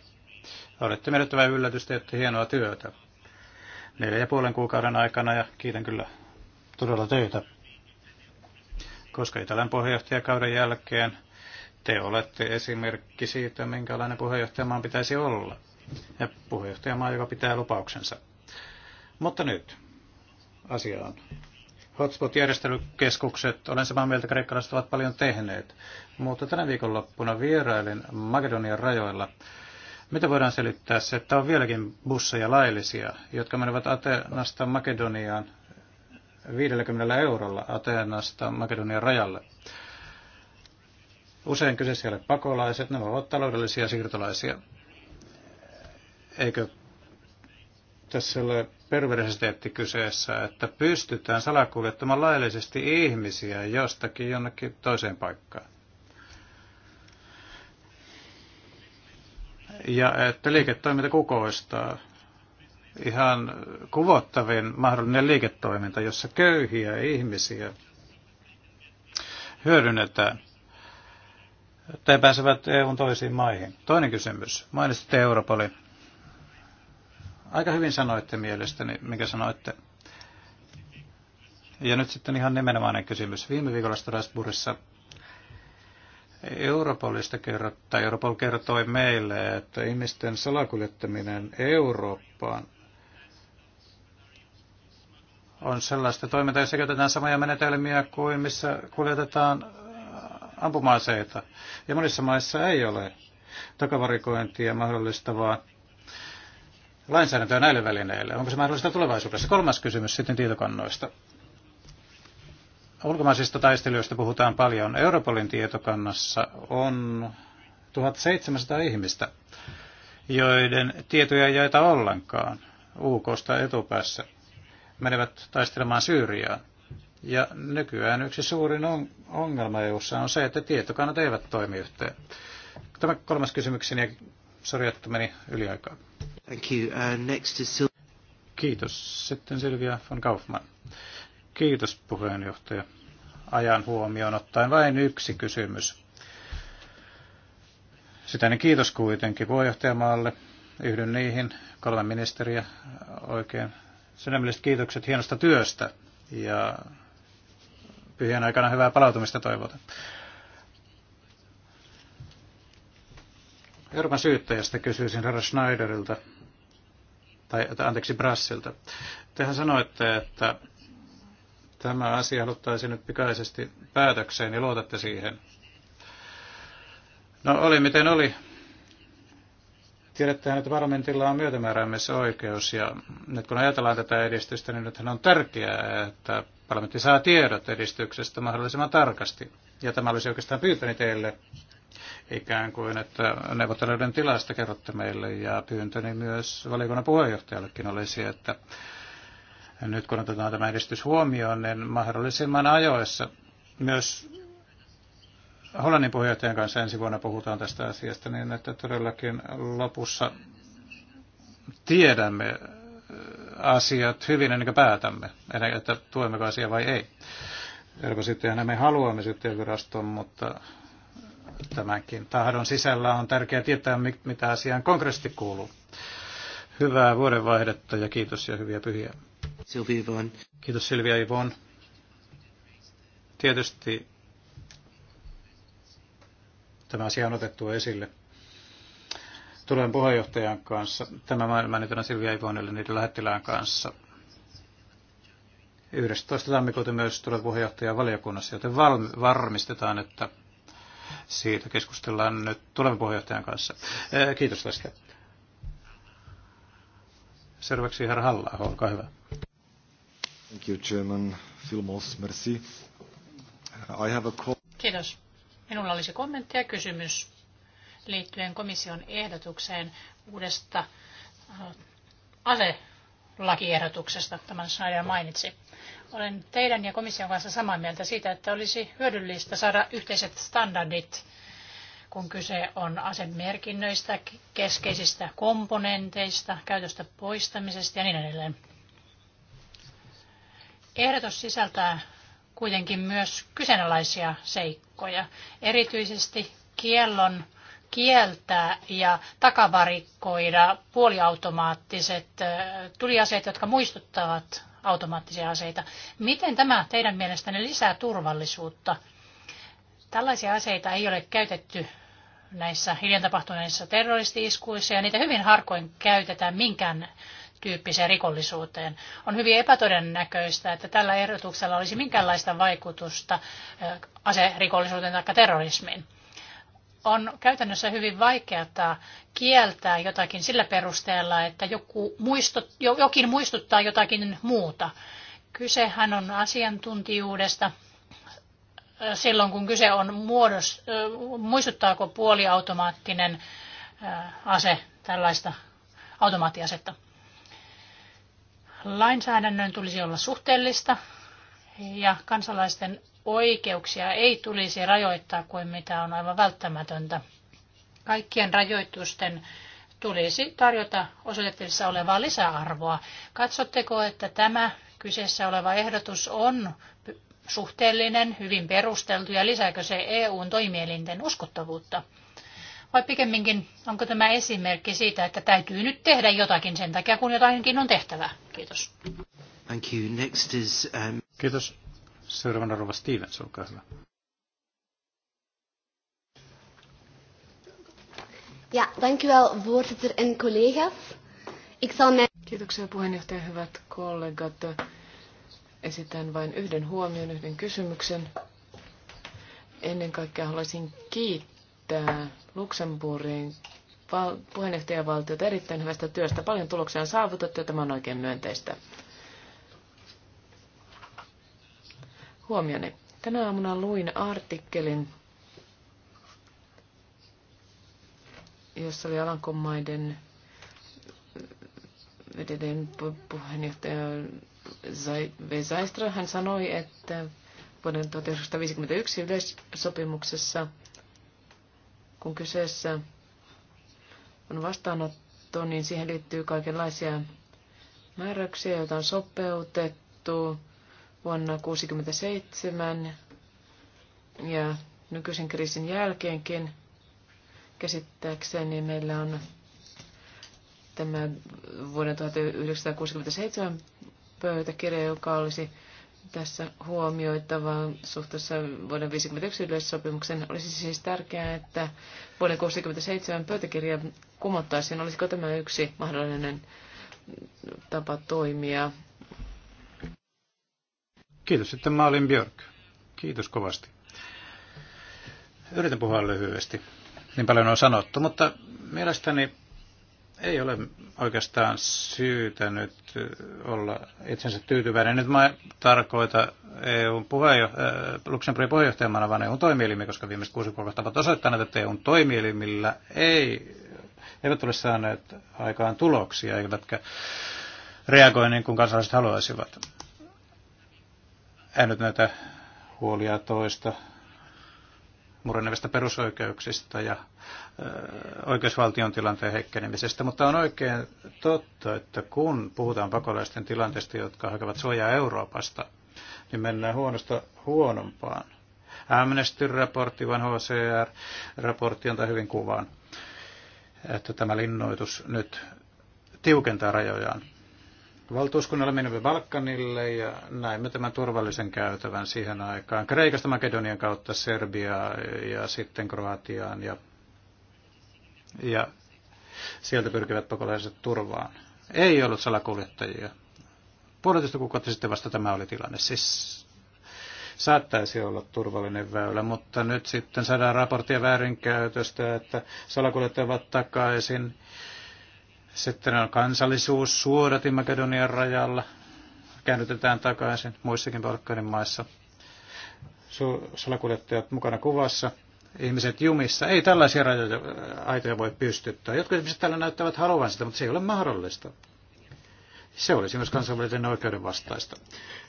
Olette menettävää yllätystä, että hienoa työtä neljä ja puolen kuukauden aikana ja kiitän kyllä todella teitä, koska Italian puheenjohtajakauden jälkeen te olette esimerkki siitä, minkälainen puheenjohtajamaan pitäisi olla. Ja puheenjohtajamaa, joka pitää lupauksensa. Mutta nyt asiaan. Hotspot-järjestelykeskukset, olen samaa mieltä, kreikkalaiset ovat paljon tehneet. Mutta tänä viikonloppuna vierailin Makedonian rajoilla mitä voidaan selittää se, että on vieläkin busseja laillisia, jotka menevät Atenasta Makedoniaan 50 eurolla Atenasta Makedonian rajalle? Usein kyseessä ei ole pakolaiset, ne ovat taloudellisia siirtolaisia. Eikö tässä ole perversiteetti kyseessä, että pystytään salakuljettamaan laillisesti ihmisiä jostakin jonnekin toiseen paikkaan? ja että liiketoiminta kukoistaa. Ihan kuvottavin mahdollinen liiketoiminta, jossa köyhiä ihmisiä hyödynnetään tai pääsevät EUn toisiin maihin. Toinen kysymys. Mainitsitte Europolin. Aika hyvin sanoitte mielestäni, mikä sanoitte. Ja nyt sitten ihan nimenomainen kysymys. Viime viikolla Strasbourgissa Europolista kerrottaa, Europol kertoi meille, että ihmisten salakuljettaminen Eurooppaan on sellaista toimintaa, jossa käytetään samoja menetelmiä kuin missä kuljetetaan äh, ampumaaseita. Ja monissa maissa ei ole takavarikointia mahdollistavaa lainsäädäntöä näille välineille. Onko se mahdollista tulevaisuudessa? Kolmas kysymys sitten tietokannoista. Ulkomaisista taistelijoista puhutaan paljon. Europolin tietokannassa on 1700 ihmistä, joiden tietoja ei jaeta ollenkaan UKsta etupäässä. Menevät taistelemaan Syyriaan. Ja nykyään yksi suurin ongelma EU:ssa on se, että tietokannat eivät toimi yhteen. Tämä kolmas kysymykseni, ja sori, että meni yli Thank you. Uh, next is Sil- Kiitos. Sitten Silvia von Kaufmann. Kiitos puheenjohtaja. Ajan huomioon ottaen vain yksi kysymys. Sitä niin kiitos kuitenkin puheenjohtajamaalle. Yhdyn niihin kolme ministeriä oikein. Sydämelliset kiitokset hienosta työstä ja pyhien aikana hyvää palautumista toivotan. Euroopan syyttäjästä kysyisin herra Schneiderilta, tai anteeksi Brassilta. Tehän sanoitte, että Tämä asia haluttaisiin nyt pikaisesti päätökseen ja luotatte siihen. No oli miten oli. Tiedetään, että parlamentilla on myötämääräämissä oikeus ja nyt kun ajatellaan tätä edistystä, niin nythän on tärkeää, että parlamentti saa tiedot edistyksestä mahdollisimman tarkasti. Ja tämä olisi oikeastaan pyytäni teille ikään kuin, että neuvotteluiden tilasta kerrotte meille ja pyyntöni myös valiokunnan puheenjohtajallekin olisi, että nyt kun otetaan tämä edistys huomioon, niin mahdollisimman ajoissa myös Hollannin puheenjohtajan kanssa ensi vuonna puhutaan tästä asiasta, niin että todellakin lopussa tiedämme äh, asiat hyvin ennen kuin päätämme, ennen, että tuemmeko asiaa vai ei. sitten me haluamme syyttäjäviraston, mutta tämänkin tahdon sisällä on tärkeää tietää, mitä asiaan konkreettisesti kuuluu. Hyvää vuodenvaihdetta ja kiitos ja hyviä pyhiä. Sylvia Ivon. Kiitos Silvia Ivon. Tietysti tämä asia on otettu esille tulen puheenjohtajan kanssa, tämä mainitana Silvia Ivonelle niiden lähettilään kanssa. 11. tammikuuta myös tulee puheenjohtajan valiokunnassa, joten varmistetaan, että siitä keskustellaan nyt tulevan puheenjohtajan kanssa. kiitos tästä. Seuraavaksi herra halla olkaa hyvä. Thank you, Chairman. Filmos, merci. I have a Kiitos. Minulla olisi kommentti ja kysymys liittyen komission ehdotukseen uudesta äh, aselakiehdotuksesta, tämän Schneider mainitsi. Olen teidän ja komission kanssa samaa mieltä siitä, että olisi hyödyllistä saada yhteiset standardit, kun kyse on asemerkinnöistä, keskeisistä komponenteista, käytöstä poistamisesta ja niin edelleen. Ehdotus sisältää kuitenkin myös kyseenalaisia seikkoja, erityisesti kiellon kieltää ja takavarikkoida puoliautomaattiset tuliaseet, jotka muistuttavat automaattisia aseita. Miten tämä teidän mielestänne lisää turvallisuutta? Tällaisia aseita ei ole käytetty näissä hiljan tapahtuneissa terroristi-iskuissa ja niitä hyvin harkoin käytetään minkään tyyppiseen rikollisuuteen. On hyvin epätodennäköistä, että tällä ehdotuksella olisi minkäänlaista vaikutusta aserikollisuuteen tai terrorismiin. On käytännössä hyvin vaikeaa kieltää jotakin sillä perusteella, että joku muistut, jokin muistuttaa jotakin muuta. Kysehän on asiantuntijuudesta, silloin, kun kyse on muodos, muistuttaako puoliautomaattinen ase tällaista automaattiasetta lainsäädännön tulisi olla suhteellista ja kansalaisten oikeuksia ei tulisi rajoittaa kuin mitä on aivan välttämätöntä. Kaikkien rajoitusten tulisi tarjota osoitettavissa olevaa lisäarvoa. Katsotteko, että tämä kyseessä oleva ehdotus on suhteellinen, hyvin perusteltu ja lisääkö se EUn toimielinten uskottavuutta? Vai pikemminkin, onko tämä esimerkki siitä, että täytyy nyt tehdä jotakin sen takia, kun jotainkin on tehtävä? Kiitos. Thank you. Next is, um... Kiitos. Seuraavana rouva Stevens, olkaa hyvä. Ja, thank you well, voorzitter en collega's. Ik zal mijn... Kiitoksia puheenjohtaja, hyvät kollegat. Esitän vain yhden huomion, yhden kysymyksen. Ennen kaikkea haluaisin kiittää kiittää Luxemburgin val- puheenjohtajavaltiota erittäin hyvästä työstä. Paljon tuloksia on saavutettu ja tämä on oikein myönteistä. Huomioni. Tänä aamuna luin artikkelin, jossa oli Alankomaiden edelleen puheenjohtaja Vesaistra. Hän sanoi, että vuoden 1951 yleissopimuksessa – kun kyseessä on vastaanotto, niin siihen liittyy kaikenlaisia määräyksiä, joita on sopeutettu vuonna 1967 ja nykyisen kriisin jälkeenkin. Käsittääkseni meillä on tämä vuoden 1967 pöytäkirja, joka olisi tässä huomioitava suhteessa vuoden 1951 yleissopimuksen. Olisi siis tärkeää, että vuoden 1967 pöytäkirja kumottaisiin. Olisiko tämä yksi mahdollinen tapa toimia? Kiitos. Sitten Maalin Björk. Kiitos kovasti. Yritän puhua lyhyesti. Niin paljon on sanottu, mutta mielestäni ei ole oikeastaan syytä nyt äh, olla itsensä tyytyväinen. Nyt mä tarkoita EUn puheenjo- äh, Luxemburgin puheenjohtajamana, vaan EUn toimielimiä, koska viimeiset kuusi kuukautta ovat osoittaneet, että EUn toimielimillä ei, eivät ole saaneet aikaan tuloksia, eivätkä reagoi niin kuin kansalaiset haluaisivat. En nyt näitä huolia toista murenevista perusoikeuksista ja oikeusvaltion tilanteen heikkenemisestä, mutta on oikein totta, että kun puhutaan pakolaisten tilanteesta, jotka hakevat suojaa Euroopasta, niin mennään huonosta huonompaan. Amnesty-raportti, vaan HCR-raportti antaa hyvin kuvan, että tämä linnoitus nyt tiukentaa rajojaan valtuuskunnalla menemme Balkanille ja näimme tämän turvallisen käytävän siihen aikaan. Kreikasta Makedonian kautta Serbiaa ja sitten Kroatiaan ja, ja sieltä pyrkivät pakolaiset turvaan. Ei ollut salakuljettajia. Puolitoista kuukautta sitten vasta tämä oli tilanne. Siis saattaisi olla turvallinen väylä, mutta nyt sitten saadaan raporttia väärinkäytöstä, että salakuljettajat ovat takaisin sitten on kansallisuus suodatin Makedonian rajalla. Käännytetään takaisin muissakin Balkanin maissa. Salakuljettajat mukana kuvassa. Ihmiset jumissa. Ei tällaisia rajoja, aitoja voi pystyttää. Jotkut ihmiset täällä näyttävät haluavan sitä, mutta se ei ole mahdollista. Se olisi myös kansainvälisen oikeuden vastaista.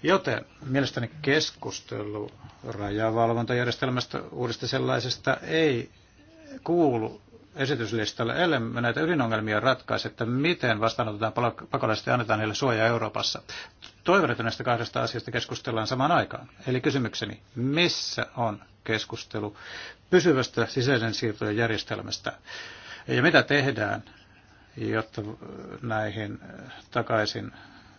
Joten mielestäni keskustelu rajavalvontajärjestelmästä uudesta sellaisesta ei kuulu esityslistalle, ellemme näitä ydinongelmia ratkaise, että miten vastaanotetaan pakolaiset ja annetaan heille suoja Euroopassa. Toivon, että näistä kahdesta asiasta keskustellaan samaan aikaan. Eli kysymykseni, missä on keskustelu pysyvästä sisäisen siirtojen järjestelmästä ja mitä tehdään, jotta näihin takaisin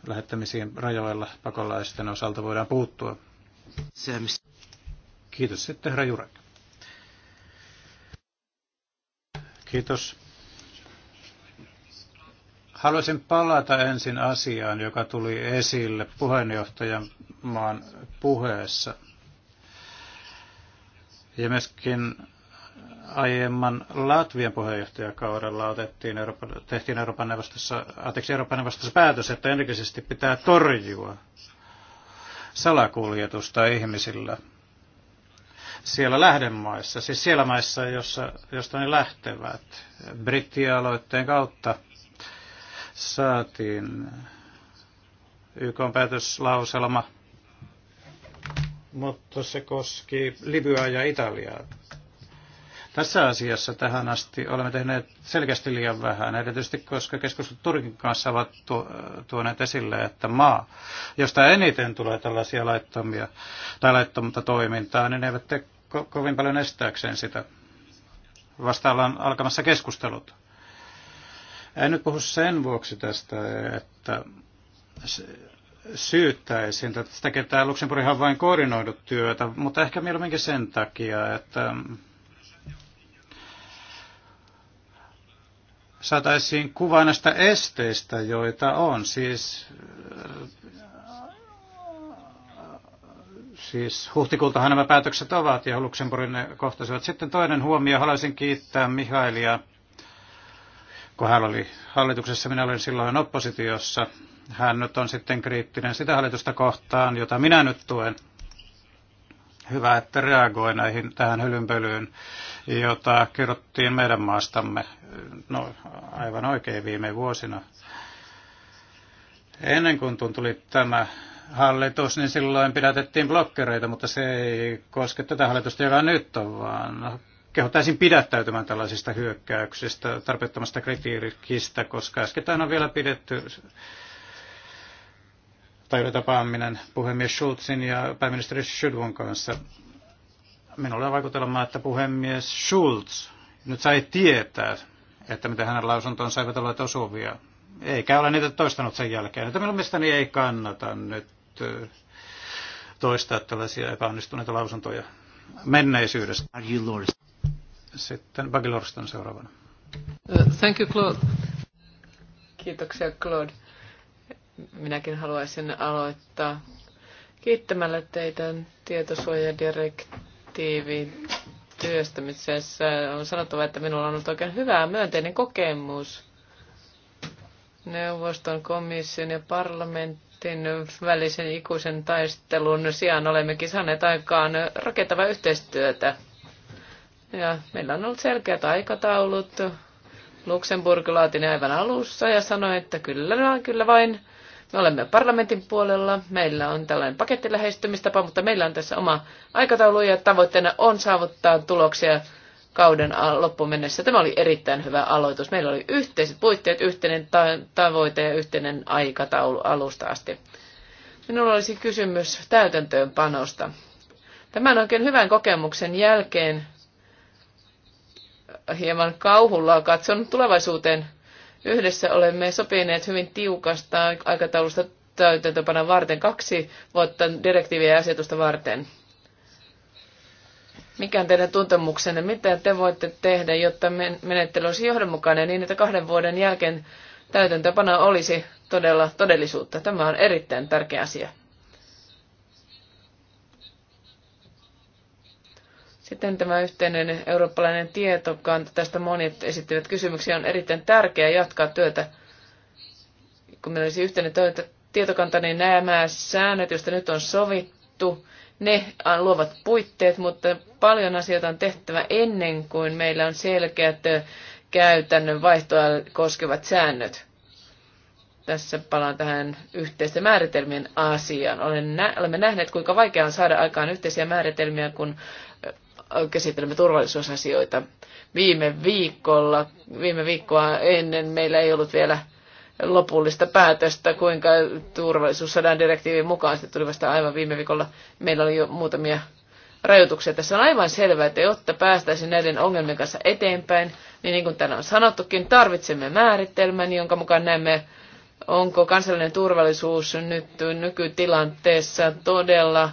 lähettämisiin rajoilla pakolaisten osalta voidaan puuttua. Kiitos sitten, herra Jurek. Kiitos. Haluaisin palata ensin asiaan, joka tuli esille puheenjohtajan maan puheessa. Ja myöskin aiemman Latvian puheenjohtajakaudella otettiin Euroopan, tehtiin Euroopan neuvostossa, anteeksi, Euroopan neuvostossa päätös, että erityisesti pitää torjua salakuljetusta ihmisillä siellä lähdemaissa, siis siellä maissa, jossa, josta ne lähtevät. Brittialoitteen kautta saatiin YK päätöslauselma, mutta se koski Libyaa ja Italiaa. Tässä asiassa tähän asti olemme tehneet selkeästi liian vähän, erityisesti koska keskustelut Turkin kanssa ovat tuoneet esille, että maa, josta eniten tulee tällaisia laittomia tai laittomata toimintaa, niin ne eivät tee ko- kovin paljon estääkseen sitä. Vasta ollaan alkamassa keskustelut. En nyt puhu sen vuoksi tästä, että syyttäisin sitä ketään. Luxemburghan on vain koordinoidut työtä, mutta ehkä mieluumminkin sen takia, että saataisiin kuva näistä esteistä, joita on. Siis Siis huhtikuultahan nämä päätökset ovat ja Luxemburgin ne kohtasivat. Sitten toinen huomio, haluaisin kiittää Mihailia, kun hän oli hallituksessa, minä olin silloin oppositiossa. Hän nyt on sitten kriittinen sitä hallitusta kohtaan, jota minä nyt tuen. Hyvä, että reagoi näihin, tähän hölynpölyyn, jota kerrottiin meidän maastamme no, aivan oikein viime vuosina. Ennen kuin tuli tämä hallitus, niin silloin pidätettiin blokkereita, mutta se ei koske tätä hallitusta, joka nyt on, vaan kehottaisin pidättäytymään tällaisista hyökkäyksistä, tarpeettomasta kritiikistä, koska äsken on vielä pidetty tai tapaaminen puhemies Schulzin ja pääministeri Schudvon kanssa. Minulla on vaikutelma, että puhemies Schulz nyt sai tietää, että mitä hänen lausuntonsa eivät ole osuvia eikä ole niitä toistanut sen jälkeen. Että minun mielestäni ei kannata nyt toistaa tällaisia epäonnistuneita lausuntoja menneisyydestä. Sitten Bagilorston seuraavana. Uh, thank you, Claude. Kiitoksia, Claude. Minäkin haluaisin aloittaa kiittämällä teidän tietosuojadirektiivin työstämisessä. On sanottava, että minulla on ollut oikein hyvä myönteinen kokemus neuvoston, komission ja parlamentin Tin välisen ikuisen taistelun sijaan olemmekin saaneet aikaan rakentavaa yhteistyötä. Ja meillä on ollut selkeät aikataulut. Luxemburg laatin aivan alussa ja sanoi, että kyllä, kyllä vain. Me olemme parlamentin puolella, meillä on tällainen pakettilähestymistapa, mutta meillä on tässä oma aikataulu ja tavoitteena on saavuttaa tuloksia kauden loppuun mennessä. Tämä oli erittäin hyvä aloitus. Meillä oli yhteiset puitteet, yhteinen tavoite ja yhteinen aikataulu alusta asti. Minulla olisi kysymys täytäntöönpanosta. Tämän oikein hyvän kokemuksen jälkeen hieman kauhulla katson tulevaisuuteen. Yhdessä olemme sopineet hyvin tiukasta aikataulusta täytäntöpana varten kaksi vuotta direktiiviä ja asetusta varten. Mikä on teidän tuntemuksenne? Mitä te voitte tehdä, jotta menettely olisi johdonmukainen niin, että kahden vuoden jälkeen täytäntöpana olisi todella todellisuutta? Tämä on erittäin tärkeä asia. Sitten tämä yhteinen eurooppalainen tietokanta, tästä monet esittivät kysymyksiä, on erittäin tärkeää jatkaa työtä. Kun meillä olisi yhteinen tietokanta, niin nämä säännöt, joista nyt on sovittu, ne luovat puitteet, mutta paljon asioita on tehtävä ennen kuin meillä on selkeät käytännön vaihtoa koskevat säännöt. Tässä palaan tähän yhteisten määritelmien asiaan. olemme nähneet, kuinka vaikeaa on saada aikaan yhteisiä määritelmiä, kun käsittelemme turvallisuusasioita. Viime viikolla, viime viikkoa ennen meillä ei ollut vielä lopullista päätöstä, kuinka turvallisuussadan direktiivin mukaan. Se tuli vasta aivan viime viikolla. Meillä oli jo muutamia rajoituksia. Tässä on aivan selvää, että jotta päästäisiin näiden ongelmien kanssa eteenpäin, niin niin kuin täällä on sanottukin, tarvitsemme määritelmän, jonka mukaan näemme, onko kansallinen turvallisuus nyt nykytilanteessa todella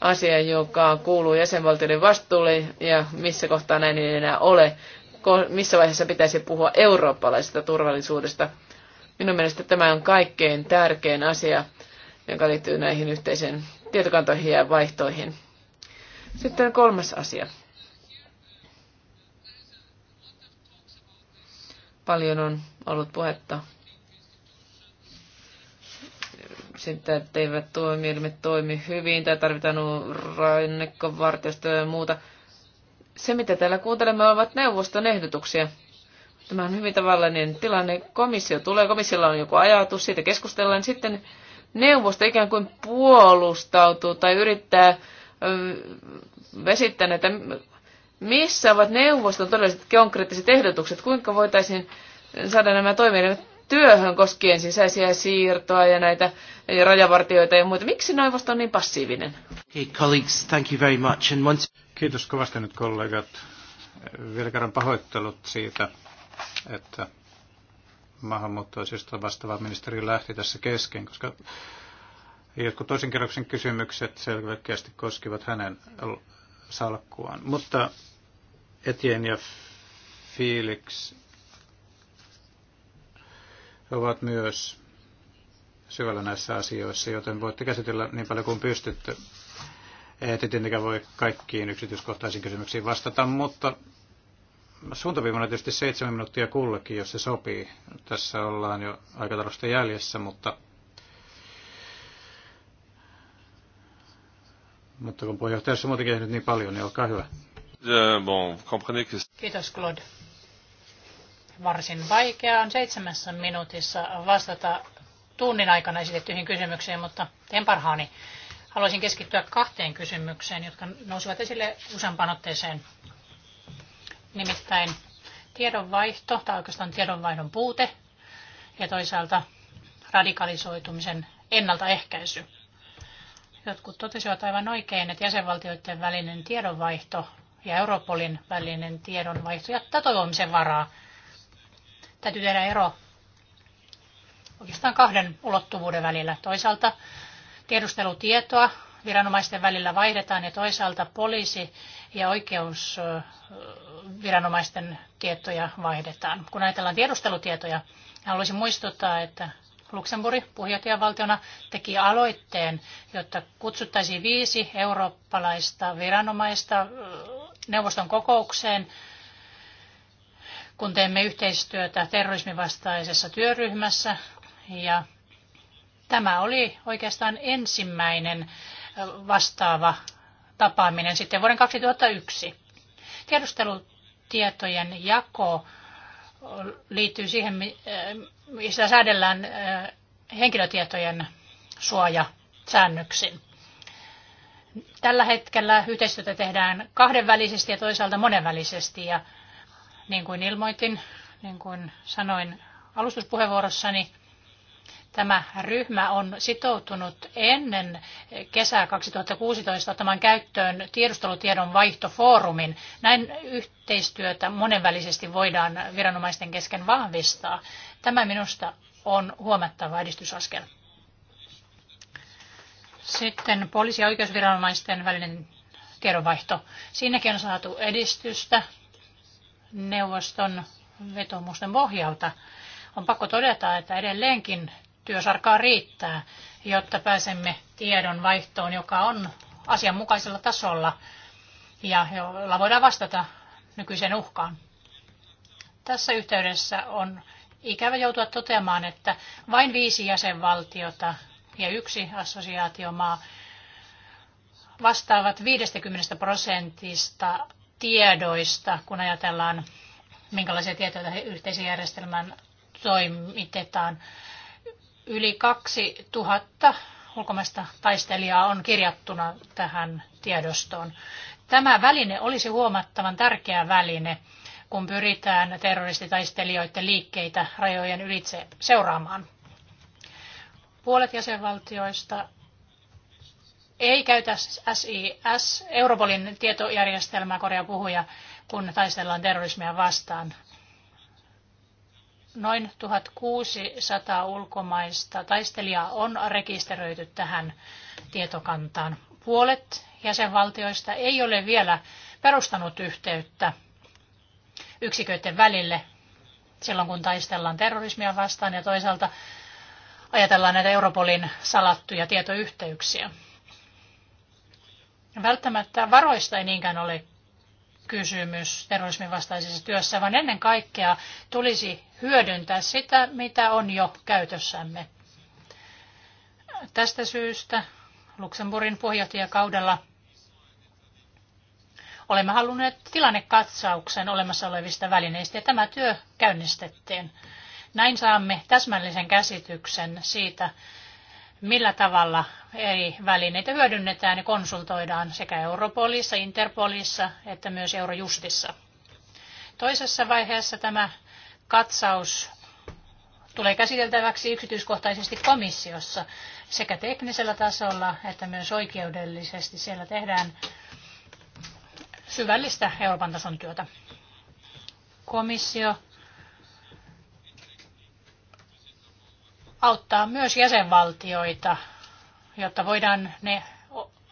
asia, joka kuuluu jäsenvaltioiden vastuulle ja missä kohtaa näin ei enää ole. Missä vaiheessa pitäisi puhua eurooppalaisesta turvallisuudesta? Minun mielestä tämä on kaikkein tärkein asia, joka liittyy näihin yhteisen tietokantoihin ja vaihtoihin. Sitten kolmas asia. Paljon on ollut puhetta Sitten että eivät toimielimet toimi hyvin tai tarvitaan rannekkovartiosta ja muuta. Se, mitä täällä kuuntelemme, ovat neuvoston ehdotuksia. Tämä on hyvin tavallinen tilanne. Komissio tulee, komissiolla on joku ajatus, siitä keskustellaan. Sitten neuvosto ikään kuin puolustautuu tai yrittää vesittää näitä, missä ovat neuvoston todelliset konkreettiset ehdotukset, kuinka voitaisiin saada nämä toimijat työhön koskien sisäisiä siirtoa ja näitä ja rajavartioita ja muita. Miksi neuvosto on niin passiivinen? Okay, colleagues, thank you very much. And once... Kiitos kovasti nyt kollegat. Vielä kerran pahoittelut siitä, että maahanmuuttoisista vastaava ministeri lähti tässä kesken, koska jotkut toisen kerroksen kysymykset selkeästi koskivat hänen salkkuaan. Mutta Etienne ja Felix ovat myös syvällä näissä asioissa, joten voitte käsitellä niin paljon kuin pystytte. Ette tietenkään voi kaikkiin yksityiskohtaisiin kysymyksiin vastata, mutta suuntaviivana tietysti seitsemän minuuttia kullekin, jos se sopii. Tässä ollaan jo aikataulusta jäljessä, mutta, mutta kun on muutenkin tehnyt niin paljon, niin olkaa hyvä. Euh, Kiitos Claude. Varsin vaikea on seitsemässä minuutissa vastata tunnin aikana esitettyihin kysymyksiin, mutta teen parhaani. Haluaisin keskittyä kahteen kysymykseen, jotka nousivat esille useampaan otteeseen nimittäin tiedonvaihto tai oikeastaan tiedonvaihdon puute ja toisaalta radikalisoitumisen ennaltaehkäisy. Jotkut totesivat aivan oikein, että jäsenvaltioiden välinen tiedonvaihto ja Europolin välinen tiedonvaihto jättää toivomisen varaa. Täytyy tehdä ero oikeastaan kahden ulottuvuuden välillä. Toisaalta tiedustelutietoa viranomaisten välillä vaihdetaan ja toisaalta poliisi- ja oikeusviranomaisten tietoja vaihdetaan. Kun ajatellaan tiedustelutietoja, haluaisin muistuttaa, että Luxemburg puheenjohtajavaltiona teki aloitteen, jotta kutsuttaisiin viisi eurooppalaista viranomaista neuvoston kokoukseen, kun teemme yhteistyötä terrorismin vastaisessa työryhmässä. Ja tämä oli oikeastaan ensimmäinen vastaava tapaaminen sitten vuoden 2001. Tiedustelutietojen jako liittyy siihen, eh, missä säädellään eh, henkilötietojen suoja säännöksin. Tällä hetkellä yhteistyötä tehdään kahdenvälisesti ja toisaalta monenvälisesti. Ja niin kuin ilmoitin, niin kuin sanoin alustuspuheenvuorossani, Tämä ryhmä on sitoutunut ennen kesää 2016 ottamaan käyttöön tiedustelutiedon vaihtofoorumin. Näin yhteistyötä monenvälisesti voidaan viranomaisten kesken vahvistaa. Tämä minusta on huomattava edistysaskel. Sitten poliisi- ja oikeusviranomaisten välinen tiedonvaihto. Siinäkin on saatu edistystä neuvoston vetomusten pohjalta. On pakko todeta, että edelleenkin työsarkaa riittää, jotta pääsemme tiedon vaihtoon, joka on asianmukaisella tasolla ja jolla voidaan vastata nykyiseen uhkaan. Tässä yhteydessä on ikävä joutua toteamaan, että vain viisi jäsenvaltiota ja yksi assosiaatiomaa vastaavat 50 prosentista tiedoista, kun ajatellaan, minkälaisia tietoja yhteisen järjestelmän toimitetaan. Yli 2000 ulkomaista taistelijaa on kirjattuna tähän tiedostoon. Tämä väline olisi huomattavan tärkeä väline, kun pyritään terroristitaistelijoiden liikkeitä rajojen ylitse seuraamaan. Puolet jäsenvaltioista ei käytä SIS, Europolin tietojärjestelmää, korjaa puhuja, kun taistellaan terrorismia vastaan noin 1600 ulkomaista taistelijaa on rekisteröity tähän tietokantaan. Puolet jäsenvaltioista ei ole vielä perustanut yhteyttä yksiköiden välille silloin, kun taistellaan terrorismia vastaan ja toisaalta ajatellaan näitä Europolin salattuja tietoyhteyksiä. Välttämättä varoista ei niinkään ole kysymys terrorismin vastaisessa työssä, vaan ennen kaikkea tulisi hyödyntää sitä, mitä on jo käytössämme. Tästä syystä Luxemburgin puheenjohtajakaudella olemme halunneet tilannekatsauksen olemassa olevista välineistä ja tämä työ käynnistettiin. Näin saamme täsmällisen käsityksen siitä, millä tavalla eri välineitä hyödynnetään ja konsultoidaan sekä Europolissa, Interpolissa että myös Eurojustissa. Toisessa vaiheessa tämä katsaus tulee käsiteltäväksi yksityiskohtaisesti komissiossa sekä teknisellä tasolla että myös oikeudellisesti. Siellä tehdään syvällistä Euroopan tason työtä. Komissio auttaa myös jäsenvaltioita, jotta voidaan ne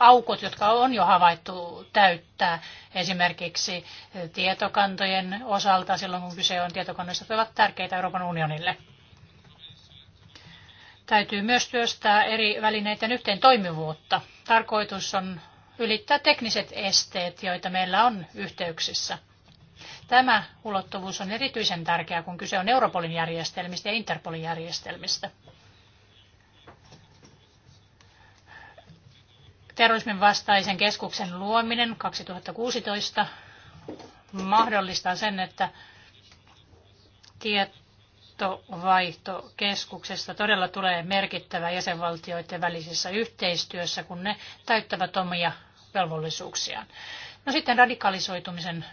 aukot, jotka on jo havaittu täyttää esimerkiksi tietokantojen osalta silloin, kun kyse on tietokannoista, jotka ovat tärkeitä Euroopan unionille. Täytyy myös työstää eri välineiden yhteen toimivuutta. Tarkoitus on ylittää tekniset esteet, joita meillä on yhteyksissä. Tämä ulottuvuus on erityisen tärkeää, kun kyse on Europolin järjestelmistä ja Interpolin järjestelmistä. Terrorismin vastaisen keskuksen luominen 2016 mahdollistaa sen, että tietovaihtokeskuksesta todella tulee merkittävä jäsenvaltioiden välisessä yhteistyössä, kun ne täyttävät omia velvollisuuksiaan. No sitten radikalisoitumisen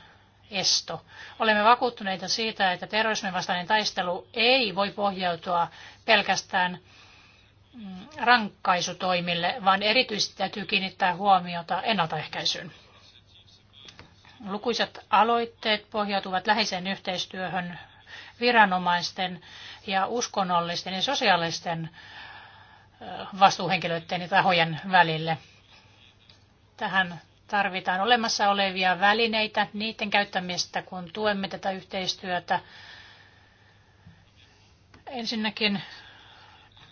esto. Olemme vakuuttuneita siitä, että terrorismin vastainen taistelu ei voi pohjautua pelkästään rankaisutoimille, vaan erityisesti täytyy kiinnittää huomiota ennaltaehkäisyyn. Lukuisat aloitteet pohjautuvat läheiseen yhteistyöhön viranomaisten ja uskonnollisten ja sosiaalisten vastuuhenkilöiden ja tahojen välille. Tähän tarvitaan olemassa olevia välineitä, niiden käyttämistä, kun tuemme tätä yhteistyötä. Ensinnäkin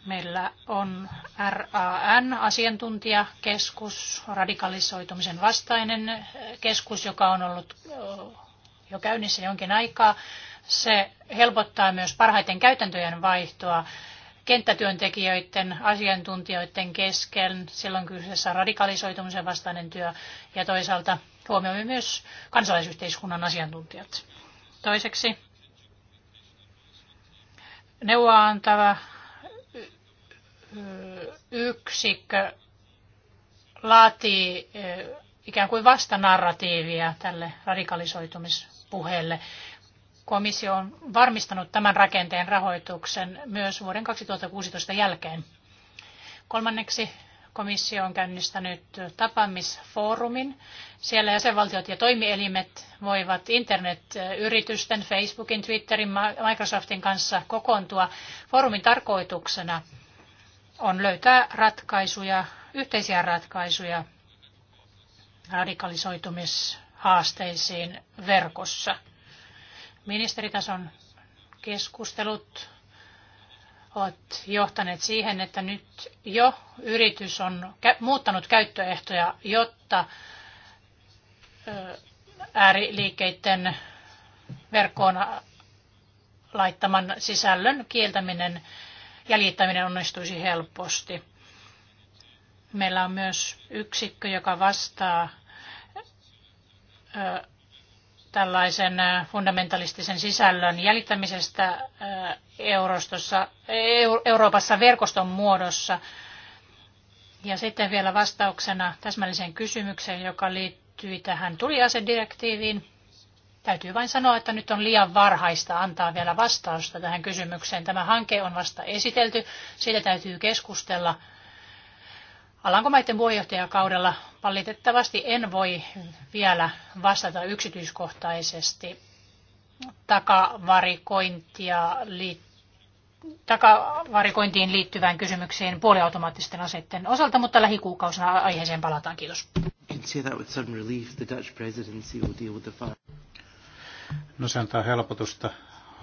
Meillä on RAN, asiantuntijakeskus, radikalisoitumisen vastainen eh, keskus, joka on ollut eh, jo käynnissä jonkin aikaa. Se helpottaa myös parhaiten käytäntöjen vaihtoa kenttätyöntekijöiden, asiantuntijoiden kesken, silloin kyseessä on radikalisoitumisen vastainen työ, ja toisaalta huomioimme myös kansalaisyhteiskunnan asiantuntijat. Toiseksi neuvoa antava yksikkö laatii ikään kuin vastanarratiivia tälle radikalisoitumispuheelle. Komissio on varmistanut tämän rakenteen rahoituksen myös vuoden 2016 jälkeen. Kolmanneksi komissio on käynnistänyt tapaamisfoorumin. Siellä jäsenvaltiot ja toimielimet voivat internetyritysten, Facebookin, Twitterin, Microsoftin kanssa kokoontua. Foorumin tarkoituksena on löytää ratkaisuja, yhteisiä ratkaisuja radikalisoitumishaasteisiin verkossa. Ministeritason keskustelut ovat johtaneet siihen, että nyt jo yritys on muuttanut käyttöehtoja, jotta ääriliikkeiden verkkoon laittaman sisällön kieltäminen jäljittäminen onnistuisi helposti. Meillä on myös yksikkö, joka vastaa tällaisen fundamentalistisen sisällön jäljittämisestä Eurostossa, e, Euroopassa verkoston muodossa. Ja sitten vielä vastauksena täsmälliseen kysymykseen, joka liittyy tähän tuliasedirektiiviin. Täytyy vain sanoa, että nyt on liian varhaista antaa vielä vastausta tähän kysymykseen. Tämä hanke on vasta esitelty, siitä täytyy keskustella. Alankomaiden puheenjohtajakaudella valitettavasti en voi vielä vastata yksityiskohtaisesti takavarikointia liittyen takavarikointiin liittyvään kysymykseen puoliautomaattisten aseiden osalta, mutta lähikuukausina aiheeseen palataan. Kiitos. No se antaa helpotusta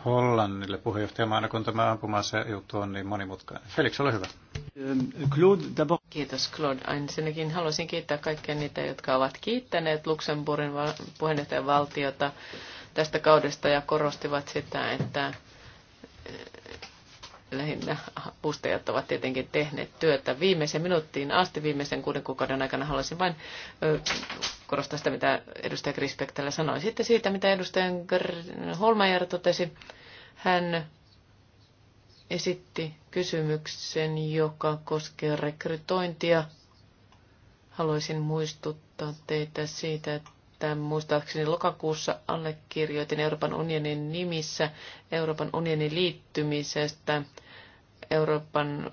Hollannille puheenjohtajamaana, kun tämä ampumassa juttu on niin monimutkainen. Felix, ole hyvä. Claude, Kiitos Claude. Ensinnäkin haluaisin kiittää kaikkia niitä, jotka ovat kiittäneet Luxemburgin puheenjohtajan valtiota tästä kaudesta ja korostivat sitä, että lähinnä avustajat ovat tietenkin tehneet työtä viimeisen minuuttiin asti viimeisen kuuden kuukauden aikana. Haluaisin vain korostaa sitä, mitä edustaja Grisbeck täällä sanoi. Sitten siitä, mitä edustaja Holmajer totesi. Hän esitti kysymyksen, joka koskee rekrytointia. Haluaisin muistuttaa teitä siitä, että että muistaakseni lokakuussa allekirjoitin Euroopan unionin nimissä Euroopan unionin liittymisestä Euroopan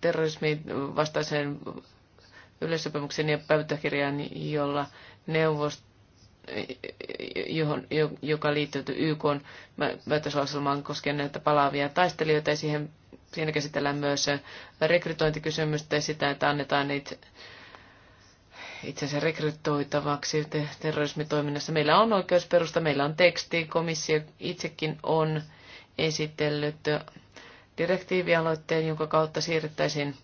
terrorismin vastaiseen yleissopimuksen ja pöytäkirjaan, jolla neuvosto, johon, joka liittyy YK päätöslauselmaan koskien näitä palaavia taistelijoita ja siihen, siinä käsitellään myös rekrytointikysymystä ja sitä, että annetaan niitä itse asiassa rekrytoitavaksi terrorismitoiminnassa. Meillä on oikeusperusta, meillä on teksti, komissio itsekin on esitellyt direktiivialoitteen, jonka kautta siirrettäisiin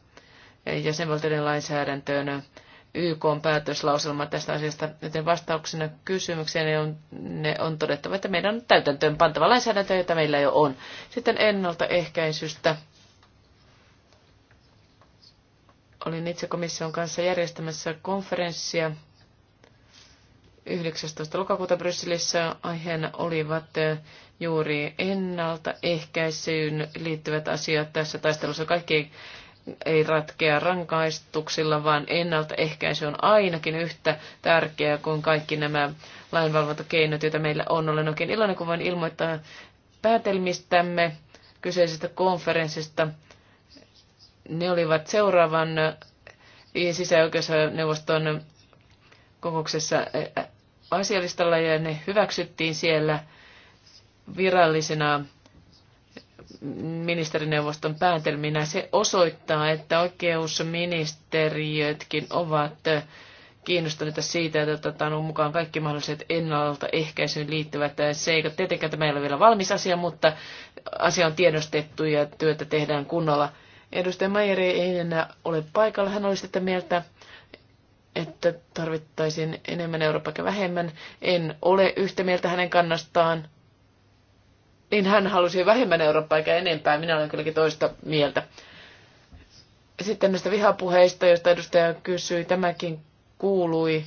jäsenvaltioiden lainsäädäntöön YK on päätöslauselma tästä asiasta, joten vastauksena kysymykseen ne on, ne on todettava, että meidän on täytäntöön pantava lainsäädäntö, jota meillä jo on. Sitten ennaltaehkäisystä Olin itse komission kanssa järjestämässä konferenssia 19. lokakuuta Brysselissä. Aiheena olivat eh, juuri ennaltaehkäisyyn liittyvät asiat tässä taistelussa. Kaikki ei ratkea rankaistuksilla, vaan ennaltaehkäisy on ainakin yhtä tärkeää kuin kaikki nämä lainvalvontakeinot, joita meillä on. Olen oikein iloinen, kun voin ilmoittaa päätelmistämme kyseisestä konferenssista. Ne olivat seuraavan sisäoikeusneuvoston kokouksessa asialistalla ja ne hyväksyttiin siellä virallisena ministerineuvoston päätelminä. Se osoittaa, että oikeusministeriötkin ovat kiinnostuneita siitä, että otetaan mukaan kaikki mahdolliset ennaltaehkäisyyn liittyvät seikat. Tietenkään tämä ei ole vielä valmis asia, mutta asia on tiedostettu ja työtä tehdään kunnolla. Edustaja Maijeri ei enää ole paikalla. Hän olisi sitä mieltä, että tarvittaisiin enemmän Eurooppaa vähemmän. En ole yhtä mieltä hänen kannastaan. Niin hän halusi vähemmän Eurooppaa eikä enempää. Minä olen kylläkin toista mieltä. Sitten näistä vihapuheista, joista edustaja kysyi, tämäkin kuului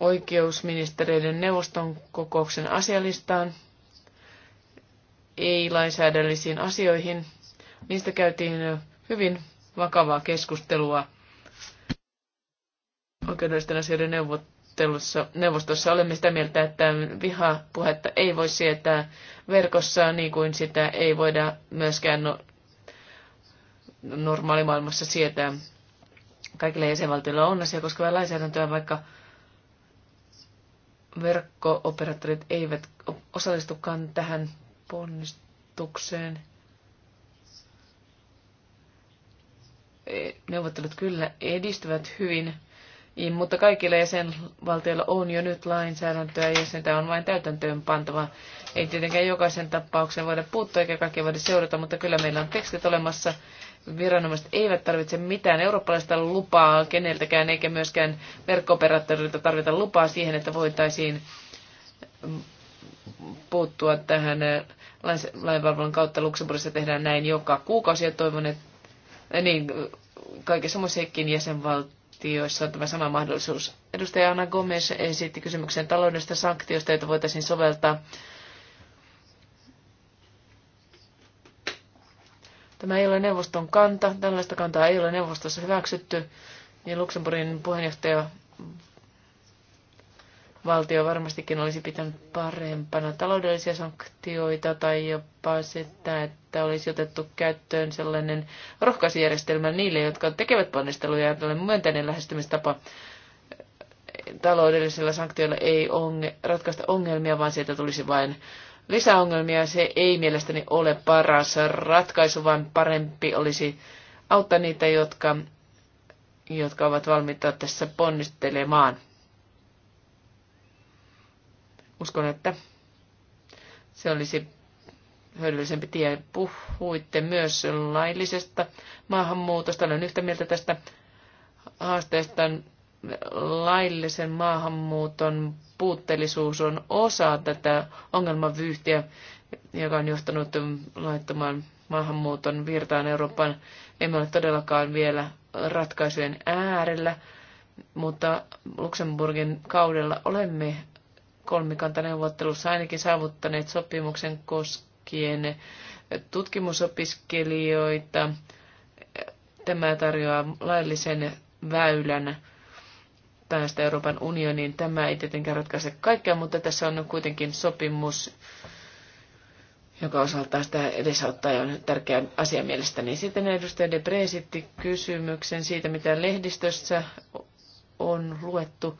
oikeusministeriöiden neuvoston kokouksen asialistaan, ei-lainsäädännöllisiin asioihin – Niistä käytiin hyvin vakavaa keskustelua oikeudellisten asioiden neuvottelussa, neuvostossa. Olemme sitä mieltä, että vihapuhetta ei voi sietää verkossa, niin kuin sitä ei voida myöskään no, normaalimaailmassa sietää. Kaikilla jäsenvaltioilla on asia koskevaa lainsäädäntöä, vaikka verkko-operaattorit eivät osallistukaan tähän ponnistukseen. neuvottelut kyllä edistyvät hyvin, mutta kaikilla jäsenvaltioilla on jo nyt lainsäädäntöä ja sitä on vain täytäntöön pantava. Ei tietenkään jokaisen tapauksen voida puuttua eikä kaikkea voida seurata, mutta kyllä meillä on tekstit olemassa. Viranomaiset eivät tarvitse mitään eurooppalaista lupaa keneltäkään eikä myöskään verkkooperaattorilta tarvita lupaa siihen, että voitaisiin puuttua tähän äh, lainvalvonnan kautta. Luxemburgissa tehdään näin joka kuukausi ja toivon, että Äh, niin kaikissa musiikin jäsenvaltioissa on tämä sama mahdollisuus. Edustaja Anna Gomes esitti kysymyksen taloudellisesta sanktiosta, joita voitaisiin soveltaa. Tämä ei ole neuvoston kanta. Tällaista kantaa ei ole neuvostossa hyväksytty. Ja Luxemburgin puheenjohtaja valtio varmastikin olisi pitänyt parempana taloudellisia sanktioita tai jopa sitä, että olisi otettu käyttöön sellainen rohkaisujärjestelmä niille, jotka tekevät ponnisteluja ja tällainen myönteinen lähestymistapa taloudellisilla sanktioilla ei onge, ratkaista ongelmia, vaan sieltä tulisi vain lisäongelmia. Se ei mielestäni ole paras ratkaisu, vaan parempi olisi auttaa niitä, jotka, jotka ovat valmiita tässä ponnistelemaan. Uskon, että se olisi hyödyllisempi tie. Puhuitte myös laillisesta maahanmuutosta. Olen yhtä mieltä tästä haasteesta. Laillisen maahanmuuton puutteellisuus on osa tätä ongelmavyyhtiä, joka on johtanut laittomaan maahanmuuton virtaan Eurooppaan. Emme ole todellakaan vielä ratkaisujen äärellä, mutta Luxemburgin kaudella olemme kolmikantaneuvottelussa ainakin saavuttaneet sopimuksen koskien tutkimusopiskelijoita. Tämä tarjoaa laillisen väylän päästä Euroopan unioniin. Tämä ei tietenkään ratkaise kaikkea, mutta tässä on kuitenkin sopimus, joka osaltaan sitä edesauttaa ja on tärkeä asia mielestäni. Sitten edustaja Debre esitti kysymyksen siitä, mitä lehdistössä on luettu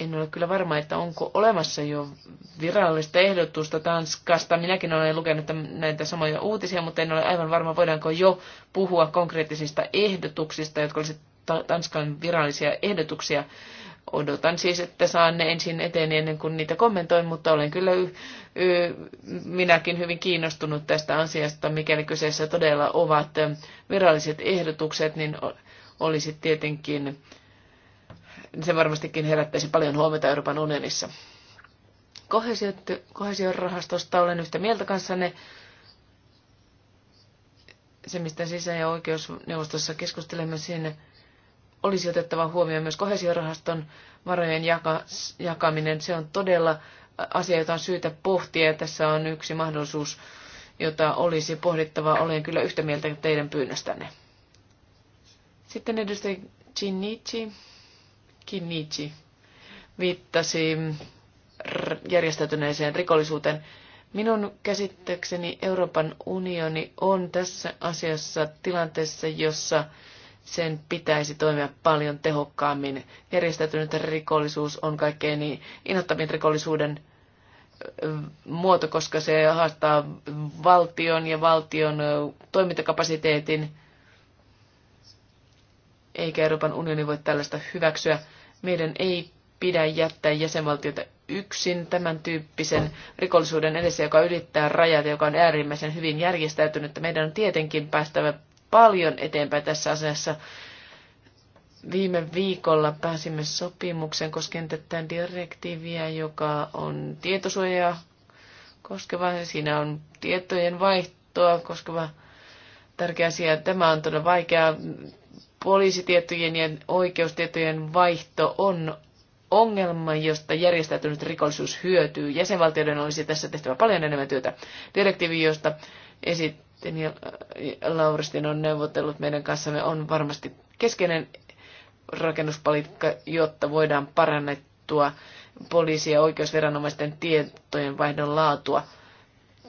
en ole kyllä varma, että onko olemassa jo virallista ehdotusta Tanskasta. Minäkin olen lukenut näitä samoja uutisia, mutta en ole aivan varma, voidaanko jo puhua konkreettisista ehdotuksista, jotka olisivat Tanskan virallisia ehdotuksia. Odotan siis, että saan ne ensin eteen ennen kuin niitä kommentoin, mutta olen kyllä y- y- minäkin hyvin kiinnostunut tästä asiasta. Mikäli kyseessä todella ovat viralliset ehdotukset, niin olisi tietenkin se varmastikin herättäisi paljon huomiota Euroopan unionissa. Kohesiorahastosta olen yhtä mieltä kanssanne. Se, mistä sisä- ja oikeusneuvostossa keskustelemme siinä, olisi otettava huomioon myös kohesiorahaston varojen jaka- jakaminen. Se on todella asia, jota on syytä pohtia ja tässä on yksi mahdollisuus, jota olisi pohdittava. Olen kyllä yhtä mieltä teidän pyynnöstänne. Sitten edustaja Chinichi Kinichi viittasi järjestäytyneeseen rikollisuuteen. Minun käsittääkseni Euroopan unioni on tässä asiassa tilanteessa, jossa sen pitäisi toimia paljon tehokkaammin. Järjestäytynyt rikollisuus on kaikkein niin inhottavin rikollisuuden muoto, koska se haastaa valtion ja valtion toimintakapasiteetin eikä Euroopan unioni voi tällaista hyväksyä. Meidän ei pidä jättää jäsenvaltiota yksin tämän tyyppisen rikollisuuden edessä, joka ylittää rajat ja joka on äärimmäisen hyvin järjestäytynyt. Meidän on tietenkin päästävä paljon eteenpäin tässä asiassa. Viime viikolla pääsimme sopimuksen koskien tätä direktiiviä, joka on tietosuojaa koskeva. Siinä on tietojen vaihtoa koskeva tärkeä asia. Tämä on todella vaikea poliisitietojen ja oikeustietojen vaihto on ongelma, josta järjestäytynyt rikollisuus hyötyy. Jäsenvaltioiden olisi tässä tehtävä paljon enemmän työtä. Direktiivi, josta esitteen äh, ja Lauristin on neuvotellut meidän kanssamme, on varmasti keskeinen rakennuspalikka, jotta voidaan parannettua poliisi- ja oikeusviranomaisten tietojen vaihdon laatua.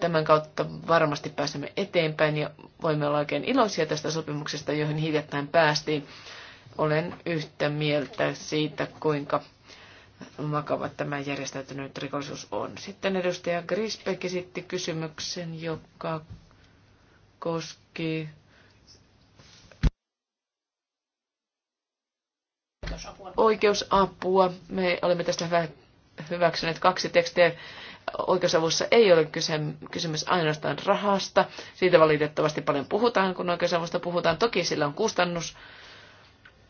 Tämän kautta varmasti pääsemme eteenpäin ja voimme olla oikein iloisia tästä sopimuksesta, johon hiljattain päästiin. Olen yhtä mieltä siitä, kuinka vakava tämä järjestäytynyt rikollisuus on. Sitten edustaja Grisbeck esitti kysymyksen, joka koski oikeusapua. Me olemme tästä hyväksyneet kaksi tekstiä oikeusavussa ei ole kyse, kysymys ainoastaan rahasta. Siitä valitettavasti paljon puhutaan, kun oikeusavusta puhutaan. Toki sillä on kustannus,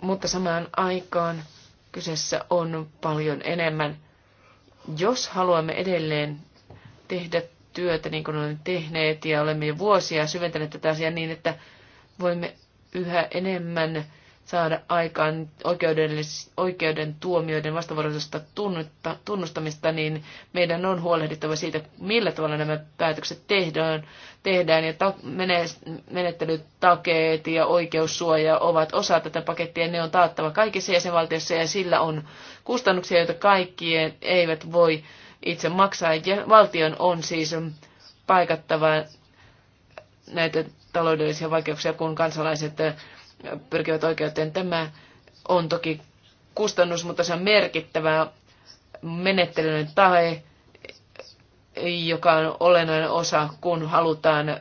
mutta samaan aikaan kyseessä on paljon enemmän. Jos haluamme edelleen tehdä työtä niin kuin olemme tehneet ja olemme jo vuosia syventäneet tätä asiaa niin, että voimme yhä enemmän saada aikaan oikeudellis, oikeuden tuomioiden vastavuoroisesta tunnustamista, niin meidän on huolehdittava siitä, millä tavalla nämä päätökset tehdään, tehdään ja ta- menettelytakeet ja oikeussuoja ovat osa tätä pakettia. Ne on taattava kaikissa jäsenvaltioissa ja sillä on kustannuksia, joita kaikkien eivät voi itse maksaa. Ja valtion on siis paikattava näitä taloudellisia vaikeuksia, kun kansalaiset pyrkivät oikeuteen. Tämä on toki kustannus, mutta se on merkittävä menettelyinen tae, joka on olennainen osa, kun halutaan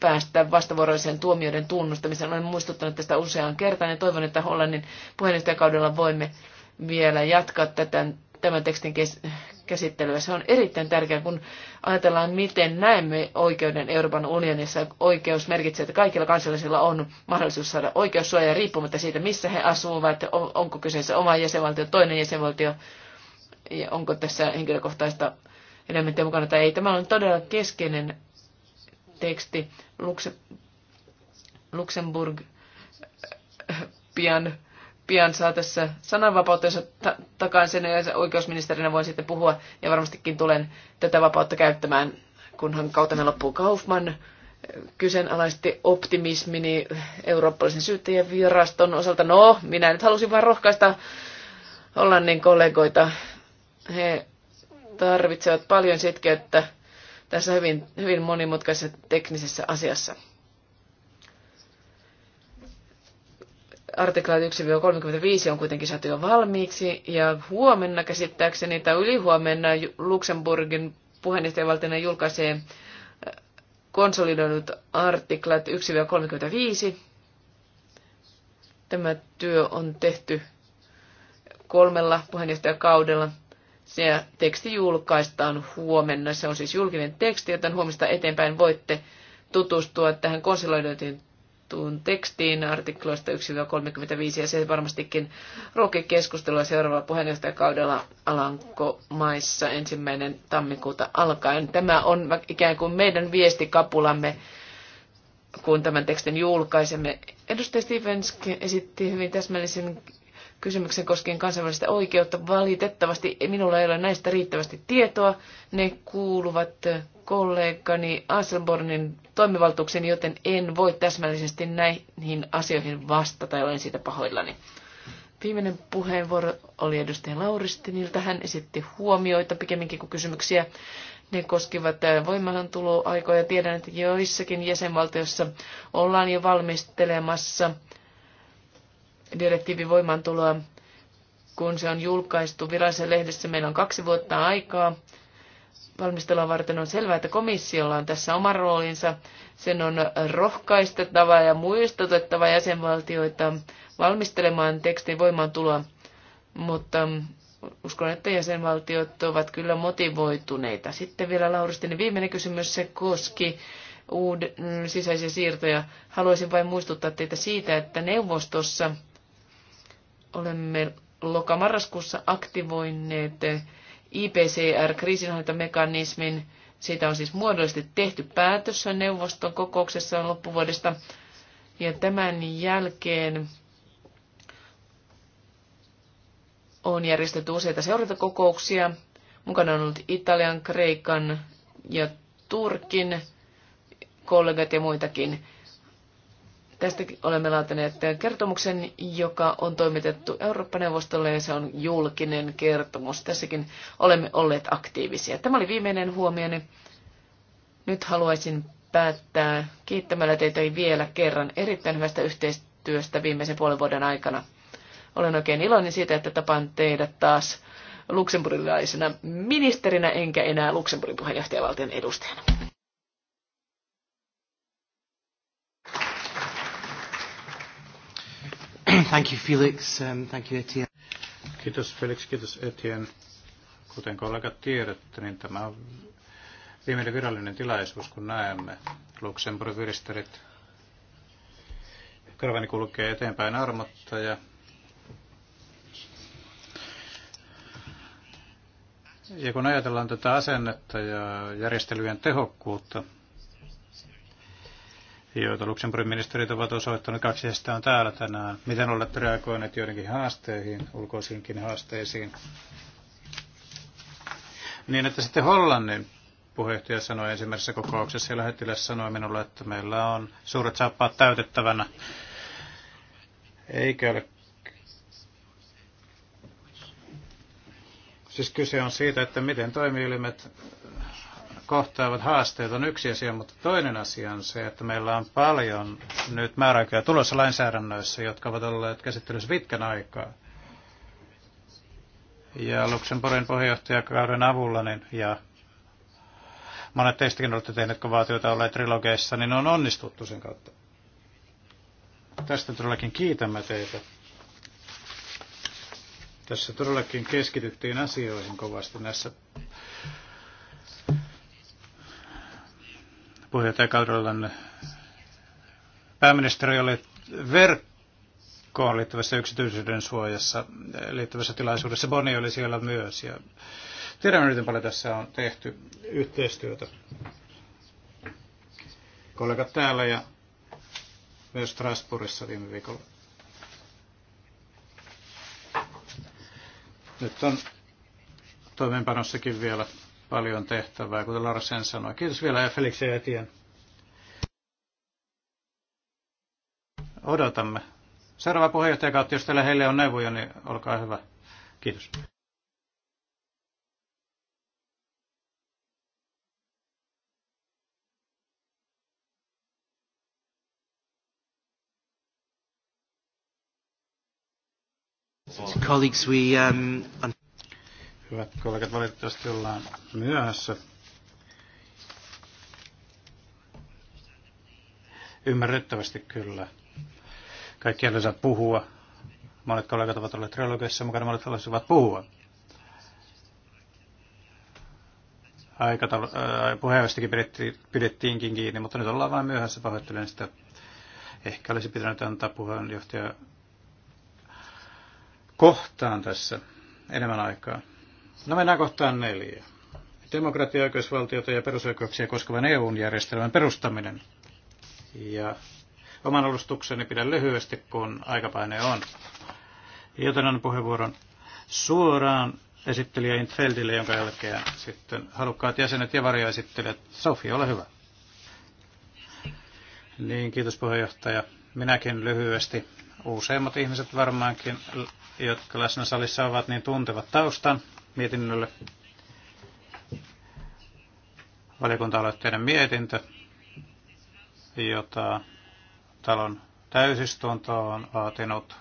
päästä vastavuoroiseen tuomioiden tunnustamiseen. Olen muistuttanut tästä useaan kertaan ja toivon, että Hollannin puheenjohtajakaudella voimme vielä jatkaa tätä, tämän tekstin kes- käsittelyä. Se on erittäin tärkeää, kun ajatellaan, miten näemme oikeuden Euroopan unionissa. Oikeus merkitsee, että kaikilla kansalaisilla on mahdollisuus saada oikeussuojaa riippumatta siitä, missä he asuvat, onko kyseessä oma jäsenvaltio, toinen jäsenvaltio, ja onko tässä henkilökohtaista elementtiä mukana tai ei. Tämä on todella keskeinen teksti. Luxemburg äh, äh, pian pian saa tässä sananvapautensa ta- takaisin ja oikeusministerinä voin sitten puhua ja varmastikin tulen tätä vapautta käyttämään, kunhan kautena loppuu Kaufman äh, kyseenalaisti optimismini eurooppalaisen syyttäjän viraston osalta. No, minä nyt halusin vain rohkaista Hollannin kollegoita. He tarvitsevat paljon sitkeyttä tässä hyvin, hyvin monimutkaisessa teknisessä asiassa. Artikla 1-35 on kuitenkin saatu jo valmiiksi ja huomenna käsittääkseni tai ylihuomenna Luxemburgin puheenjohtajavaltiona julkaisee äh, konsolidoidut artiklat 1-35. Tämä työ on tehty kolmella puheenjohtajakaudella. Se teksti julkaistaan huomenna. Se on siis julkinen teksti, joten huomista eteenpäin voitte tutustua tähän konsolidoituun annettuun tekstiin artikloista 1-35 ja se varmastikin ruoki keskustelua seuraavalla puheenjohtajakaudella Alankomaissa ensimmäinen tammikuuta alkaen. Tämä on ikään kuin meidän viestikapulamme, kun tämän tekstin julkaisemme. Edustaja Stevens esitti hyvin täsmällisen kysymyksen koskien kansainvälistä oikeutta. Valitettavasti minulla ei ole näistä riittävästi tietoa. Ne kuuluvat kollegani Aselbornin toimivaltuuksen, joten en voi täsmällisesti näihin asioihin vastata ja olen siitä pahoillani. Viimeinen puheenvuoro oli edustaja Lauristinilta. Hän esitti huomioita pikemminkin kuin kysymyksiä. Ne koskivat äh, voimahantuloaikoja. Tiedän, että joissakin jäsenvaltioissa ollaan jo valmistelemassa direktiivin voimaantuloa. Kun se on julkaistu virallisen lehdessä, meillä on kaksi vuotta aikaa valmistelua varten on selvää, että komissiolla on tässä oma roolinsa. Sen on rohkaistettava ja muistutettava jäsenvaltioita valmistelemaan tekstin voimaantuloa, mutta uskon, että jäsenvaltiot ovat kyllä motivoituneita. Sitten vielä Lauristin niin viimeinen kysymys, se koski uud- mm, sisäisiä siirtoja. Haluaisin vain muistuttaa teitä siitä, että neuvostossa olemme lokamarraskuussa aktivoineet IPCR-kriisinhallintamekanismin. Siitä on siis muodollisesti tehty päätös neuvoston kokouksessa loppuvuodesta. Ja tämän jälkeen on järjestetty useita seurantakokouksia. Mukana on ollut Italian, Kreikan ja Turkin kollegat ja muitakin Tästä olemme laatineet kertomuksen, joka on toimitettu Eurooppa-neuvostolle ja se on julkinen kertomus. Tässäkin olemme olleet aktiivisia. Tämä oli viimeinen huomioni. Nyt haluaisin päättää kiittämällä teitä vielä kerran erittäin hyvästä yhteistyöstä viimeisen puolen vuoden aikana. Olen oikein iloinen siitä, että tapaan teidät taas luksemburilaisena ministerinä enkä enää Luxemburgin puheenjohtajavaltion edustajana. Thank you Felix, um, thank you Etienne. Kiitos Felix, kiitos Etienne. Kuten kollegat tiedätte, niin tämä on viimeinen virallinen tilaisuus, kun näemme Luxemburgin viristerit. Karvani kulkee eteenpäin armotta ja Ja kun ajatellaan tätä asennetta ja järjestelyjen tehokkuutta, joita Luxemburgin ministerit ovat osoittaneet. Kaksi heistä on täällä tänään. Miten olette reagoineet joidenkin haasteihin, ulkoisiinkin haasteisiin? Niin, että sitten Hollannin puheenjohtaja sanoi ensimmäisessä kokouksessa ja lähettiläs sanoi minulle, että meillä on suuret saappaat täytettävänä. Eikö ole Siis kyse on siitä, että miten toimielimet kohtaavat haasteet on yksi asia, mutta toinen asia on se, että meillä on paljon nyt määräaikoja tulossa lainsäädännöissä, jotka ovat olleet käsittelyssä pitkän aikaa. Ja Luxemburgin puheenjohtajakauden avulla niin, ja monet teistäkin olette tehneet kovaa työtä olleet trilogeissa, niin on onnistuttu sen kautta. Tästä todellakin kiitämme teitä. Tässä todellakin keskityttiin asioihin kovasti näissä puheenjohtajakaudellanne pääministeri oli verkkoon liittyvässä yksityisyyden suojassa eh, liittyvässä tilaisuudessa. Boni oli siellä myös ja tiedän, miten paljon tässä on tehty yhteistyötä. Kollegat täällä ja myös Strasbourgissa viime viikolla. Nyt on toimeenpanossakin vielä paljon tehtävää, kuten Larsen sanoi. Kiitos vielä ja Felix ja Etien. Odotamme. Seuraava kautta, jos teillä heille on neuvoja, niin olkaa hyvä. Kiitos. Colleagues, we, um, Hyvät kollegat, valitettavasti ollaan myöhässä. Ymmärrettävästi kyllä. Kaikki ei saa puhua. Monet kollegat ovat olleet trilogeissa mukana, monet haluaisivat puhua. Aikataulu, äh, puheenjohtajastakin pidettiinkin kiinni, mutta nyt ollaan vain myöhässä, pahoittelen sitä. Ehkä olisi pitänyt antaa puheenjohtaja kohtaan tässä enemmän aikaa. No mennään kohtaan neljä. Demokratia, oikeusvaltiota ja perusoikeuksia koskevan EU-järjestelmän perustaminen. Ja oman alustukseni pidän lyhyesti, kun aikapaine on. Joten annan puheenvuoron suoraan esittelijä Intfeldille, jonka jälkeen sitten halukkaat jäsenet ja varjoesittelijät. Sofi, ole hyvä. Niin, kiitos puheenjohtaja. Minäkin lyhyesti. Useimmat ihmiset varmaankin, jotka läsnä salissa ovat, niin tuntevat taustan mietinnölle. Valiokunta-aloitteiden mietintö, jota talon täysistunto on vaatinut,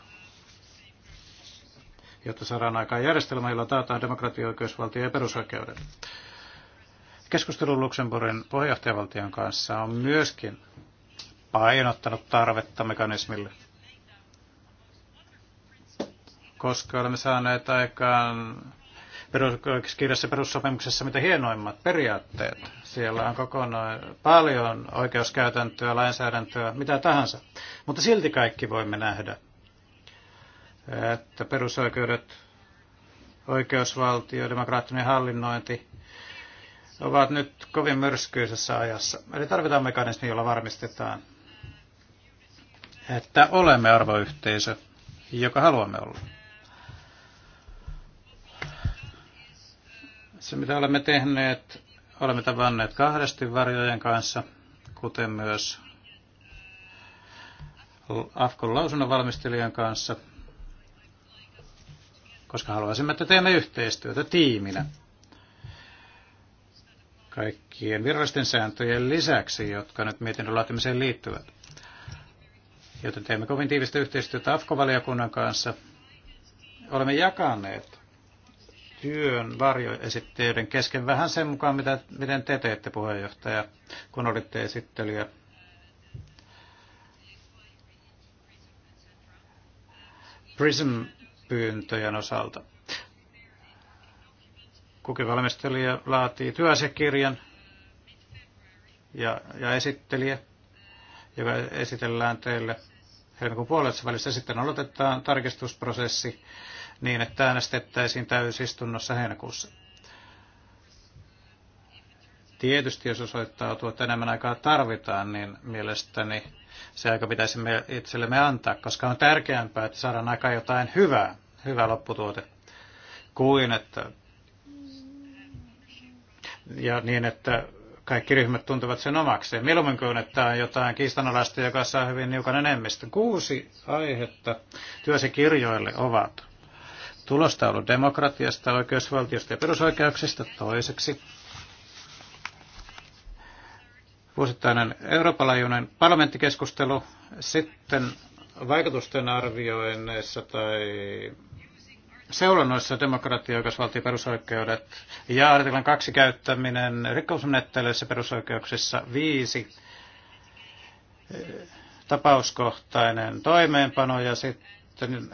jotta saadaan aikaan järjestelmä, jolla taataan demokratia, oikeusvaltio ja perusoikeudet. Keskustelu Luxemburgin pohjohtajavaltion kanssa on myöskin painottanut tarvetta mekanismille, koska olemme saaneet aikaan perusoikeuskirjassa perussopimuksessa mitä hienoimmat periaatteet. Siellä on kokonaan paljon oikeuskäytäntöä, lainsäädäntöä, mitä tahansa. Mutta silti kaikki voimme nähdä, että perusoikeudet, oikeusvaltio, demokraattinen hallinnointi ovat nyt kovin myrskyisessä ajassa. Eli tarvitaan mekanismi, jolla varmistetaan, että olemme arvoyhteisö, joka haluamme olla. Se mitä olemme tehneet, olemme tavanneet kahdesti varjojen kanssa, kuten myös Afkon lausunnon valmistelijan kanssa, koska haluaisimme, että teemme yhteistyötä tiiminä kaikkien virallisten sääntöjen lisäksi, jotka nyt mietinnön laatimiseen liittyvät. Joten teemme kovin tiivistä yhteistyötä Afkovaliokunnan kanssa. Olemme jakaneet työn varjoesittelijöiden kesken vähän sen mukaan, mitä, miten te teette puheenjohtaja, kun olitte esittelijä. PRISM-pyyntöjen osalta. Kukin valmistelija laatii työasiakirjan ja, ja esittelijä, joka esitellään teille helmikuun puolessa välissä. Sitten aloitetaan tarkistusprosessi niin, että äänestettäisiin täysistunnossa heinäkuussa. Tietysti jos osoittautuu, että enemmän aikaa tarvitaan, niin mielestäni se aika pitäisi me itsellemme antaa, koska on tärkeämpää, että saadaan aika jotain hyvää, hyvä lopputuote, kuin että ja niin, että kaikki ryhmät tuntevat sen omakseen. Mieluummin kuin, että on jotain kiistanalaista, joka saa hyvin niukan enemmistön. Kuusi aihetta kirjoille ovat tulostaulu demokratiasta, oikeusvaltiosta ja perusoikeuksista toiseksi. Vuosittainen eurooppalaajuinen parlamenttikeskustelu, sitten vaikutusten arvioinneissa tai seurannoissa demokratia, oikeusvaltio, perusoikeudet ja artiklan kaksi käyttäminen rikkomusmenettelyissä perusoikeuksissa viisi eh, tapauskohtainen toimeenpano ja sitten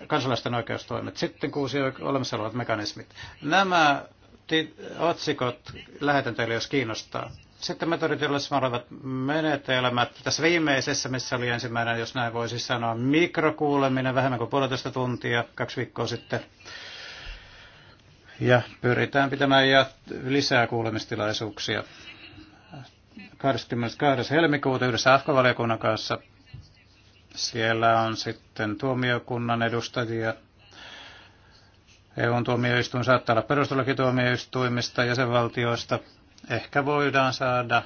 kansalaisten oikeustoimet, sitten kuusi olemassa olevat mekanismit. Nämä otsikot lähetän teille, jos kiinnostaa. Sitten metoditieteellisessä siis olevat menetelmät. Tässä viimeisessä, missä oli ensimmäinen, jos näin voisi sanoa, mikrokuuleminen, vähemmän kuin puolitoista tuntia, kaksi viikkoa sitten. Ja pyritään pitämään ja lisää kuulemistilaisuuksia. 22. helmikuuta yhdessä AFK-valiokunnan kanssa siellä on sitten tuomiokunnan edustajia. EUn tuomioistuin saattaa olla perustuslakituomioistuimista, jäsenvaltioista. Ehkä voidaan saada,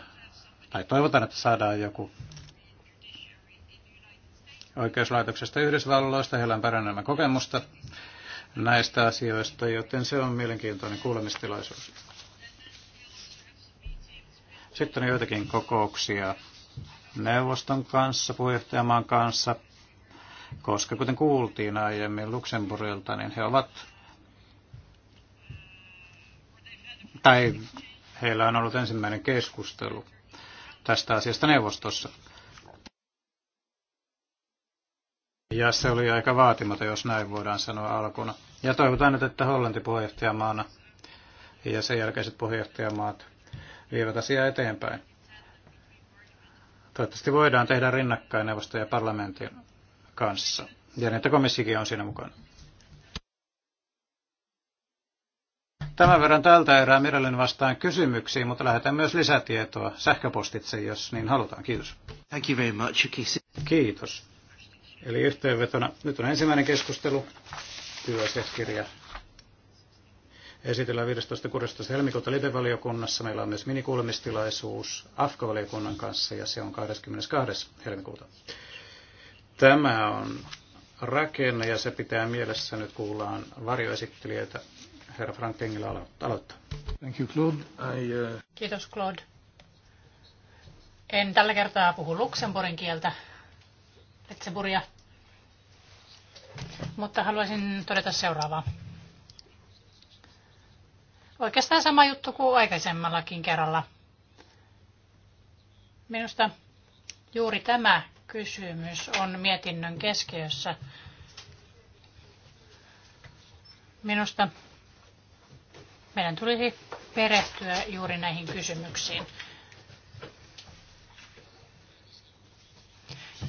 tai toivotaan, että saadaan joku oikeuslaitoksesta Yhdysvalloista. Heillä on paljon kokemusta näistä asioista, joten se on mielenkiintoinen kuulemistilaisuus. Sitten on joitakin kokouksia neuvoston kanssa, puheenjohtajamaan kanssa, koska kuten kuultiin aiemmin Luxemburgilta, niin he ovat, tai heillä on ollut ensimmäinen keskustelu tästä asiasta neuvostossa. Ja se oli aika vaatimata, jos näin voidaan sanoa alkuna. Ja toivotaan nyt, että Hollanti puheenjohtajamaana ja sen jälkeiset puheenjohtajamaat vievät asiaa eteenpäin. Toivottavasti voidaan tehdä rinnakkain neuvoston ja parlamentin kanssa. Ja että komissikin on siinä mukana. Tämän verran tältä erää Mirelin vastaan kysymyksiin, mutta lähetän myös lisätietoa sähköpostitse, jos niin halutaan. Kiitos. Thank you very much. Kiitos. Eli yhteenvetona, nyt on ensimmäinen keskustelu, työasiakirja esitellään 15.16. helmikuuta libe valiokunnassa Meillä on myös minikuulemistilaisuus AFKA-valiokunnan kanssa ja se on 22. helmikuuta. Tämä on rakenne ja se pitää mielessä. Nyt kuullaan varjoesittelijöitä. Herra Frank Tengilä aloittaa. Thank you, Claude. I, uh... Kiitos, Claude. En tällä kertaa puhu Luxemburgin kieltä, Petseburia, mutta haluaisin todeta seuraavaa. Oikeastaan sama juttu kuin aikaisemmallakin kerralla. Minusta juuri tämä kysymys on mietinnön keskiössä. Minusta meidän tulisi perehtyä juuri näihin kysymyksiin.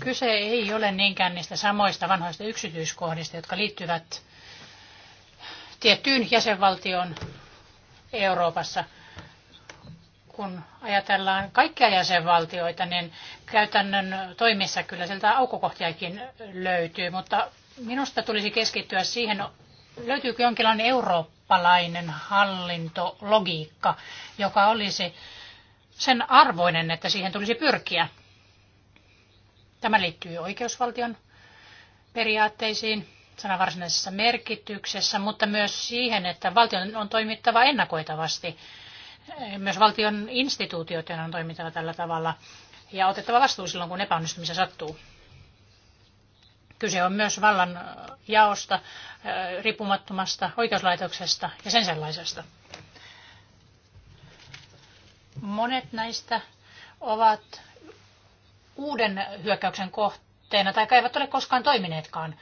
Kyse ei ole niinkään niistä samoista vanhoista yksityiskohdista, jotka liittyvät tiettyyn jäsenvaltion Euroopassa. Kun ajatellaan kaikkia jäsenvaltioita, niin käytännön toimissa kyllä siltä aukokohtiakin löytyy, mutta minusta tulisi keskittyä siihen, löytyykö jonkinlainen eurooppalainen hallintologiikka, joka olisi sen arvoinen, että siihen tulisi pyrkiä. Tämä liittyy oikeusvaltion periaatteisiin, sanan varsinaisessa merkityksessä, mutta myös siihen, että valtion on toimittava ennakoitavasti. Myös valtion instituutioiden on toimittava tällä tavalla ja otettava vastuu silloin, kun epäonnistumisia sattuu. Kyse on myös vallan äh, jaosta, äh, riippumattomasta oikeuslaitoksesta ja sen sellaisesta. Monet näistä ovat uuden hyökkäyksen kohteena tai eivät ole koskaan toimineetkaan.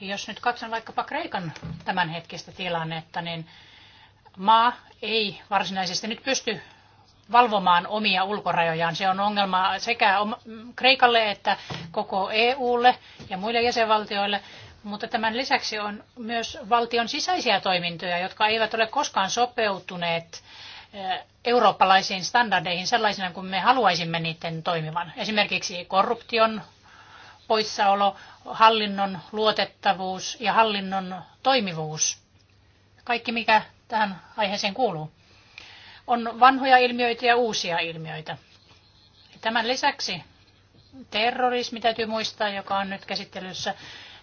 Jos nyt katson vaikkapa Kreikan tämänhetkistä tilannetta, niin maa ei varsinaisesti nyt pysty valvomaan omia ulkorajojaan. Se on ongelma sekä Kreikalle että koko EUlle ja muille jäsenvaltioille, mutta tämän lisäksi on myös valtion sisäisiä toimintoja, jotka eivät ole koskaan sopeutuneet eh, eurooppalaisiin standardeihin sellaisina kuin me haluaisimme niiden toimivan. Esimerkiksi korruption poissaolo, hallinnon luotettavuus ja hallinnon toimivuus. Kaikki mikä tähän aiheeseen kuuluu. On vanhoja ilmiöitä ja uusia ilmiöitä. Tämän lisäksi terrorismi täytyy muistaa, joka on nyt käsittelyssä,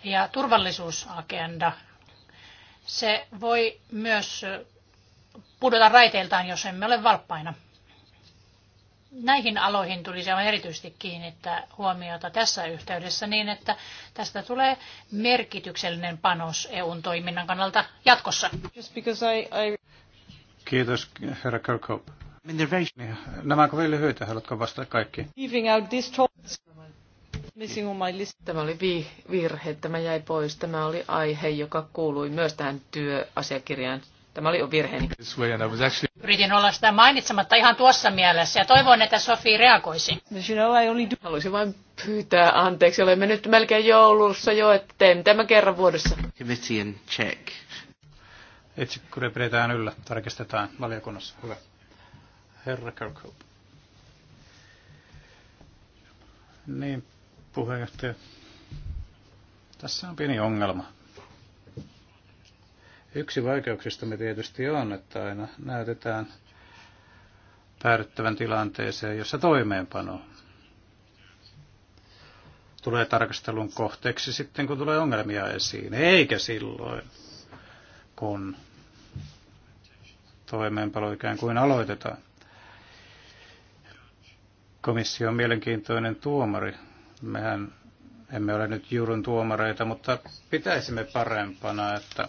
ja turvallisuusagenda. Se voi myös pudota raiteiltaan, jos emme ole valppaina näihin aloihin tulisi aivan erityisesti kiinnittää huomiota tässä yhteydessä niin, että tästä tulee merkityksellinen panos EUn toiminnan kannalta jatkossa. Kiitos, herra Kirkhope. Niin, nämä ovat kovin lyhyitä, haluatko vastata kaikki? Tämä oli vi- virhe, tämä jäi pois. Tämä oli aihe, joka kuului myös tähän työasiakirjaan. Tämä oli jo virheeni. Yritin olla sitä mainitsematta ihan tuossa mielessä ja toivon, että Sofi reagoisi. Haluaisin vain pyytää anteeksi. Olemme nyt melkein joulussa jo, että teen tämän kerran vuodessa. Committee check. Itsekuri pidetään yllä, tarkistetaan valiokunnassa. Hyvä. Herra Kirkhope. Niin, puheenjohtaja. Tässä on pieni ongelma. Yksi vaikeuksista me tietysti on, että aina näytetään päädyttävän tilanteeseen, jossa toimeenpano tulee tarkastelun kohteeksi sitten, kun tulee ongelmia esiin, eikä silloin, kun toimeenpano ikään kuin aloitetaan. Komissio on mielenkiintoinen tuomari. Mehän emme ole nyt juurun tuomareita, mutta pitäisimme parempana, että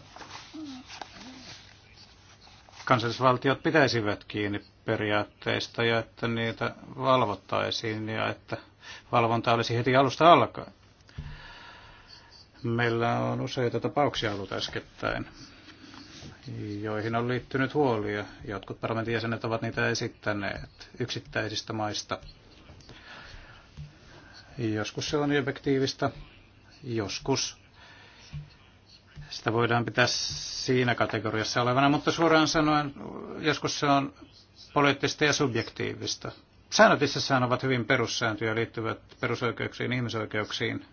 kansallisvaltiot pitäisivät kiinni periaatteista ja että niitä valvottaisiin ja että valvonta olisi heti alusta alkaen. Meillä on useita tapauksia ollut äskettäin, joihin on liittynyt huolia. Jotkut parlamentin jäsenet ovat niitä esittäneet yksittäisistä maista. Joskus se on objektiivista, joskus sitä voidaan pitää siinä kategoriassa olevana, mutta suoraan sanoen joskus se on poliittista ja subjektiivista. Säännöt itsessään ovat hyvin perussääntöjä liittyvät perusoikeuksiin, ihmisoikeuksiin.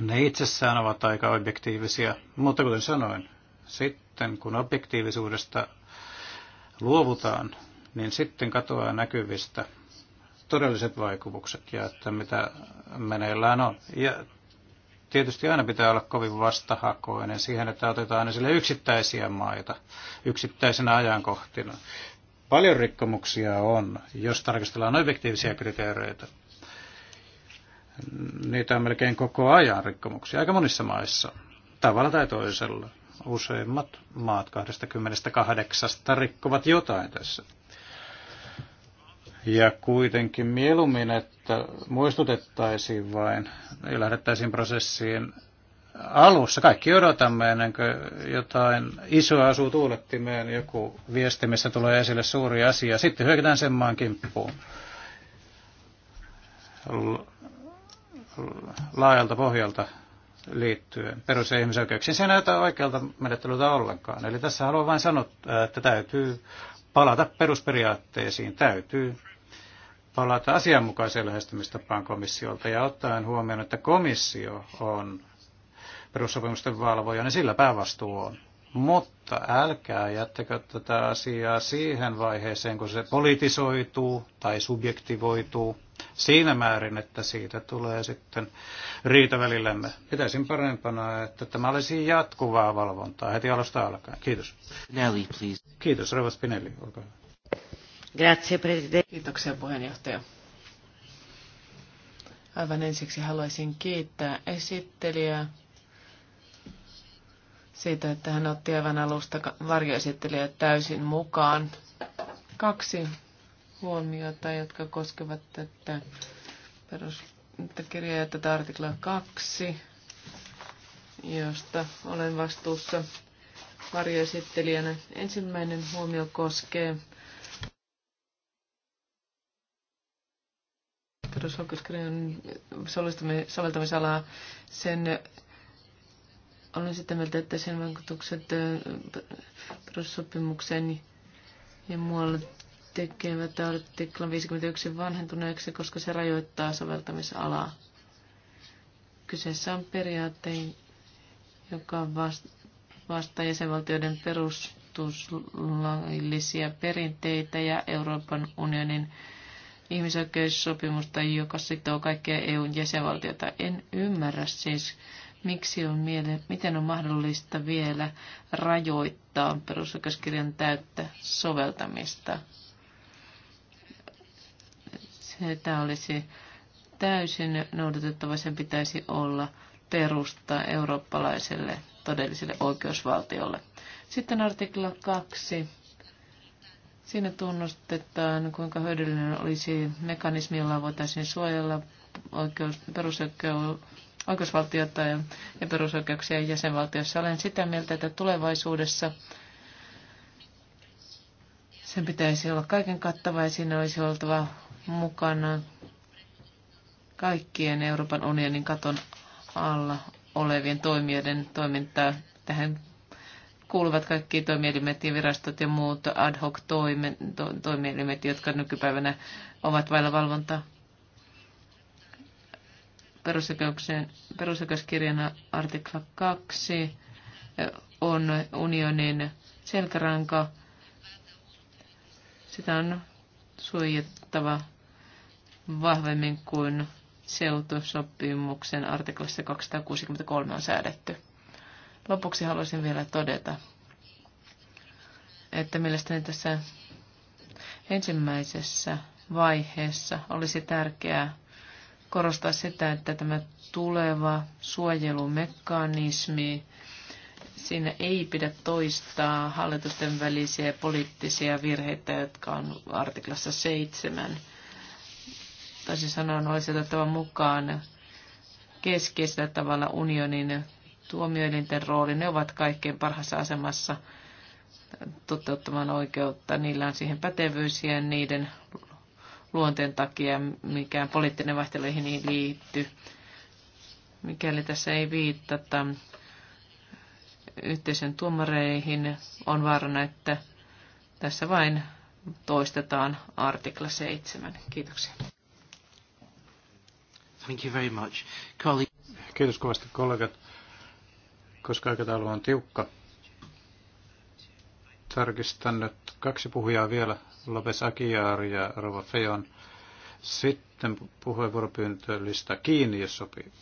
Ne itsessään ovat aika objektiivisia, mutta kuten sanoin, sitten kun objektiivisuudesta luovutaan, niin sitten katoaa näkyvistä todelliset vaikutukset ja että mitä meneillään on. Ja tietysti aina pitää olla kovin vastahakoinen siihen, että otetaan esille yksittäisiä maita yksittäisenä ajankohtina. Paljon rikkomuksia on, jos tarkastellaan objektiivisia kriteereitä. Niitä on melkein koko ajan rikkomuksia, aika monissa maissa, tavalla tai toisella. Useimmat maat 28 rikkovat jotain tässä. Ja kuitenkin mieluummin, että muistutettaisiin vain, ei lähdettäisiin prosessiin alussa. Kaikki odotamme ennen kuin jotain isoa asuu tuulettimeen, joku viesti, missä tulee esille suuri asia. Sitten hyökätään sen maan kimppuun laajalta pohjalta liittyen perus- ja ihmisoikeuksiin. Se ei näytä oikealta menettelyltä ollenkaan. Eli tässä haluan vain sanoa, että täytyy palata perusperiaatteisiin. Täytyy palata asianmukaiseen lähestymistapaan komissiolta ja ottaen huomioon, että komissio on perussopimusten valvoja, niin sillä päävastuu on. Mutta älkää jättäkö tätä asiaa siihen vaiheeseen, kun se politisoituu tai subjektivoituu siinä määrin, että siitä tulee sitten riita välillemme. Pitäisin parempana, että tämä olisi jatkuvaa valvontaa heti alusta alkaen. Kiitos. Nelly, please. Kiitos, Rova Spinelli, olkaa hyvä. Kiitoksia puheenjohtaja. Aivan ensiksi haluaisin kiittää esittelijää siitä, että hän otti aivan alusta varjoesittelijät täysin mukaan. Kaksi huomiota, jotka koskevat tätä peruskirjaa ja tätä artiklaa kaksi, josta olen vastuussa varjoesittelijänä. Ensimmäinen huomio koskee perusoikeuskirjan soveltamisalaa sen olen sitä mieltä, että sen vaikutukset perussopimuksen ja muualle tekevät artiklan 51 vanhentuneeksi, koska se rajoittaa soveltamisalaa. Kyseessä on periaate, joka vastaa jäsenvaltioiden perustuslaillisia perinteitä ja Euroopan unionin ihmisoikeussopimusta, joka sitoo kaikkia EUn jäsenvaltiota. En ymmärrä siis, miksi on miele, miten on mahdollista vielä rajoittaa perusoikeuskirjan täyttä soveltamista. Sitä olisi täysin noudatettava, sen pitäisi olla perusta eurooppalaiselle todelliselle oikeusvaltiolle. Sitten artikla 2 Siinä tunnustetaan, kuinka hyödyllinen olisi mekanismi, jolla voitaisiin suojella oikeus, perusoikeus, oikeusvaltiota ja, ja perusoikeuksia jäsenvaltiossa. Olen sitä mieltä, että tulevaisuudessa sen pitäisi olla kaiken kattava ja siinä olisi oltava mukana kaikkien Euroopan unionin katon alla olevien toimijoiden toimintaa. Tähän kuuluvat kaikki toimielimet ja virastot ja muut ad hoc toime, to, toimielimet, jotka nykypäivänä ovat vailla valvontaa. Perusoikeuskirjan artikla 2 on unionin selkäranka. Sitä on suojattava vahvemmin kuin seutusopimuksen artiklassa 263 on säädetty. Lopuksi haluaisin vielä todeta, että mielestäni tässä ensimmäisessä vaiheessa olisi tärkeää korostaa sitä, että tämä tuleva suojelumekanismi, siinä ei pidä toistaa hallitusten välisiä poliittisia virheitä, jotka on artiklassa 7. Toisin siis sanoen olisi otettava mukaan keskeisellä tavalla unionin tuomioelinten rooli, ne ovat kaikkein parhassa asemassa toteuttamaan oikeutta. Niillä on siihen pätevyysiä ja niiden luonteen takia mikään poliittinen vaihtelu ei niihin liitty. Mikäli tässä ei viittata yhteisen tuomareihin, on vaarana, että tässä vain toistetaan artikla 7. Kiitoksia. Thank you very much. Kiitos kovasti kollegat. Koska aikataulu on tiukka, tarkistan nyt kaksi puhujaa vielä, Lopes Akiar ja Rova Feon. Sitten puheenvuoropyyntölista kiinni, jos sopii.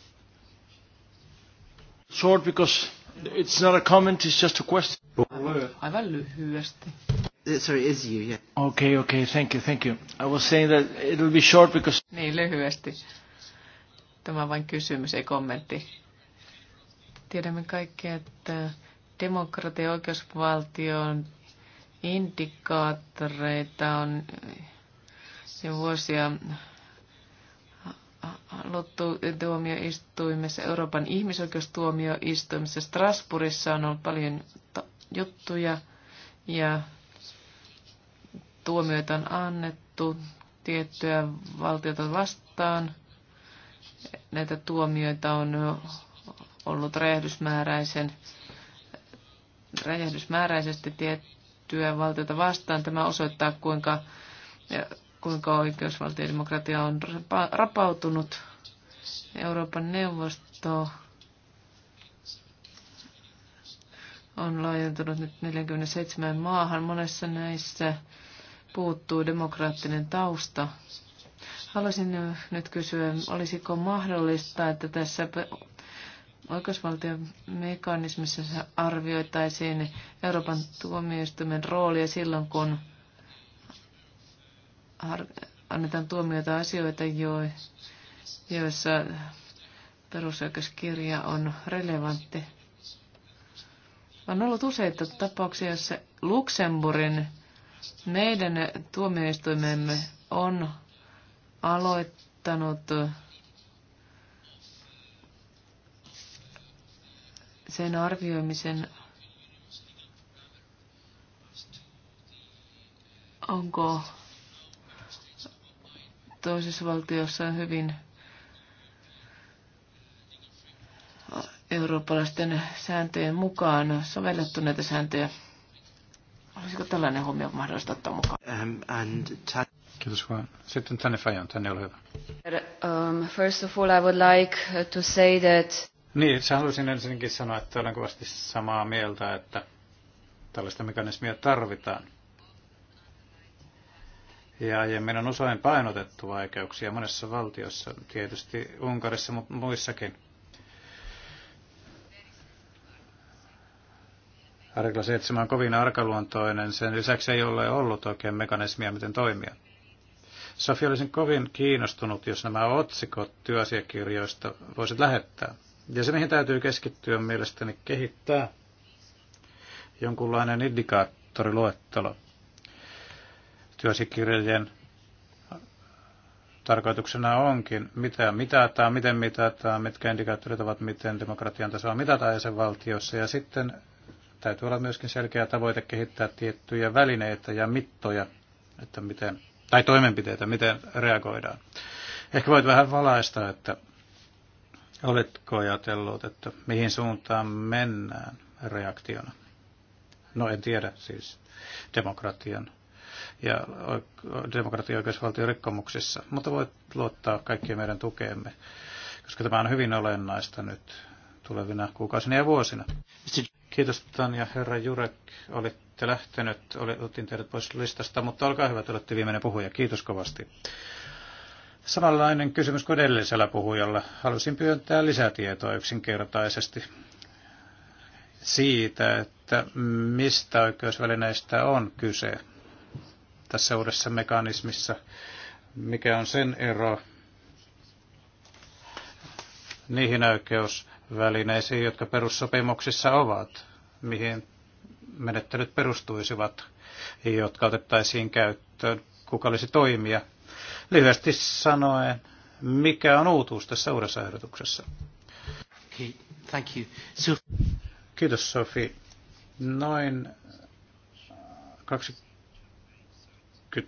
Short because it's not a comment, it's just a question. aivan lyhyesti. Sorry, is you, yeah. Okay, okay, thank you, thank you. I was saying that it will be short because... Niin, lyhyesti. Tämä on vain kysymys, ei kommentti Tiedämme kaikki, että demokratia- ja oikeusvaltion indikaattoreita on jo vuosia haluttu tuomioistuimessa, Euroopan ihmisoikeustuomioistuimessa. Strasbourgissa on ollut paljon juttuja ja tuomioita on annettu tiettyä valtiota vastaan. Näitä tuomioita on ollut räjähdysmääräisen, räjähdysmääräisesti tiettyä valtiota vastaan. Tämä osoittaa, kuinka, kuinka oikeusvaltiodemokratia on rapautunut. Euroopan neuvosto on laajentunut nyt 47 maahan. Monessa näissä puuttuu demokraattinen tausta. Haluaisin nyt kysyä, olisiko mahdollista, että tässä oikeusvaltion mekanismissa arvioitaisiin Euroopan tuomioistuimen roolia silloin, kun annetaan tuomioita asioita, joissa perusoikeuskirja on relevantti. On ollut useita tapauksia, joissa Luxemburgin meidän tuomioistuimemme on aloittanut sen arvioimisen, onko toisessa valtiossa hyvin eurooppalaisten sääntöjen mukaan sovellettu näitä sääntöjä. Olisiko tällainen huomio mahdollista ottaa mukaan? Um, and Kiitos vaan. Sitten tänne Fajan, tänne ole hyvä. Um, first of all, I would like to say that niin, haluaisin ensinnäkin sanoa, että olen kovasti samaa mieltä, että tällaista mekanismia tarvitaan. Ja aiemmin on usein painotettu vaikeuksia monessa valtiossa, tietysti Unkarissa, mutta muissakin. Artikla 7 on kovin arkaluontoinen, sen lisäksi ei ole ollut oikein mekanismia, miten toimia. Sofia olisin kovin kiinnostunut, jos nämä otsikot työasiakirjoista voisit lähettää. Ja se, mihin täytyy keskittyä, on mielestäni kehittää jonkunlainen indikaattoriluettelo työsikirjojen tarkoituksena onkin, mitä mitataan, miten mitataan, mitkä indikaattorit ovat, miten demokratian tasoa mitataan jäsenvaltiossa. Ja sitten täytyy olla myöskin selkeä tavoite kehittää tiettyjä välineitä ja mittoja, että miten, tai toimenpiteitä, miten reagoidaan. Ehkä voit vähän valaista, että Oletko ajatellut, että mihin suuntaan mennään reaktiona? No en tiedä, siis demokratian ja demokratian oikeusvaltion rikkomuksissa, mutta voit luottaa kaikkien meidän tukeemme, koska tämä on hyvin olennaista nyt tulevina kuukausina ja vuosina. Kiitos Tanja, herra Jurek, olitte lähtenyt, otin teidät pois listasta, mutta olkaa hyvä, te olette viimeinen puhuja. Kiitos kovasti. Samanlainen kysymys kuin edellisellä puhujalla. Halusin pyyntää lisätietoa yksinkertaisesti siitä, että mistä oikeusvälineistä on kyse tässä uudessa mekanismissa, mikä on sen ero niihin oikeusvälineisiin, jotka perussopimuksissa ovat, mihin menettelyt perustuisivat, jotka otettaisiin käyttöön, kuka olisi toimija – Lyhyesti sanoen, mikä on uutuus tässä uudessa ehdotuksessa? Okay, thank you. So... Kiitos Sofi. Noin 20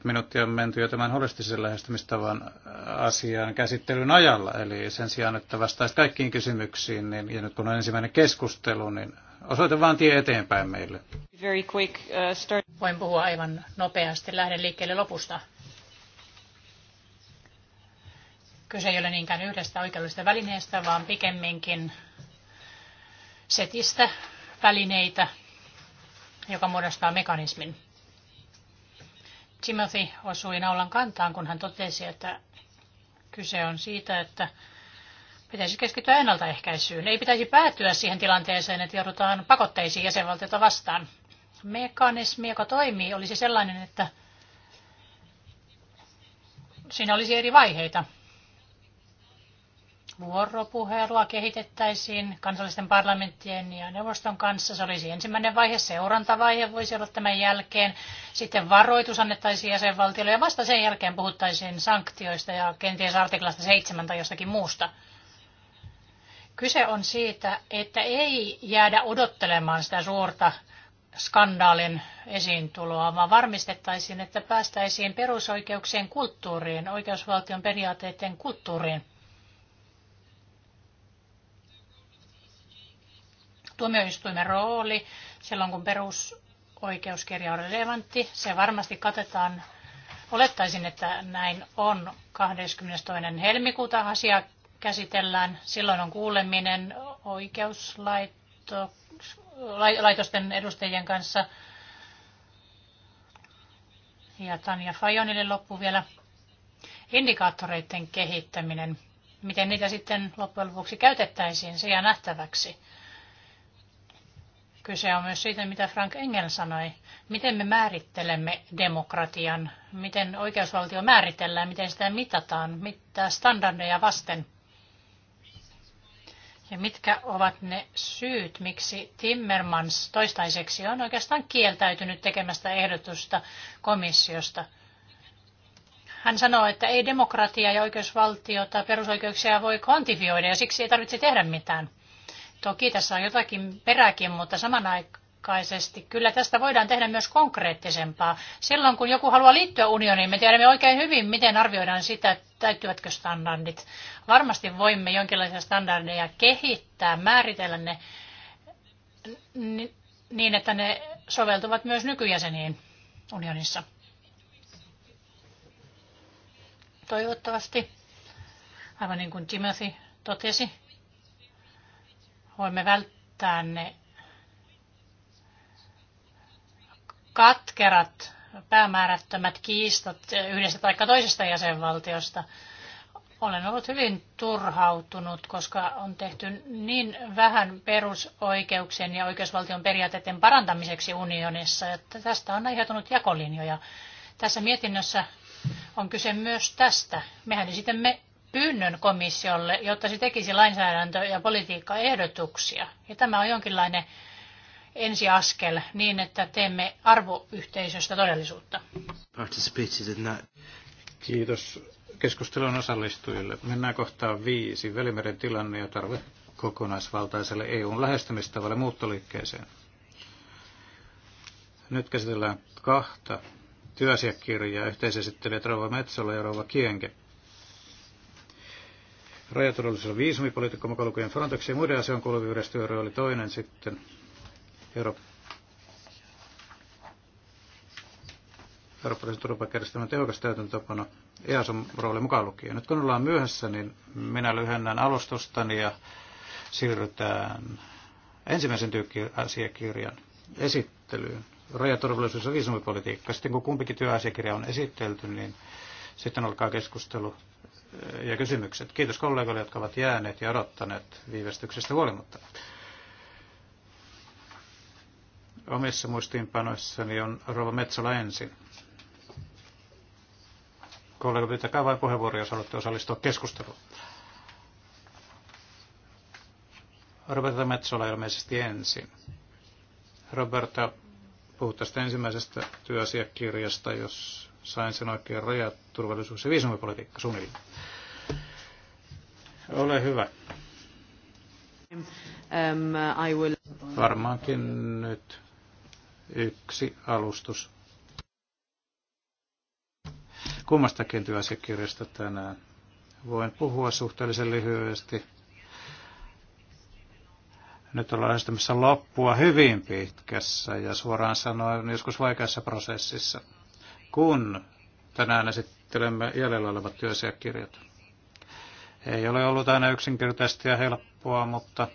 minuuttia on menty jo tämän holistisen lähestymistavan äh, asian käsittelyn ajalla. Eli sen sijaan, että vastaisit kaikkiin kysymyksiin, niin, ja nyt kun on ensimmäinen keskustelu, niin osoita vaan tie eteenpäin meille. Very quick, uh, start. Voin puhua aivan nopeasti. Lähden liikkeelle lopusta. Kyse ei ole niinkään yhdestä oikeudellisesta välineestä, vaan pikemminkin setistä välineitä, joka muodostaa mekanismin. Timothy osui naulan kantaan, kun hän totesi, että kyse on siitä, että pitäisi keskittyä ennaltaehkäisyyn. Ei pitäisi päätyä siihen tilanteeseen, että joudutaan pakotteisiin jäsenvaltiota vastaan. Mekanismi, joka toimii, olisi sellainen, että siinä olisi eri vaiheita vuoropuhelua kehitettäisiin kansallisten parlamenttien ja neuvoston kanssa. Se olisi ensimmäinen vaihe, seurantavaihe voisi olla tämän jälkeen. Sitten varoitus annettaisiin jäsenvaltiolle ja vasta sen jälkeen puhuttaisiin sanktioista ja kenties artiklasta 7 tai jostakin muusta. Kyse on siitä, että ei jäädä odottelemaan sitä suurta skandaalin esiintuloa, vaan varmistettaisiin, että päästäisiin perusoikeuksien kulttuuriin, oikeusvaltion periaatteiden kulttuuriin. Tuomioistuimen rooli silloin, kun perusoikeuskirja on relevantti, se varmasti katetaan. Olettaisin, että näin on 22. helmikuuta asia käsitellään. Silloin on kuuleminen oikeuslaitosten edustajien kanssa. Ja Tanja Fajonille loppu vielä indikaattoreiden kehittäminen. Miten niitä sitten loppujen lopuksi käytettäisiin, se jää nähtäväksi. Kyse on myös siitä, mitä Frank Engel sanoi. Miten me määrittelemme demokratian? Miten oikeusvaltio määritellään? Miten sitä mitataan? Mitä standardeja vasten? Ja mitkä ovat ne syyt, miksi Timmermans toistaiseksi on oikeastaan kieltäytynyt tekemästä ehdotusta komissiosta? Hän sanoo, että ei demokratia ja oikeusvaltiota, perusoikeuksia voi kvantifioida ja siksi ei tarvitse tehdä mitään. Toki tässä on jotakin peräkin, mutta samanaikaisesti kyllä tästä voidaan tehdä myös konkreettisempaa. Silloin kun joku haluaa liittyä unioniin, me tiedämme oikein hyvin, miten arvioidaan sitä, täyttyvätkö standardit. Varmasti voimme jonkinlaisia standardeja kehittää, määritellä ne niin, että ne soveltuvat myös nykyjäseniin unionissa. Toivottavasti, aivan niin kuin Timothy totesi, voimme välttää ne katkerat, päämäärättömät kiistat yhdestä tai toisesta jäsenvaltiosta. Olen ollut hyvin turhautunut, koska on tehty niin vähän perusoikeuksien ja oikeusvaltion periaatteiden parantamiseksi unionissa, että tästä on aiheutunut jakolinjoja. Tässä mietinnössä on kyse myös tästä. Mehän esitämme pyynnön komissiolle, jotta se tekisi lainsäädäntö- ja politiikkaehdotuksia. Ja tämä on jonkinlainen ensiaskel niin, että teemme arvoyhteisöstä todellisuutta. Kiitos keskustelun osallistujille. Mennään kohtaan viisi. Välimeren tilanne ja tarve kokonaisvaltaiselle EUn lähestymistavalle muuttoliikkeeseen. Nyt käsitellään kahta työasiakirjaa. Yhteisesittelijät Rauva Metsola ja Rauva Kienke rajaturvallisuus- ja viisumipolitiikka mukaan lukien Frontex ja muiden asian oli toinen sitten Euroopan eurooppalaisen turvapaikkajärjestelmän tehokas täytäntöpano EASon rooli mukaan lukien. Nyt kun ollaan myöhässä, niin minä lyhennän alustustani ja siirrytään ensimmäisen työasiakirjan esittelyyn. Rajaturvallisuus ja viisumipolitiikka. Sitten kun kumpikin työasiakirja on esitelty, niin sitten alkaa keskustelu ja kysymykset. Kiitos kollegoille, jotka ovat jääneet ja odottaneet viivästyksestä huolimatta. Omissa muistiinpanoissani on Rova Metsola ensin. Kollega, pyytäkää vain puheenvuoro, jos haluatte osallistua keskusteluun. Roberta Metsola ilmeisesti ensin. Roberta, puhut tästä ensimmäisestä työasiakirjasta, jos sain sen oikein rajaturvallisuus- ja viisumipolitiikka suunnilleen. Ole hyvä. Um, um, I will... Varmaankin nyt yksi alustus kummastakin työasiakirjasta tänään. Voin puhua suhteellisen lyhyesti. Nyt ollaan lähestymässä loppua hyvin pitkässä ja suoraan sanoen joskus vaikeassa prosessissa kun tänään esittelemme jäljellä olevat työasiakirjat. Ei ole ollut aina yksinkertaista ja helppoa, mutta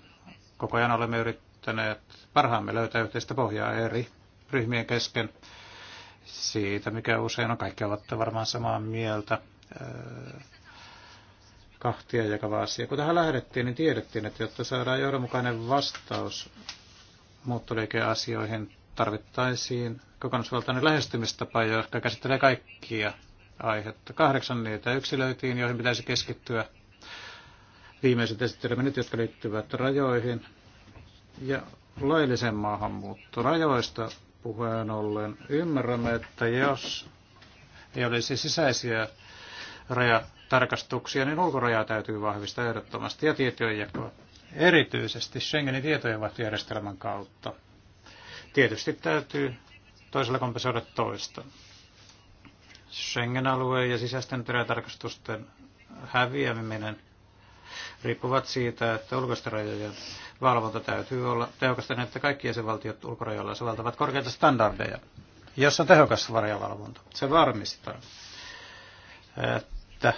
koko ajan olemme yrittäneet parhaamme löytää yhteistä pohjaa eri ryhmien kesken siitä, mikä usein on. Kaikki ovat varmaan samaa mieltä kahtia jakava asia. Kun tähän lähdettiin, niin tiedettiin, että jotta saadaan johdonmukainen vastaus muuttoliikeasioihin, tarvittaisiin kokonaisvaltainen lähestymistapa, joka käsittelee kaikkia aihetta. Kahdeksan niitä yksilöitiin, joihin pitäisi keskittyä. Viimeiset esittelemme nyt, jotka liittyvät rajoihin ja laillisen maahanmuutto. Rajoista puheen ollen ymmärrämme, että jos ei olisi sisäisiä rajatarkastuksia, niin ulkorajaa täytyy vahvistaa ehdottomasti ja tietojenjakoa. Erityisesti Schengenin tietojenvaihtojärjestelmän kautta Tietysti täytyy toisella kompensoida toista. Schengen-alueen ja sisäisten terätarkastusten häviäminen riippuvat siitä, että ulkoisten rajojen valvonta täytyy olla tehokasta niin, että kaikki jäsenvaltiot ulkorajoilla soveltavat korkeita standardeja, jos on tehokas varjavalvonta. Se varmistaa, että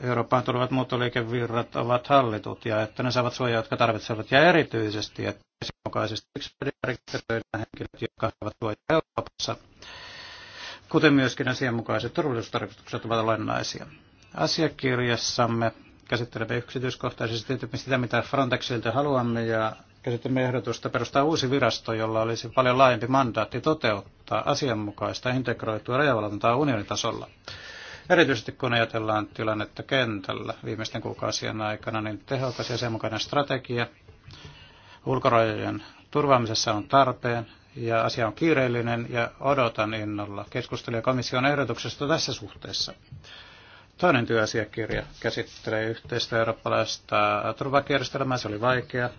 Eurooppaan tulevat muuttoliikevirrat ovat hallitut ja että ne saavat suojaa, jotka tarvitsevat, ja erityisesti, että mukaisesti yksilöidään henkilöt, jotka saavat suojaa Euroopassa, kuten myöskin asianmukaiset turvallisuustarkastukset ovat olennaisia. Asiakirjassamme käsittelemme yksityiskohtaisesti sitä, mitä Frontexilta haluamme, ja käsittelemme ehdotusta perustaa uusi virasto, jolla olisi paljon laajempi mandaatti toteuttaa asianmukaista integroitua rajavalvontaa unionitasolla. tasolla Erityisesti kun ajatellaan tilannetta kentällä viimeisten kuukausien aikana, niin tehokas ja senmukainen strategia ulkorajojen turvaamisessa on tarpeen ja asia on kiireellinen ja odotan innolla keskustelua komission ehdotuksesta tässä suhteessa. Toinen työasiakirja käsittelee yhteistä eurooppalaista turvakierrostelmaa. Se oli vaikea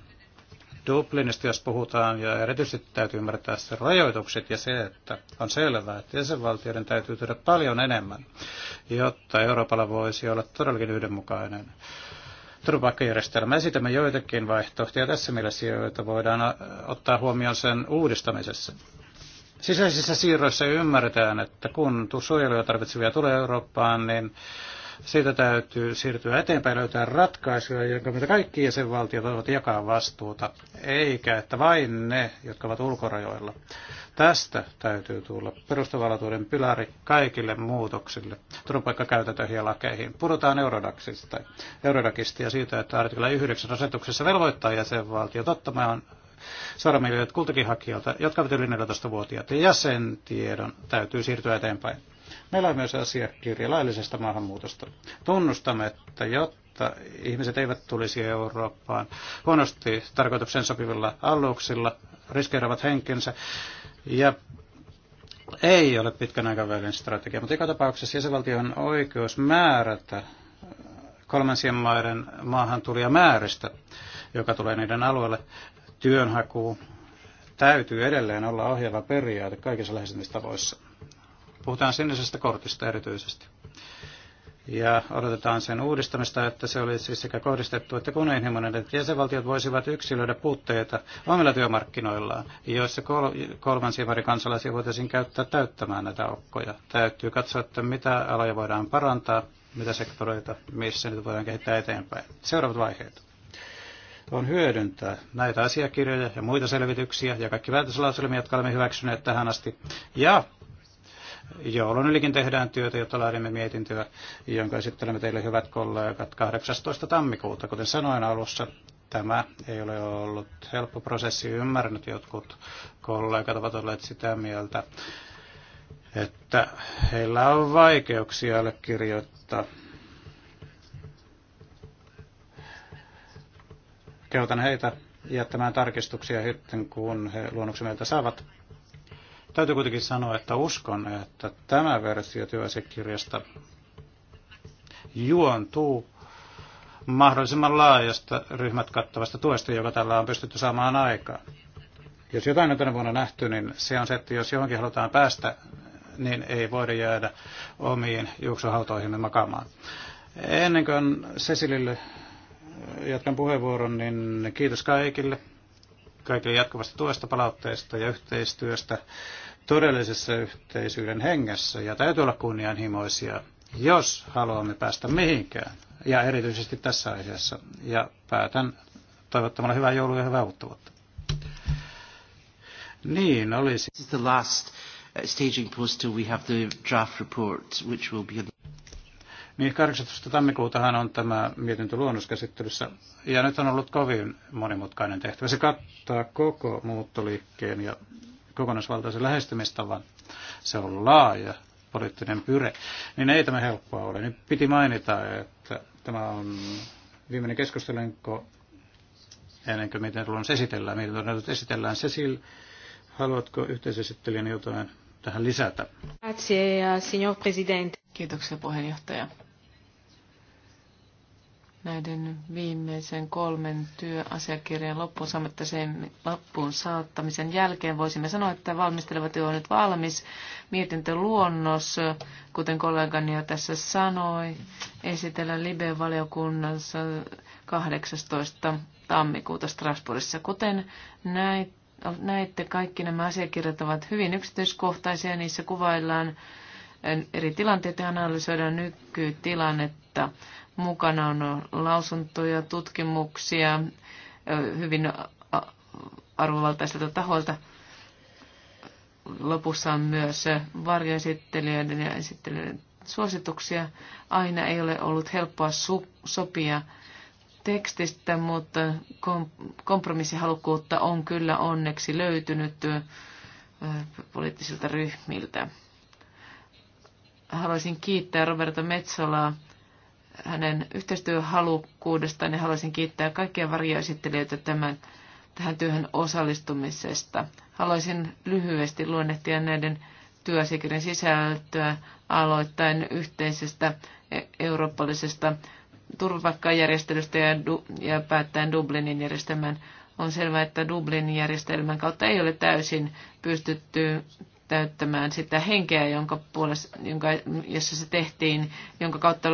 Dublinista, jos puhutaan, ja erityisesti täytyy ymmärtää se rajoitukset ja se, että on selvää, että jäsenvaltioiden täytyy tehdä paljon enemmän, jotta Euroopalla voisi olla todellakin yhdenmukainen turvapaikkajärjestelmä. Esitämme joitakin vaihtoehtoja tässä mielessä, joita voidaan ottaa huomioon sen uudistamisessa. Sisäisissä siirroissa ymmärretään, että kun suojelua tarvitsevia tulee Eurooppaan, niin siitä täytyy siirtyä eteenpäin, löytää ratkaisuja, jonka meitä kaikki jäsenvaltiot voivat jakaa vastuuta, eikä että vain ne, jotka ovat ulkorajoilla. Tästä täytyy tulla perustavalatuuden pilari kaikille muutoksille, turvapaikkakäytäntöihin ja lakeihin. Puhutaan Eurodaksista, Eurodakista ja siitä, että artikla 9 asetuksessa velvoittaa jäsenvaltiot ottamaan sormenjäljet kultakin hakijoilta, jotka ovat yli 14-vuotiaita, ja sen tiedon täytyy siirtyä eteenpäin. Meillä on myös asiakirja laillisesta maahanmuutosta. Tunnustamme, että jotta ihmiset eivät tulisi Eurooppaan huonosti tarkoituksen sopivilla aluksilla, riskeeraavat henkensä ja ei ole pitkän aikavälin strategia, mutta joka tapauksessa jäsenvaltio on oikeus määrätä kolmansien maiden maahantulijamääristä, joka tulee niiden alueelle työnhakuun, täytyy edelleen olla ohjaava periaate kaikissa lähestymistavoissa. Puhutaan sinisestä kortista erityisesti. Ja odotetaan sen uudistamista, että se olisi siis sekä kohdistettu että kunnianhimoinen, että jäsenvaltiot voisivat yksilöidä puutteita omilla työmarkkinoillaan, joissa kol- kolmansien kansalaisia voitaisiin käyttää täyttämään näitä aukkoja. Täytyy katsoa, että mitä aloja voidaan parantaa, mitä sektoreita, missä niitä voidaan kehittää eteenpäin. Seuraavat vaiheet on hyödyntää näitä asiakirjoja ja muita selvityksiä ja kaikki päätöslauselmia, jotka olemme hyväksyneet tähän asti. Ja joulun ylikin tehdään työtä, jotta laadimme mietintöä, jonka esittelemme teille hyvät kollegat 18. tammikuuta. Kuten sanoin alussa, tämä ei ole ollut helppo prosessi. ymmärnyt. jotkut kollegat ovat olleet sitä mieltä, että heillä on vaikeuksia allekirjoittaa. Kehotan heitä jättämään tarkistuksia sitten, kun he luonnoksen meiltä saavat. Täytyy kuitenkin sanoa, että uskon, että tämä versio työasekirjasta juontuu mahdollisimman laajasta ryhmät kattavasta tuesta, joka tällä on pystytty saamaan aikaan. Jos jotain on tänä vuonna nähty, niin se on se, että jos johonkin halutaan päästä, niin ei voida jäädä omiin juoksuhautoihimme makaamaan. Ennen kuin Cecilille jatkan puheenvuoron, niin kiitos kaikille, kaikille jatkuvasta tuesta, palautteesta ja yhteistyöstä todellisessa yhteisyyden hengessä ja täytyy olla kunnianhimoisia, jos haluamme päästä mihinkään ja erityisesti tässä aiheessa. Ja päätän toivottamalla hyvää joulua ja hyvää uutta vuotta. Niin, olisi. This is the last uh, staging post till we have the draft report, which will be... Niin, 18. tammikuutahan on tämä mietintö luonnoskäsittelyssä, ja nyt on ollut kovin monimutkainen tehtävä. Se kattaa koko muuttoliikkeen ja kokonaisvaltaisen lähestymistavan. Se on laaja poliittinen pyre. Niin ei tämä helppoa ole. Nyt piti mainita, että tämä on viimeinen keskustelenko ennen kuin miten tullaan esitellään. Miten todennäköisesti esitellään. Cecil, haluatko yhteisesittelijän jotain tähän lisätä? Grazie, signor Presidente. Kiitoksia puheenjohtaja näiden viimeisen kolmen työasiakirjan loppuun, loppuun saattamisen jälkeen voisimme sanoa, että valmisteleva työ on nyt valmis. Mietintöluonnos, kuten kollegani jo tässä sanoi, esitellään Libe-valiokunnassa 18. tammikuuta Strasbourgissa. Kuten näitte, kaikki nämä asiakirjat ovat hyvin yksityiskohtaisia. Niissä kuvaillaan eri tilanteita ja analysoidaan nykytilannetta Mukana on lausuntoja, tutkimuksia hyvin arvovaltaisilta tahoilta. Lopussa on myös varjoesittelijöiden ja esittelijöiden suosituksia. Aina ei ole ollut helppoa sopia tekstistä, mutta kompromissihalukkuutta on kyllä onneksi löytynyt poliittisilta ryhmiltä. Haluaisin kiittää Roberta Metsolaa hänen yhteistyöhalukkuudestaan ja haluaisin kiittää kaikkia varjoesittelijöitä tämän, tähän työhön osallistumisesta. Haluaisin lyhyesti luonnehtia näiden työasiakirjan sisältöä aloittain yhteisestä e- eurooppalaisesta turvapaikkajärjestelystä ja, du- ja päättäen Dublinin järjestelmän. On selvää, että Dublinin järjestelmän kautta ei ole täysin pystytty täyttämään sitä henkeä, jonka puolesta, jonka, jossa se tehtiin, jonka kautta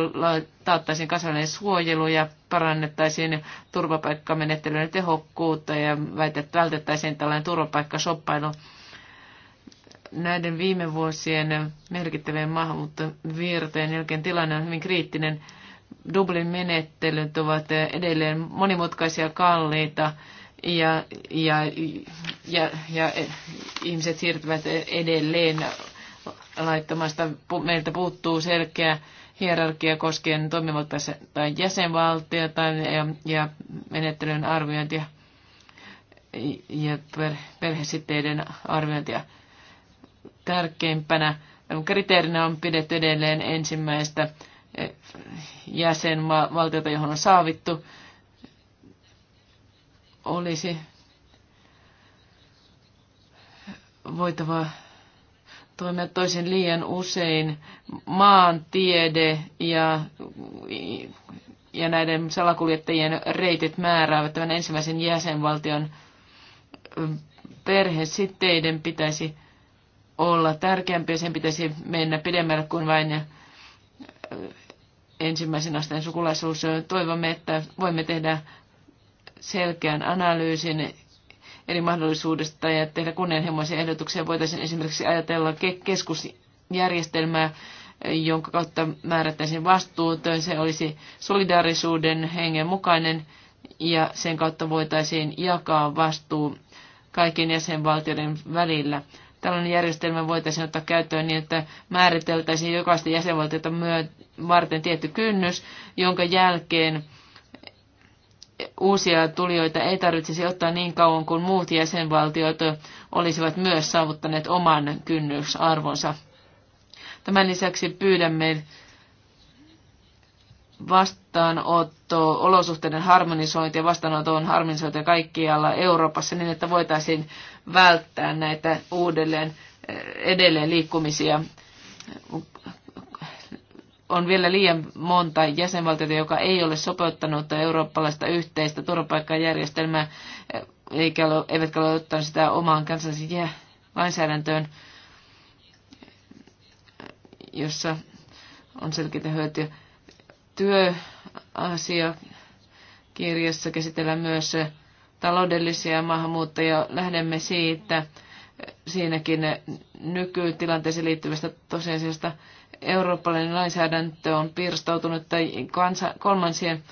taattaisiin kansainvälinen suojelu ja parannettaisiin turvapaikkamenettelyn tehokkuutta ja väitet, vältettäisiin tällainen turvapaikkasoppailu. Näiden viime vuosien merkittävien maahanmuuttovirtojen jälkeen tilanne on hyvin kriittinen. Dublin menettelyt ovat edelleen monimutkaisia kalliita ja, ja, ja, ja ihmiset siirtyvät edelleen laittamasta. Meiltä puuttuu selkeä hierarkia koskien toimivaltaista tai jäsenvaltiota ja, ja menettelyn arviointia ja per, perhesitteiden arviointia. Tärkeimpänä kriteerinä on pidetty edelleen ensimmäistä jäsenvaltiota, johon on saavittu olisi voitava toimia toisin liian usein. Maantiede ja, ja näiden salakuljettajien reitit määräävät tämän ensimmäisen jäsenvaltion perhesiteiden pitäisi olla tärkeämpi ja sen pitäisi mennä pidemmälle kuin vain ensimmäisen asteen sukulaisuus. Toivomme, että voimme tehdä selkeän analyysin eri mahdollisuudesta ja tehdä kunnianhimoisia ehdotuksia. Voitaisiin esimerkiksi ajatella keskusjärjestelmää, jonka kautta määrättäisiin vastuut. Se olisi solidaarisuuden hengen mukainen ja sen kautta voitaisiin jakaa vastuu kaikkien jäsenvaltioiden välillä. Tällainen järjestelmä voitaisiin ottaa käyttöön niin, että määriteltäisiin jokaista jäsenvaltiota varten tietty kynnys, jonka jälkeen uusia tulijoita ei tarvitsisi ottaa niin kauan kuin muut jäsenvaltiot olisivat myös saavuttaneet oman kynnysarvonsa. Tämän lisäksi pyydämme vastaanotto, olosuhteiden harmonisointi ja vastaanoton harmonisointi kaikkialla Euroopassa niin, että voitaisiin välttää näitä uudelleen edelleen liikkumisia on vielä liian monta jäsenvaltiota, joka ei ole sopeuttanut eurooppalaista yhteistä turvapaikkajärjestelmää, eikä ole, eivätkä ole ottanut sitä omaan kansallisen lainsäädäntöön, jossa on selkeitä hyötyjä. Työasiakirjassa käsitellään myös taloudellisia maahanmuuttajia. Lähdemme siitä siinäkin nykytilanteeseen liittyvästä tosiasiasta eurooppalainen lainsäädäntö on pirstoutunut tai kansa, kolmansien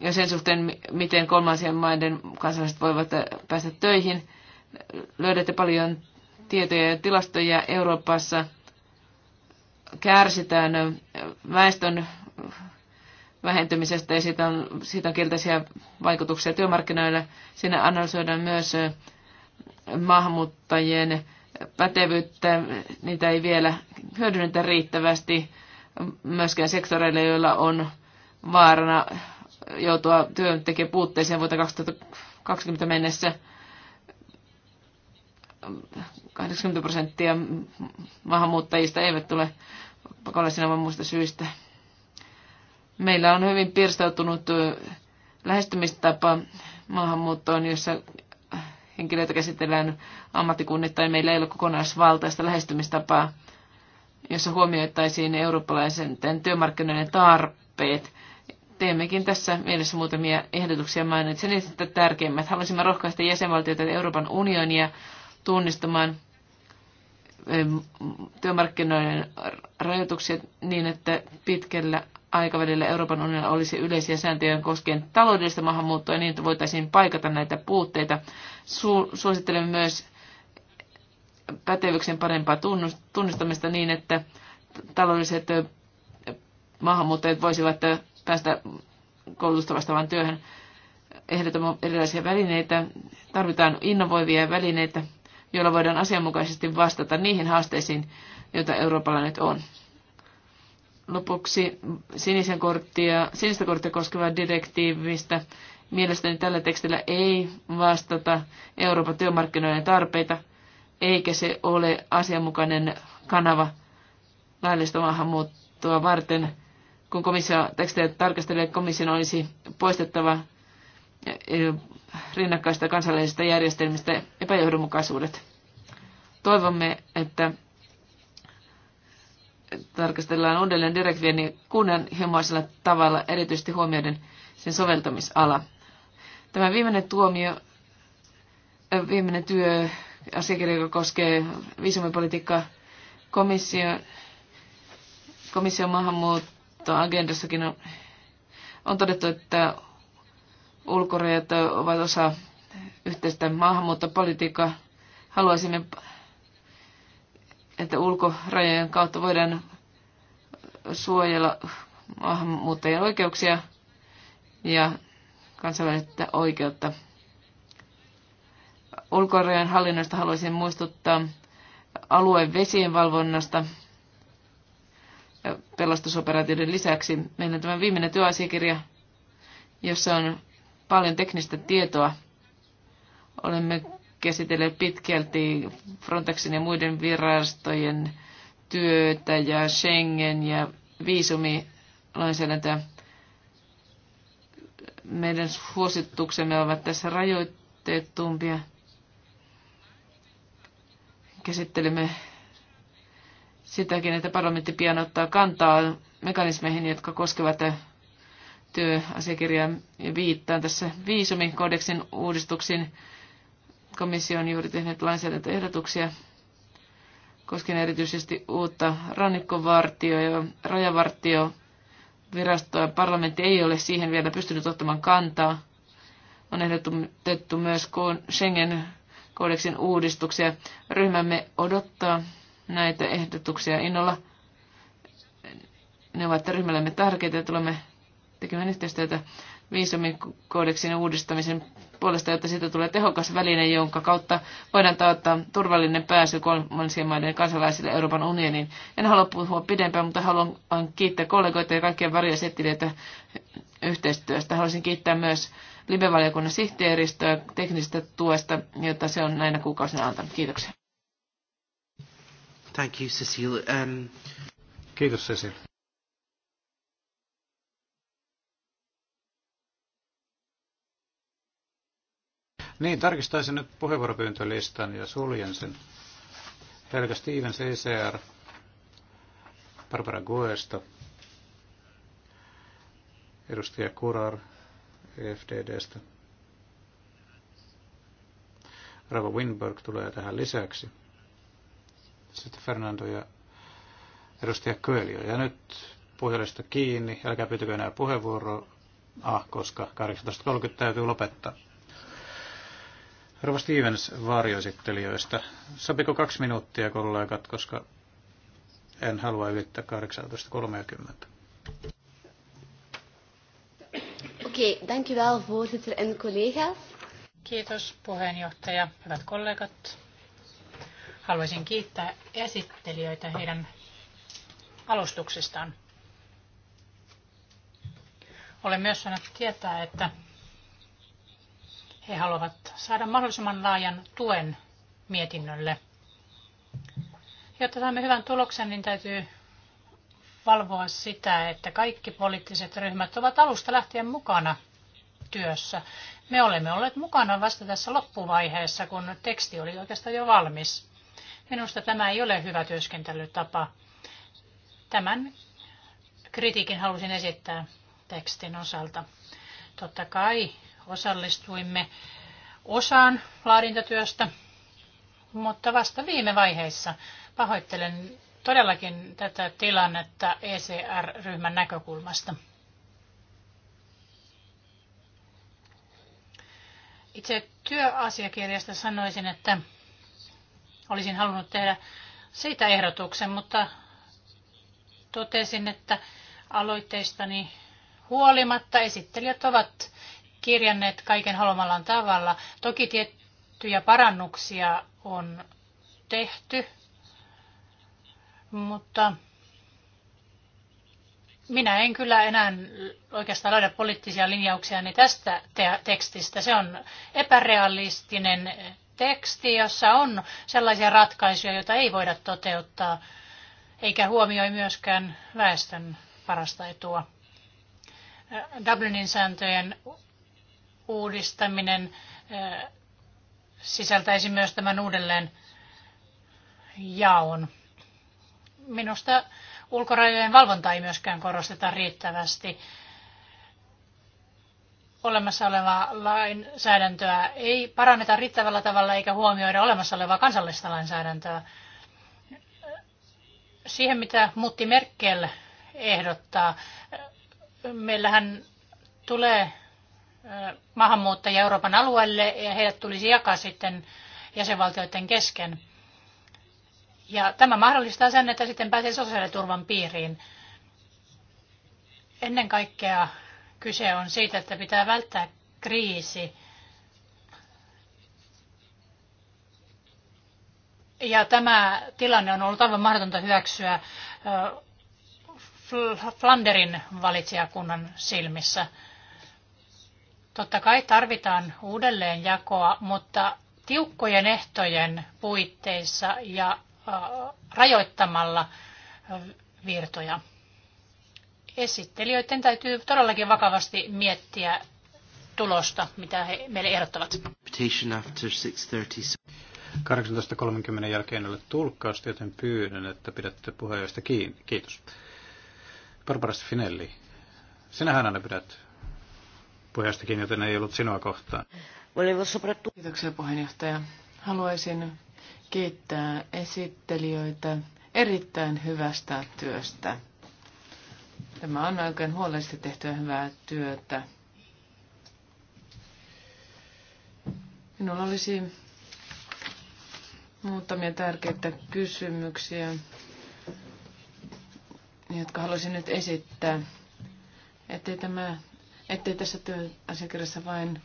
ja sen suhteen, miten kolmansien maiden kansalaiset voivat äh, päästä töihin. Löydätte paljon tietoja ja tilastoja Euroopassa. Kärsitään äh, väestön äh, vähentymisestä ja siitä on, siitä on kielteisiä vaikutuksia työmarkkinoille. Siinä analysoidaan myös maahanmuuttajien pätevyyttä. Niitä ei vielä hyödynnetä riittävästi myöskään sektoreille, joilla on vaarana joutua työntekijän puutteeseen vuoteen 2020 mennessä. 80 prosenttia maahanmuuttajista eivät tule pakolaisina vaan muista syistä. Meillä on hyvin pirstautunut lähestymistapa maahanmuuttoon, jossa henkilöitä käsitellään ammattikunnittain. Meillä ei ole kokonaisvaltaista lähestymistapaa jossa huomioitaisiin eurooppalaisen työmarkkinoiden tarpeet. Teemmekin tässä mielessä muutamia ehdotuksia. Mainitsen että tärkeimmät. Haluaisimme rohkaista jäsenvaltioita Euroopan unionia tunnistamaan työmarkkinoiden rajoituksia niin, että pitkällä aikavälillä Euroopan unionilla olisi yleisiä sääntöjä koskien taloudellista maahanmuuttoa niin, että voitaisiin paikata näitä puutteita. Su- suosittelen myös pätevyyksien parempaa tunnistamista niin, että taloudelliset maahanmuuttajat voisivat päästä koulutusta vastaavaan työhön. ehdottamaan erilaisia välineitä. Tarvitaan innovoivia välineitä, joilla voidaan asianmukaisesti vastata niihin haasteisiin, joita Euroopalla nyt on. Lopuksi sinisen korttia, sinistä korttia koskevaa direktiivistä. Mielestäni tällä tekstillä ei vastata Euroopan työmarkkinoiden tarpeita – eikä se ole asianmukainen kanava laillista maahanmuuttoa varten. Kun komissio tekstejä tarkastelee, komission olisi poistettava eh, rinnakkaista kansallisista järjestelmistä epäjohdonmukaisuudet. Toivomme, että tarkastellaan uudelleen direktiivien niin kunnianhimoisella tavalla, erityisesti huomioiden sen soveltamisala. Tämä viimeinen tuomio, eh, viimeinen työ asiakirja, joka koskee viisumipolitiikkaa. Komissio, komission maahanmuuttoagendassakin on, on todettu, että ulkorajat ovat osa yhteistä maahanmuuttopolitiikkaa. Haluaisimme, että ulkorajojen kautta voidaan suojella maahanmuuttajien oikeuksia ja kansainvälistä oikeutta. Ulkorajojen hallinnosta haluaisin muistuttaa alueen vesien valvonnasta pelastusoperaatioiden lisäksi. Meillä on tämä viimeinen työasiakirja, jossa on paljon teknistä tietoa. Olemme käsitelleet pitkälti Frontexin ja muiden virastojen työtä ja Schengen ja viisumilainsäädäntöä. Meidän suosituksemme ovat tässä rajoitteettumpia käsittelimme sitäkin, että parlamentti pian ottaa kantaa mekanismeihin, jotka koskevat työasiakirjaa ja viittaan tässä viisumikodeksin uudistuksiin. Komissio on juuri tehnyt lainsäädäntöehdotuksia koskien erityisesti uutta rannikkovartio- ja rajavartiovirastoa. Parlamentti ei ole siihen vielä pystynyt ottamaan kantaa. On ehdotettu myös Schengen kodeksin uudistuksia. Ryhmämme odottaa näitä ehdotuksia innolla. Ne ovat ryhmällemme tärkeitä ja tulemme tekemään yhteistyötä viisumikodeksin uudistamisen puolesta, jotta siitä tulee tehokas väline, jonka kautta voidaan taata turvallinen pääsy kolmansien maiden kansalaisille Euroopan unioniin. En halua puhua pidempään, mutta haluan kiittää kollegoita ja kaikkia varjoisettilijöitä yhteistyöstä. Haluaisin kiittää myös libevaliokunnan sihteeristöä teknisestä tuesta, jota se on näinä kuukausina antanut. Kiitoksia. Thank you, Cecil. Um... Kiitos, Cecil. Niin, tarkistaisin nyt puheenvuoropyyntölistan ja suljen sen. Helga Stevens, ECR, Barbara Guesta, edustaja Kurar, EFDDstä. Rava Winberg tulee tähän lisäksi. Sitten Fernando ja edustaja Köelio. Ja nyt puhelista kiinni. Älkää pyytäkö enää puheenvuoroa, ah, koska 18.30 täytyy lopettaa. Rova Stevens varjoesittelijöistä. Sopiko kaksi minuuttia kollegat, koska en halua ylittää 18.30. Okei, okay, dank u wel voorzitter en collega's. Kiitos puheenjohtaja, hyvät kollegat. Haluaisin kiittää esittelijöitä heidän alustuksistaan. Olen myös saanut tietää, että he haluavat saada mahdollisimman laajan tuen mietinnölle. Jotta saamme hyvän tuloksen, niin täytyy valvoa sitä, että kaikki poliittiset ryhmät ovat alusta lähtien mukana työssä. Me olemme olleet mukana vasta tässä loppuvaiheessa, kun teksti oli oikeastaan jo valmis. Minusta tämä ei ole hyvä työskentelytapa. Tämän kritiikin halusin esittää tekstin osalta. Totta kai osallistuimme osaan laadintatyöstä, mutta vasta viime vaiheessa pahoittelen todellakin tätä tilannetta ECR-ryhmän näkökulmasta. Itse työasiakirjasta sanoisin, että olisin halunnut tehdä siitä ehdotuksen, mutta totesin, että aloitteistani huolimatta esittelijät ovat kirjanneet kaiken haluamallaan tavalla. Toki tiettyjä parannuksia on tehty mutta minä en kyllä enää oikeastaan löydä poliittisia linjauksia niin tästä te- tekstistä. Se on epärealistinen teksti, jossa on sellaisia ratkaisuja, joita ei voida toteuttaa, eikä huomioi myöskään väestön parasta etua. Dublinin sääntöjen uudistaminen sisältäisi myös tämän uudelleen jaon. Minusta ulkorajojen valvonta ei myöskään korosteta riittävästi. Olemassa olevaa lainsäädäntöä ei paranneta riittävällä tavalla eikä huomioida olemassa olevaa kansallista lainsäädäntöä. Siihen, mitä Mutti Merkel ehdottaa, meillähän tulee maahanmuuttajia Euroopan alueelle ja heidät tulisi jakaa sitten jäsenvaltioiden kesken. Ja tämä mahdollistaa sen, että sitten pääsee sosiaaliturvan piiriin. Ennen kaikkea kyse on siitä, että pitää välttää kriisi. Ja tämä tilanne on ollut aivan mahdotonta hyväksyä Flanderin valitsijakunnan silmissä. Totta kai tarvitaan uudelleenjakoa, mutta tiukkojen ehtojen puitteissa ja rajoittamalla virtoja. Esittelijöiden täytyy todellakin vakavasti miettiä tulosta, mitä he meille ehdottavat. 18.30 jälkeen ole tulkkausta, joten pyydän, että pidätte puheenjohtajasta kiinni. Kiitos. Barbara Finelli, sinähän aina pidät puheenjohtajasta kiinni, joten ei ollut sinua kohtaan. Kiitoksia puheenjohtaja. Haluaisin kiittää esittelijöitä erittäin hyvästä työstä. Tämä on oikein huolellisesti tehtyä hyvää työtä. Minulla olisi muutamia tärkeitä kysymyksiä, jotka haluaisin nyt esittää. Ettei, tämä, ettei tässä työasiakirjassa vain,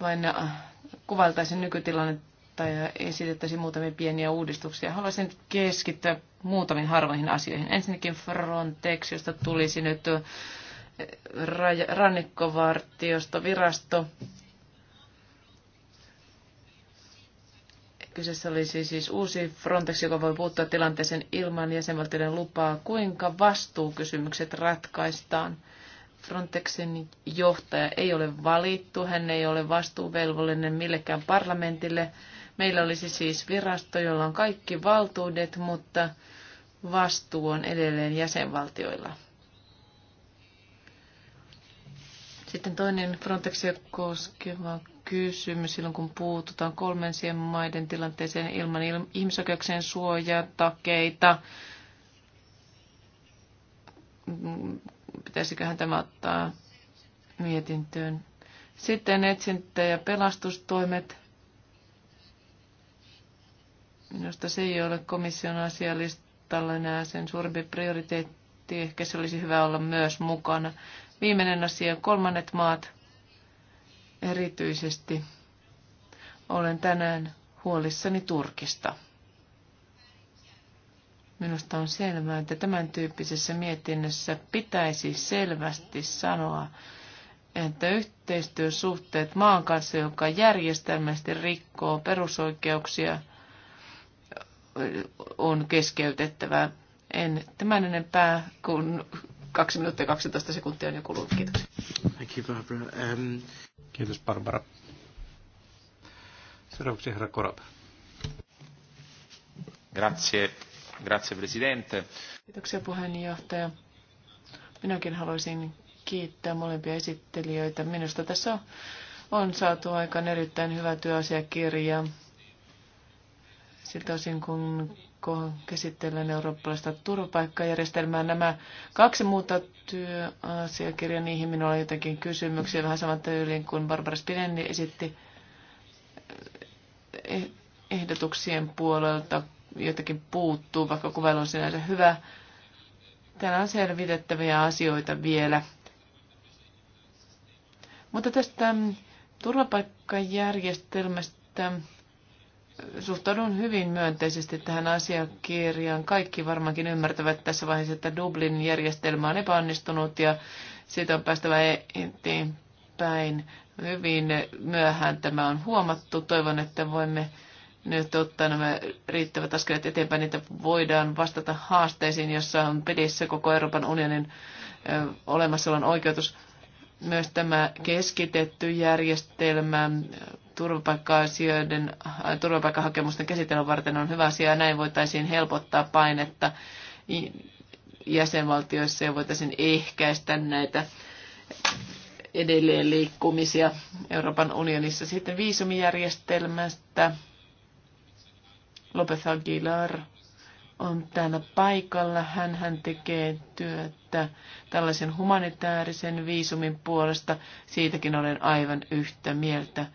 vain äh, kuvaltaisi nykytilannetta ja esitettäisiin muutamia pieniä uudistuksia. Haluaisin keskittyä muutamiin harvoihin asioihin. Ensinnäkin Frontex, josta tulisi nyt eh, rannikkovartiosta virasto. Kyseessä olisi siis uusi Frontex, joka voi puuttua tilanteeseen ilman jäsenvaltioiden lupaa. Kuinka vastuukysymykset ratkaistaan? Frontexin johtaja ei ole valittu, hän ei ole vastuuvelvollinen millekään parlamentille. Meillä olisi siis virasto, jolla on kaikki valtuudet, mutta vastuu on edelleen jäsenvaltioilla. Sitten toinen Frontexia koskeva kysymys silloin, kun puututaan kolmensien maiden tilanteeseen ilman ihmisoikeuksien suojaa, Pitäisiköhän tämä ottaa mietintöön? Sitten etsintä- ja pelastustoimet. Minusta se ei ole komission asialistalla enää sen suurempi prioriteetti. Ehkä se olisi hyvä olla myös mukana. Viimeinen asia, kolmannet maat erityisesti. Olen tänään huolissani Turkista. Minusta on selvää, että tämän tyyppisessä mietinnössä pitäisi selvästi sanoa, että yhteistyösuhteet maan kanssa, joka järjestelmästi rikkoo perusoikeuksia – on keskeytettävä. En tämän enempää, kun 2 minuuttia 12 sekuntia on jo kulunut. Kiitos. Thank you, Barbara. Um... Kiitos, Barbara. Seuraavaksi herra Korab. Grazie. Grazie, Presidente. Kiitoksia, puheenjohtaja. Minäkin haluaisin kiittää molempia esittelijöitä. Minusta tässä on saatu aikaan erittäin hyvä työasiakirja siltä osin, kun käsitellään eurooppalaista turvapaikkajärjestelmää. Nämä kaksi muuta työasiakirjaa, niihin minulla on jotenkin kysymyksiä vähän saman tyyliin kuin Barbara Spinelli esitti eh, ehdotuksien puolelta jotenkin puuttuu, vaikka kuvailu on sinänsä hyvä. Täällä on selvitettäviä asioita vielä. Mutta tästä turvapaikkajärjestelmästä suhtaudun hyvin myönteisesti tähän asiakirjaan. Kaikki varmaankin ymmärtävät tässä vaiheessa, että Dublin järjestelmä on epäonnistunut ja siitä on päästävä e- eteenpäin. Hyvin myöhään tämä on huomattu. Toivon, että voimme nyt ottaa nämä riittävät askeleet eteenpäin, niin että voidaan vastata haasteisiin, jossa on pedissä koko Euroopan unionin olemassaolon oikeutus. Myös tämä keskitetty järjestelmä turvapaikka-asioiden, turvapaikkahakemusten käsittelyn varten on hyvä asia. Näin voitaisiin helpottaa painetta jäsenvaltioissa ja voitaisiin ehkäistä näitä edelleen liikkumisia Euroopan unionissa. Sitten viisumijärjestelmästä. Lopez Aguilar on täällä paikalla. Hän, hän tekee työtä tällaisen humanitaarisen viisumin puolesta. Siitäkin olen aivan yhtä mieltä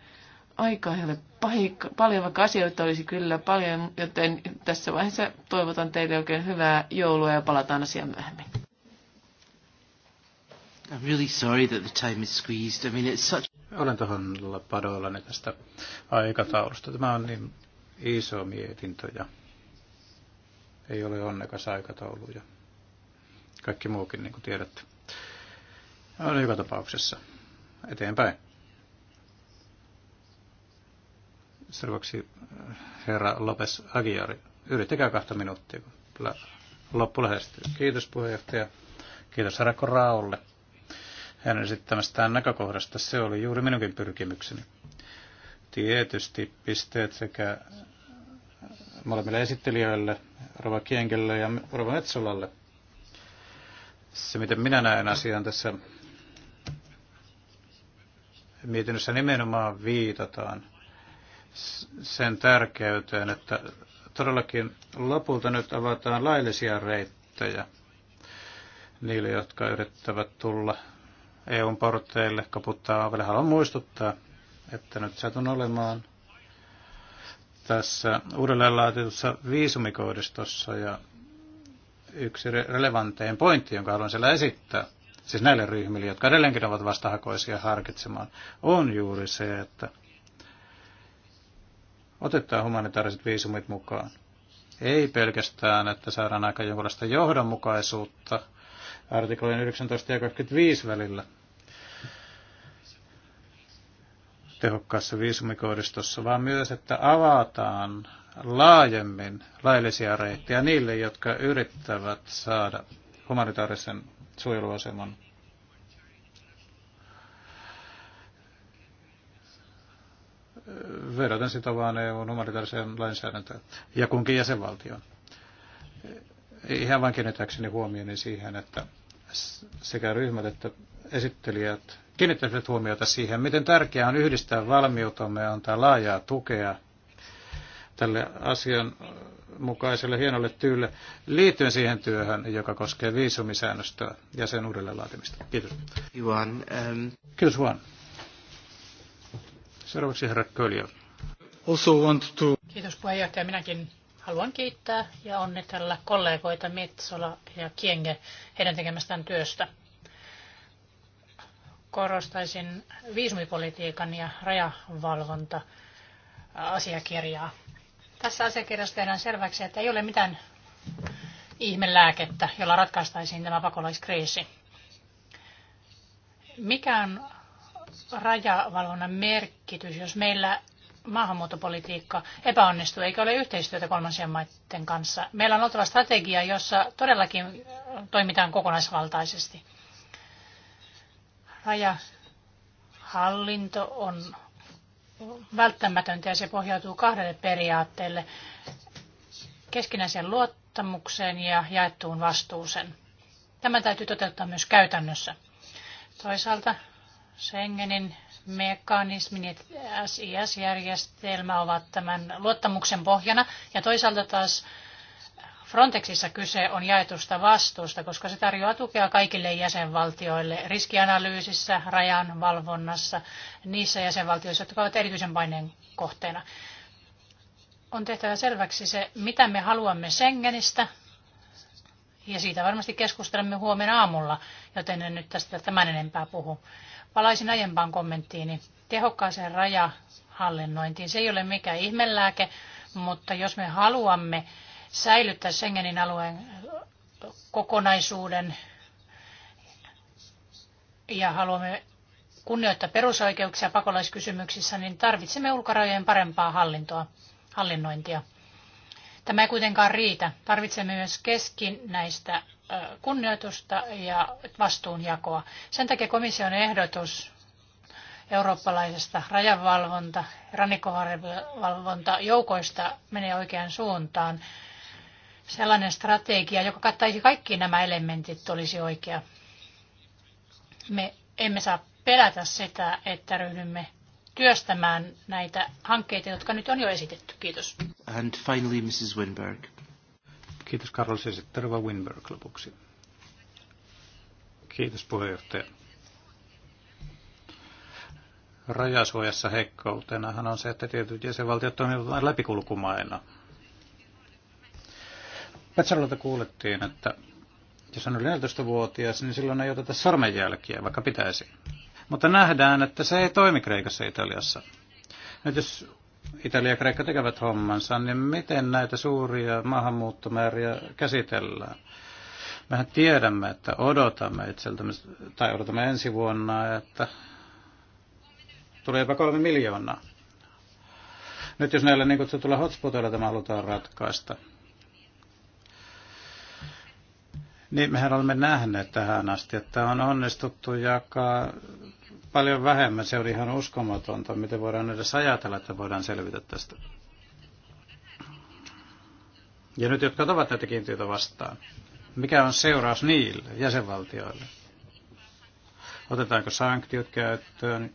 aikaa ei ole paikka, paljon, vaikka asioita olisi kyllä paljon, joten tässä vaiheessa toivotan teille oikein hyvää joulua ja palataan asiaan myöhemmin. I'm really sorry that the time is squeezed. I mean, it's such... Olen tuohon padoillani tästä aikataulusta. Tämä on niin iso mietintö ja ei ole onnekas aikataulu ja kaikki muukin, niin kuin tiedätte. On joka tapauksessa eteenpäin. Seuraavaksi äh, herra Lopes Agiari. Yrittäkää kahta minuuttia. Loppu lähestyy. Kiitos puheenjohtaja. Kiitos herra Koraolle hänen esittämästään näkökohdasta. Se oli juuri minunkin pyrkimykseni. Tietysti pisteet sekä äh, molemmille esittelijöille, Rova Kienkelle ja Rova Metsolalle. Se, miten minä näen asian tässä mietinnössä nimenomaan viitataan sen tärkeyteen, että todellakin lopulta nyt avataan laillisia reittejä niille, jotka yrittävät tulla EUn porteille kaputtaa ovelle. Haluan muistuttaa, että nyt satun olemaan tässä uudelleenlaatitussa viisumikoodistossa ja yksi relevantein pointti, jonka haluan siellä esittää, siis näille ryhmille, jotka edelleenkin ovat vastahakoisia harkitsemaan, on juuri se, että otetaan humanitaariset viisumit mukaan. Ei pelkästään, että saadaan aika jonkinlaista johdonmukaisuutta artiklojen 19 ja 25 välillä tehokkaassa viisumikoodistossa, vaan myös, että avataan laajemmin laillisia reittejä niille, jotka yrittävät saada humanitaarisen suojeluaseman verraten sitovaan EUn humanitaariseen lainsäädäntöön ja kunkin jäsenvaltioon. Ihan vain kiinnittääkseni huomioni siihen, että sekä ryhmät että esittelijät kiinnittävät huomiota siihen, miten tärkeää on yhdistää valmiutamme ja antaa laajaa tukea tälle asian mukaiselle hienolle tyylle liittyen siihen työhön, joka koskee viisumisäännöstöä ja sen uudelleen laatimista. Kiitos. Juan, um... Kiitos Juan. Seuraavaksi herra Kölja. Also want to... Kiitos puheenjohtaja. Minäkin haluan kiittää ja onnitella kollegoita Metsola ja Kienge heidän tekemästään työstä. Korostaisin viisumipolitiikan ja rajavalvonta asiakirjaa. Tässä asiakirjassa tehdään selväksi, että ei ole mitään ihmelääkettä, jolla ratkaistaisiin tämä pakolaiskriisi. Mikään rajavalvonnan merkitys, jos meillä maahanmuuttopolitiikka epäonnistuu eikä ole yhteistyötä kolmansien maiden kanssa. Meillä on oltava strategia, jossa todellakin toimitaan kokonaisvaltaisesti. Rajahallinto on välttämätöntä ja se pohjautuu kahdelle periaatteelle. Keskinäiseen luottamukseen ja jaettuun vastuuseen. Tämä täytyy toteuttaa myös käytännössä. Toisaalta Schengenin mekanismin ja SIS-järjestelmä ovat tämän luottamuksen pohjana. Ja toisaalta taas Frontexissa kyse on jaetusta vastuusta, koska se tarjoaa tukea kaikille jäsenvaltioille riskianalyysissä, rajan valvonnassa, niissä jäsenvaltioissa, jotka ovat erityisen paineen kohteena. On tehtävä selväksi se, mitä me haluamme Schengenistä ja siitä varmasti keskustelemme huomenna aamulla, joten en nyt tästä tämän enempää puhu. Palaisin aiempaan kommenttiini. Niin tehokkaaseen rajahallinnointiin. Se ei ole mikään ihmelääke, mutta jos me haluamme säilyttää Schengenin alueen kokonaisuuden ja haluamme kunnioittaa perusoikeuksia pakolaiskysymyksissä, niin tarvitsemme ulkorajojen parempaa hallintoa, hallinnointia. Tämä ei kuitenkaan riitä. Tarvitsemme myös keskinäistä kunnioitusta ja vastuunjakoa. Sen takia komission ehdotus eurooppalaisesta rajavalvonta, rannikkovalvonta joukoista menee oikeaan suuntaan. Sellainen strategia, joka kattaisi kaikki nämä elementit, olisi oikea. Me emme saa pelätä sitä, että ryhdymme työstämään näitä hankkeita, jotka nyt on jo esitetty. Kiitos. And finally Mrs. Winberg. Kiitos Carlos Esitterova Winberg lopuksi. Kiitos puheenjohtaja. Rajasuojassa heikkoutenahan on se, että tietyt jäsenvaltiot toimivat vain läpikulkumaina. Petsarilta kuulettiin, että jos on yli 14-vuotias, niin silloin ei oteta sormenjälkiä, vaikka pitäisi. Mutta nähdään, että se ei toimi Kreikassa ja Italiassa. Nyt jos Italia ja Kreikka tekevät hommansa, niin miten näitä suuria maahanmuuttomääriä käsitellään? Mehän tiedämme, että odotamme itseltämme, tai odotamme ensi vuonna, että tulee jopa kolme miljoonaa. Nyt jos näillä niin kutsutulla hotspoteilla tämä halutaan ratkaista, niin mehän olemme nähneet tähän asti, että on onnistuttu jakaa paljon vähemmän. Se oli ihan uskomatonta, miten voidaan edes ajatella, että voidaan selvitä tästä. Ja nyt, jotka ovat näitä kiintiöitä vastaan, mikä on seuraus niille jäsenvaltioille? Otetaanko sanktiot käyttöön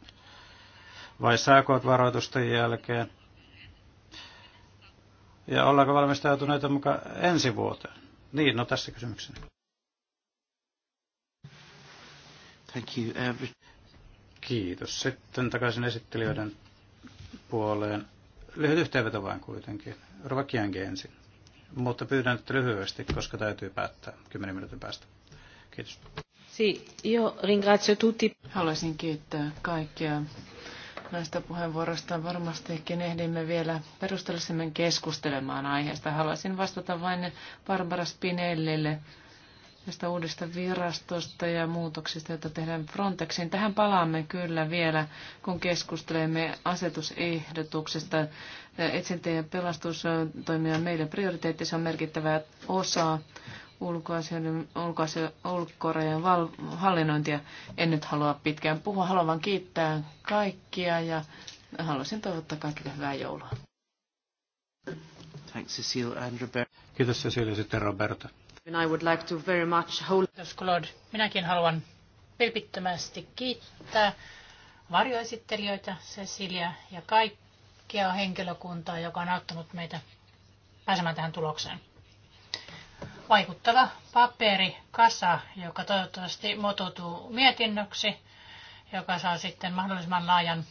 vai saako varoitusten jälkeen? Ja ollaanko valmistautuneita mukaan ensi vuoteen? Niin, no tässä kysymyksessä. Thank you. Uh, Kiitos. Sitten takaisin esittelijöiden puoleen. Lyhyt yhteenveto vain kuitenkin. Rovakiankin ensin. Mutta pyydän, että lyhyesti, koska täytyy päättää 10 minuutin päästä. Kiitos. Si, io ringrazio tutti. Haluaisin kiittää kaikkia näistä puheenvuoroista. Varmastikin ehdimme vielä perustellisemmin keskustelemaan aiheesta. Haluaisin vastata vain Barbara Spinellille tästä uudesta virastosta ja muutoksista, joita tehdään Frontexin. Tähän palaamme kyllä vielä, kun keskustelemme asetusehdotuksesta. Etsintä- ja pelastustoimia meidän prioriteetti, se on merkittävä osa ulkoasioiden, val, hallinnointia. En nyt halua pitkään puhua, haluan vain kiittää kaikkia ja haluaisin toivottaa kaikille hyvää joulua. Thanks, Cecile and Kiitos Cecile ja sitten Roberta. Kiitos Claude. Minäkin haluan vilpittömästi kiittää varjoesittelijöitä, Cecilia ja kaikkia henkilökuntaa, joka on auttanut meitä pääsemään tähän tulokseen. Vaikuttava paperi, kasa, joka toivottavasti muotoutuu mietinnöksi, joka saa sitten mahdollisimman laajan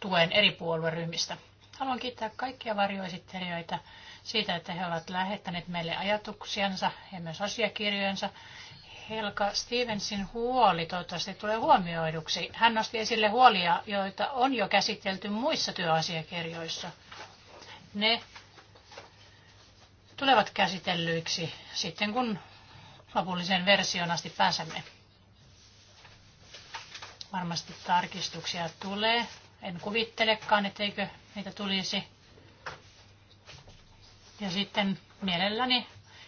tuen eri puolueryhmistä. Haluan kiittää kaikkia varjoesittelijöitä siitä, että he ovat lähettäneet meille ajatuksiansa ja myös asiakirjojensa. Helka Stevensin huoli toivottavasti tulee huomioiduksi. Hän nosti esille huolia, joita on jo käsitelty muissa työasiakirjoissa. Ne tulevat käsitellyiksi sitten, kun lopulliseen versioon asti pääsemme. Varmasti tarkistuksia tulee. En kuvittelekaan, etteikö niitä tulisi ja sitten mielelläni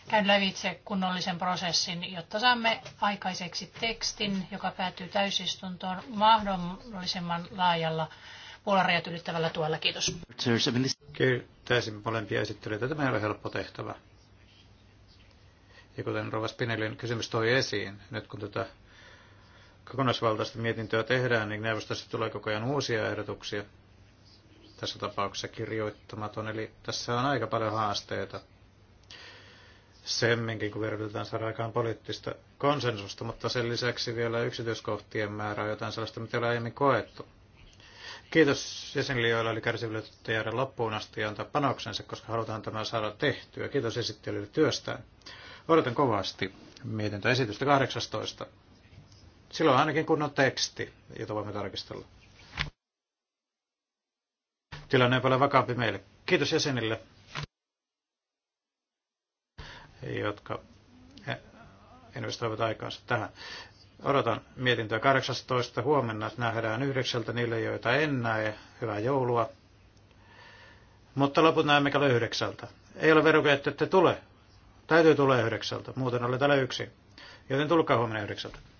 käyn lävitse kunnollisen prosessin, jotta saamme aikaiseksi tekstin, joka päätyy täysistuntoon mahdollisimman laajalla puolarajat ylittävällä tuella. Kiitos. Täysin molempia esittelyitä. Tämä ei ole helppo tehtävä. Ja kuten Rova Spinellin kysymys toi esiin, nyt kun tätä kokonaisvaltaista mietintöä tehdään, niin neuvostossa tulee koko ajan uusia ehdotuksia tässä tapauksessa kirjoittamaton, eli tässä on aika paljon haasteita semminkin, kun yritetään saada aikaan poliittista konsensusta, mutta sen lisäksi vielä yksityiskohtien määrää jotain sellaista, mitä ei ole aiemmin koettu. Kiitos jäsenille, joilla oli jäädä loppuun asti ja antaa panoksensa, koska halutaan tämä saada tehtyä. Kiitos esittelylle työstään. Odotan kovasti mietintöesitystä 18. Silloin ainakin kunnon teksti, jota voimme tarkistella tilanne on paljon vakaampi meille. Kiitos jäsenille, jotka investoivat aikaansa tähän. Odotan mietintöä 18. Huomenna nähdään yhdeksältä niille, joita en näe. Hyvää joulua. Mutta loput näemme kello yhdeksältä. Ei ole veruke, että te tule. Täytyy tulla yhdeksältä, muuten olen täällä yksi. Joten tulkaa huomenna yhdeksältä.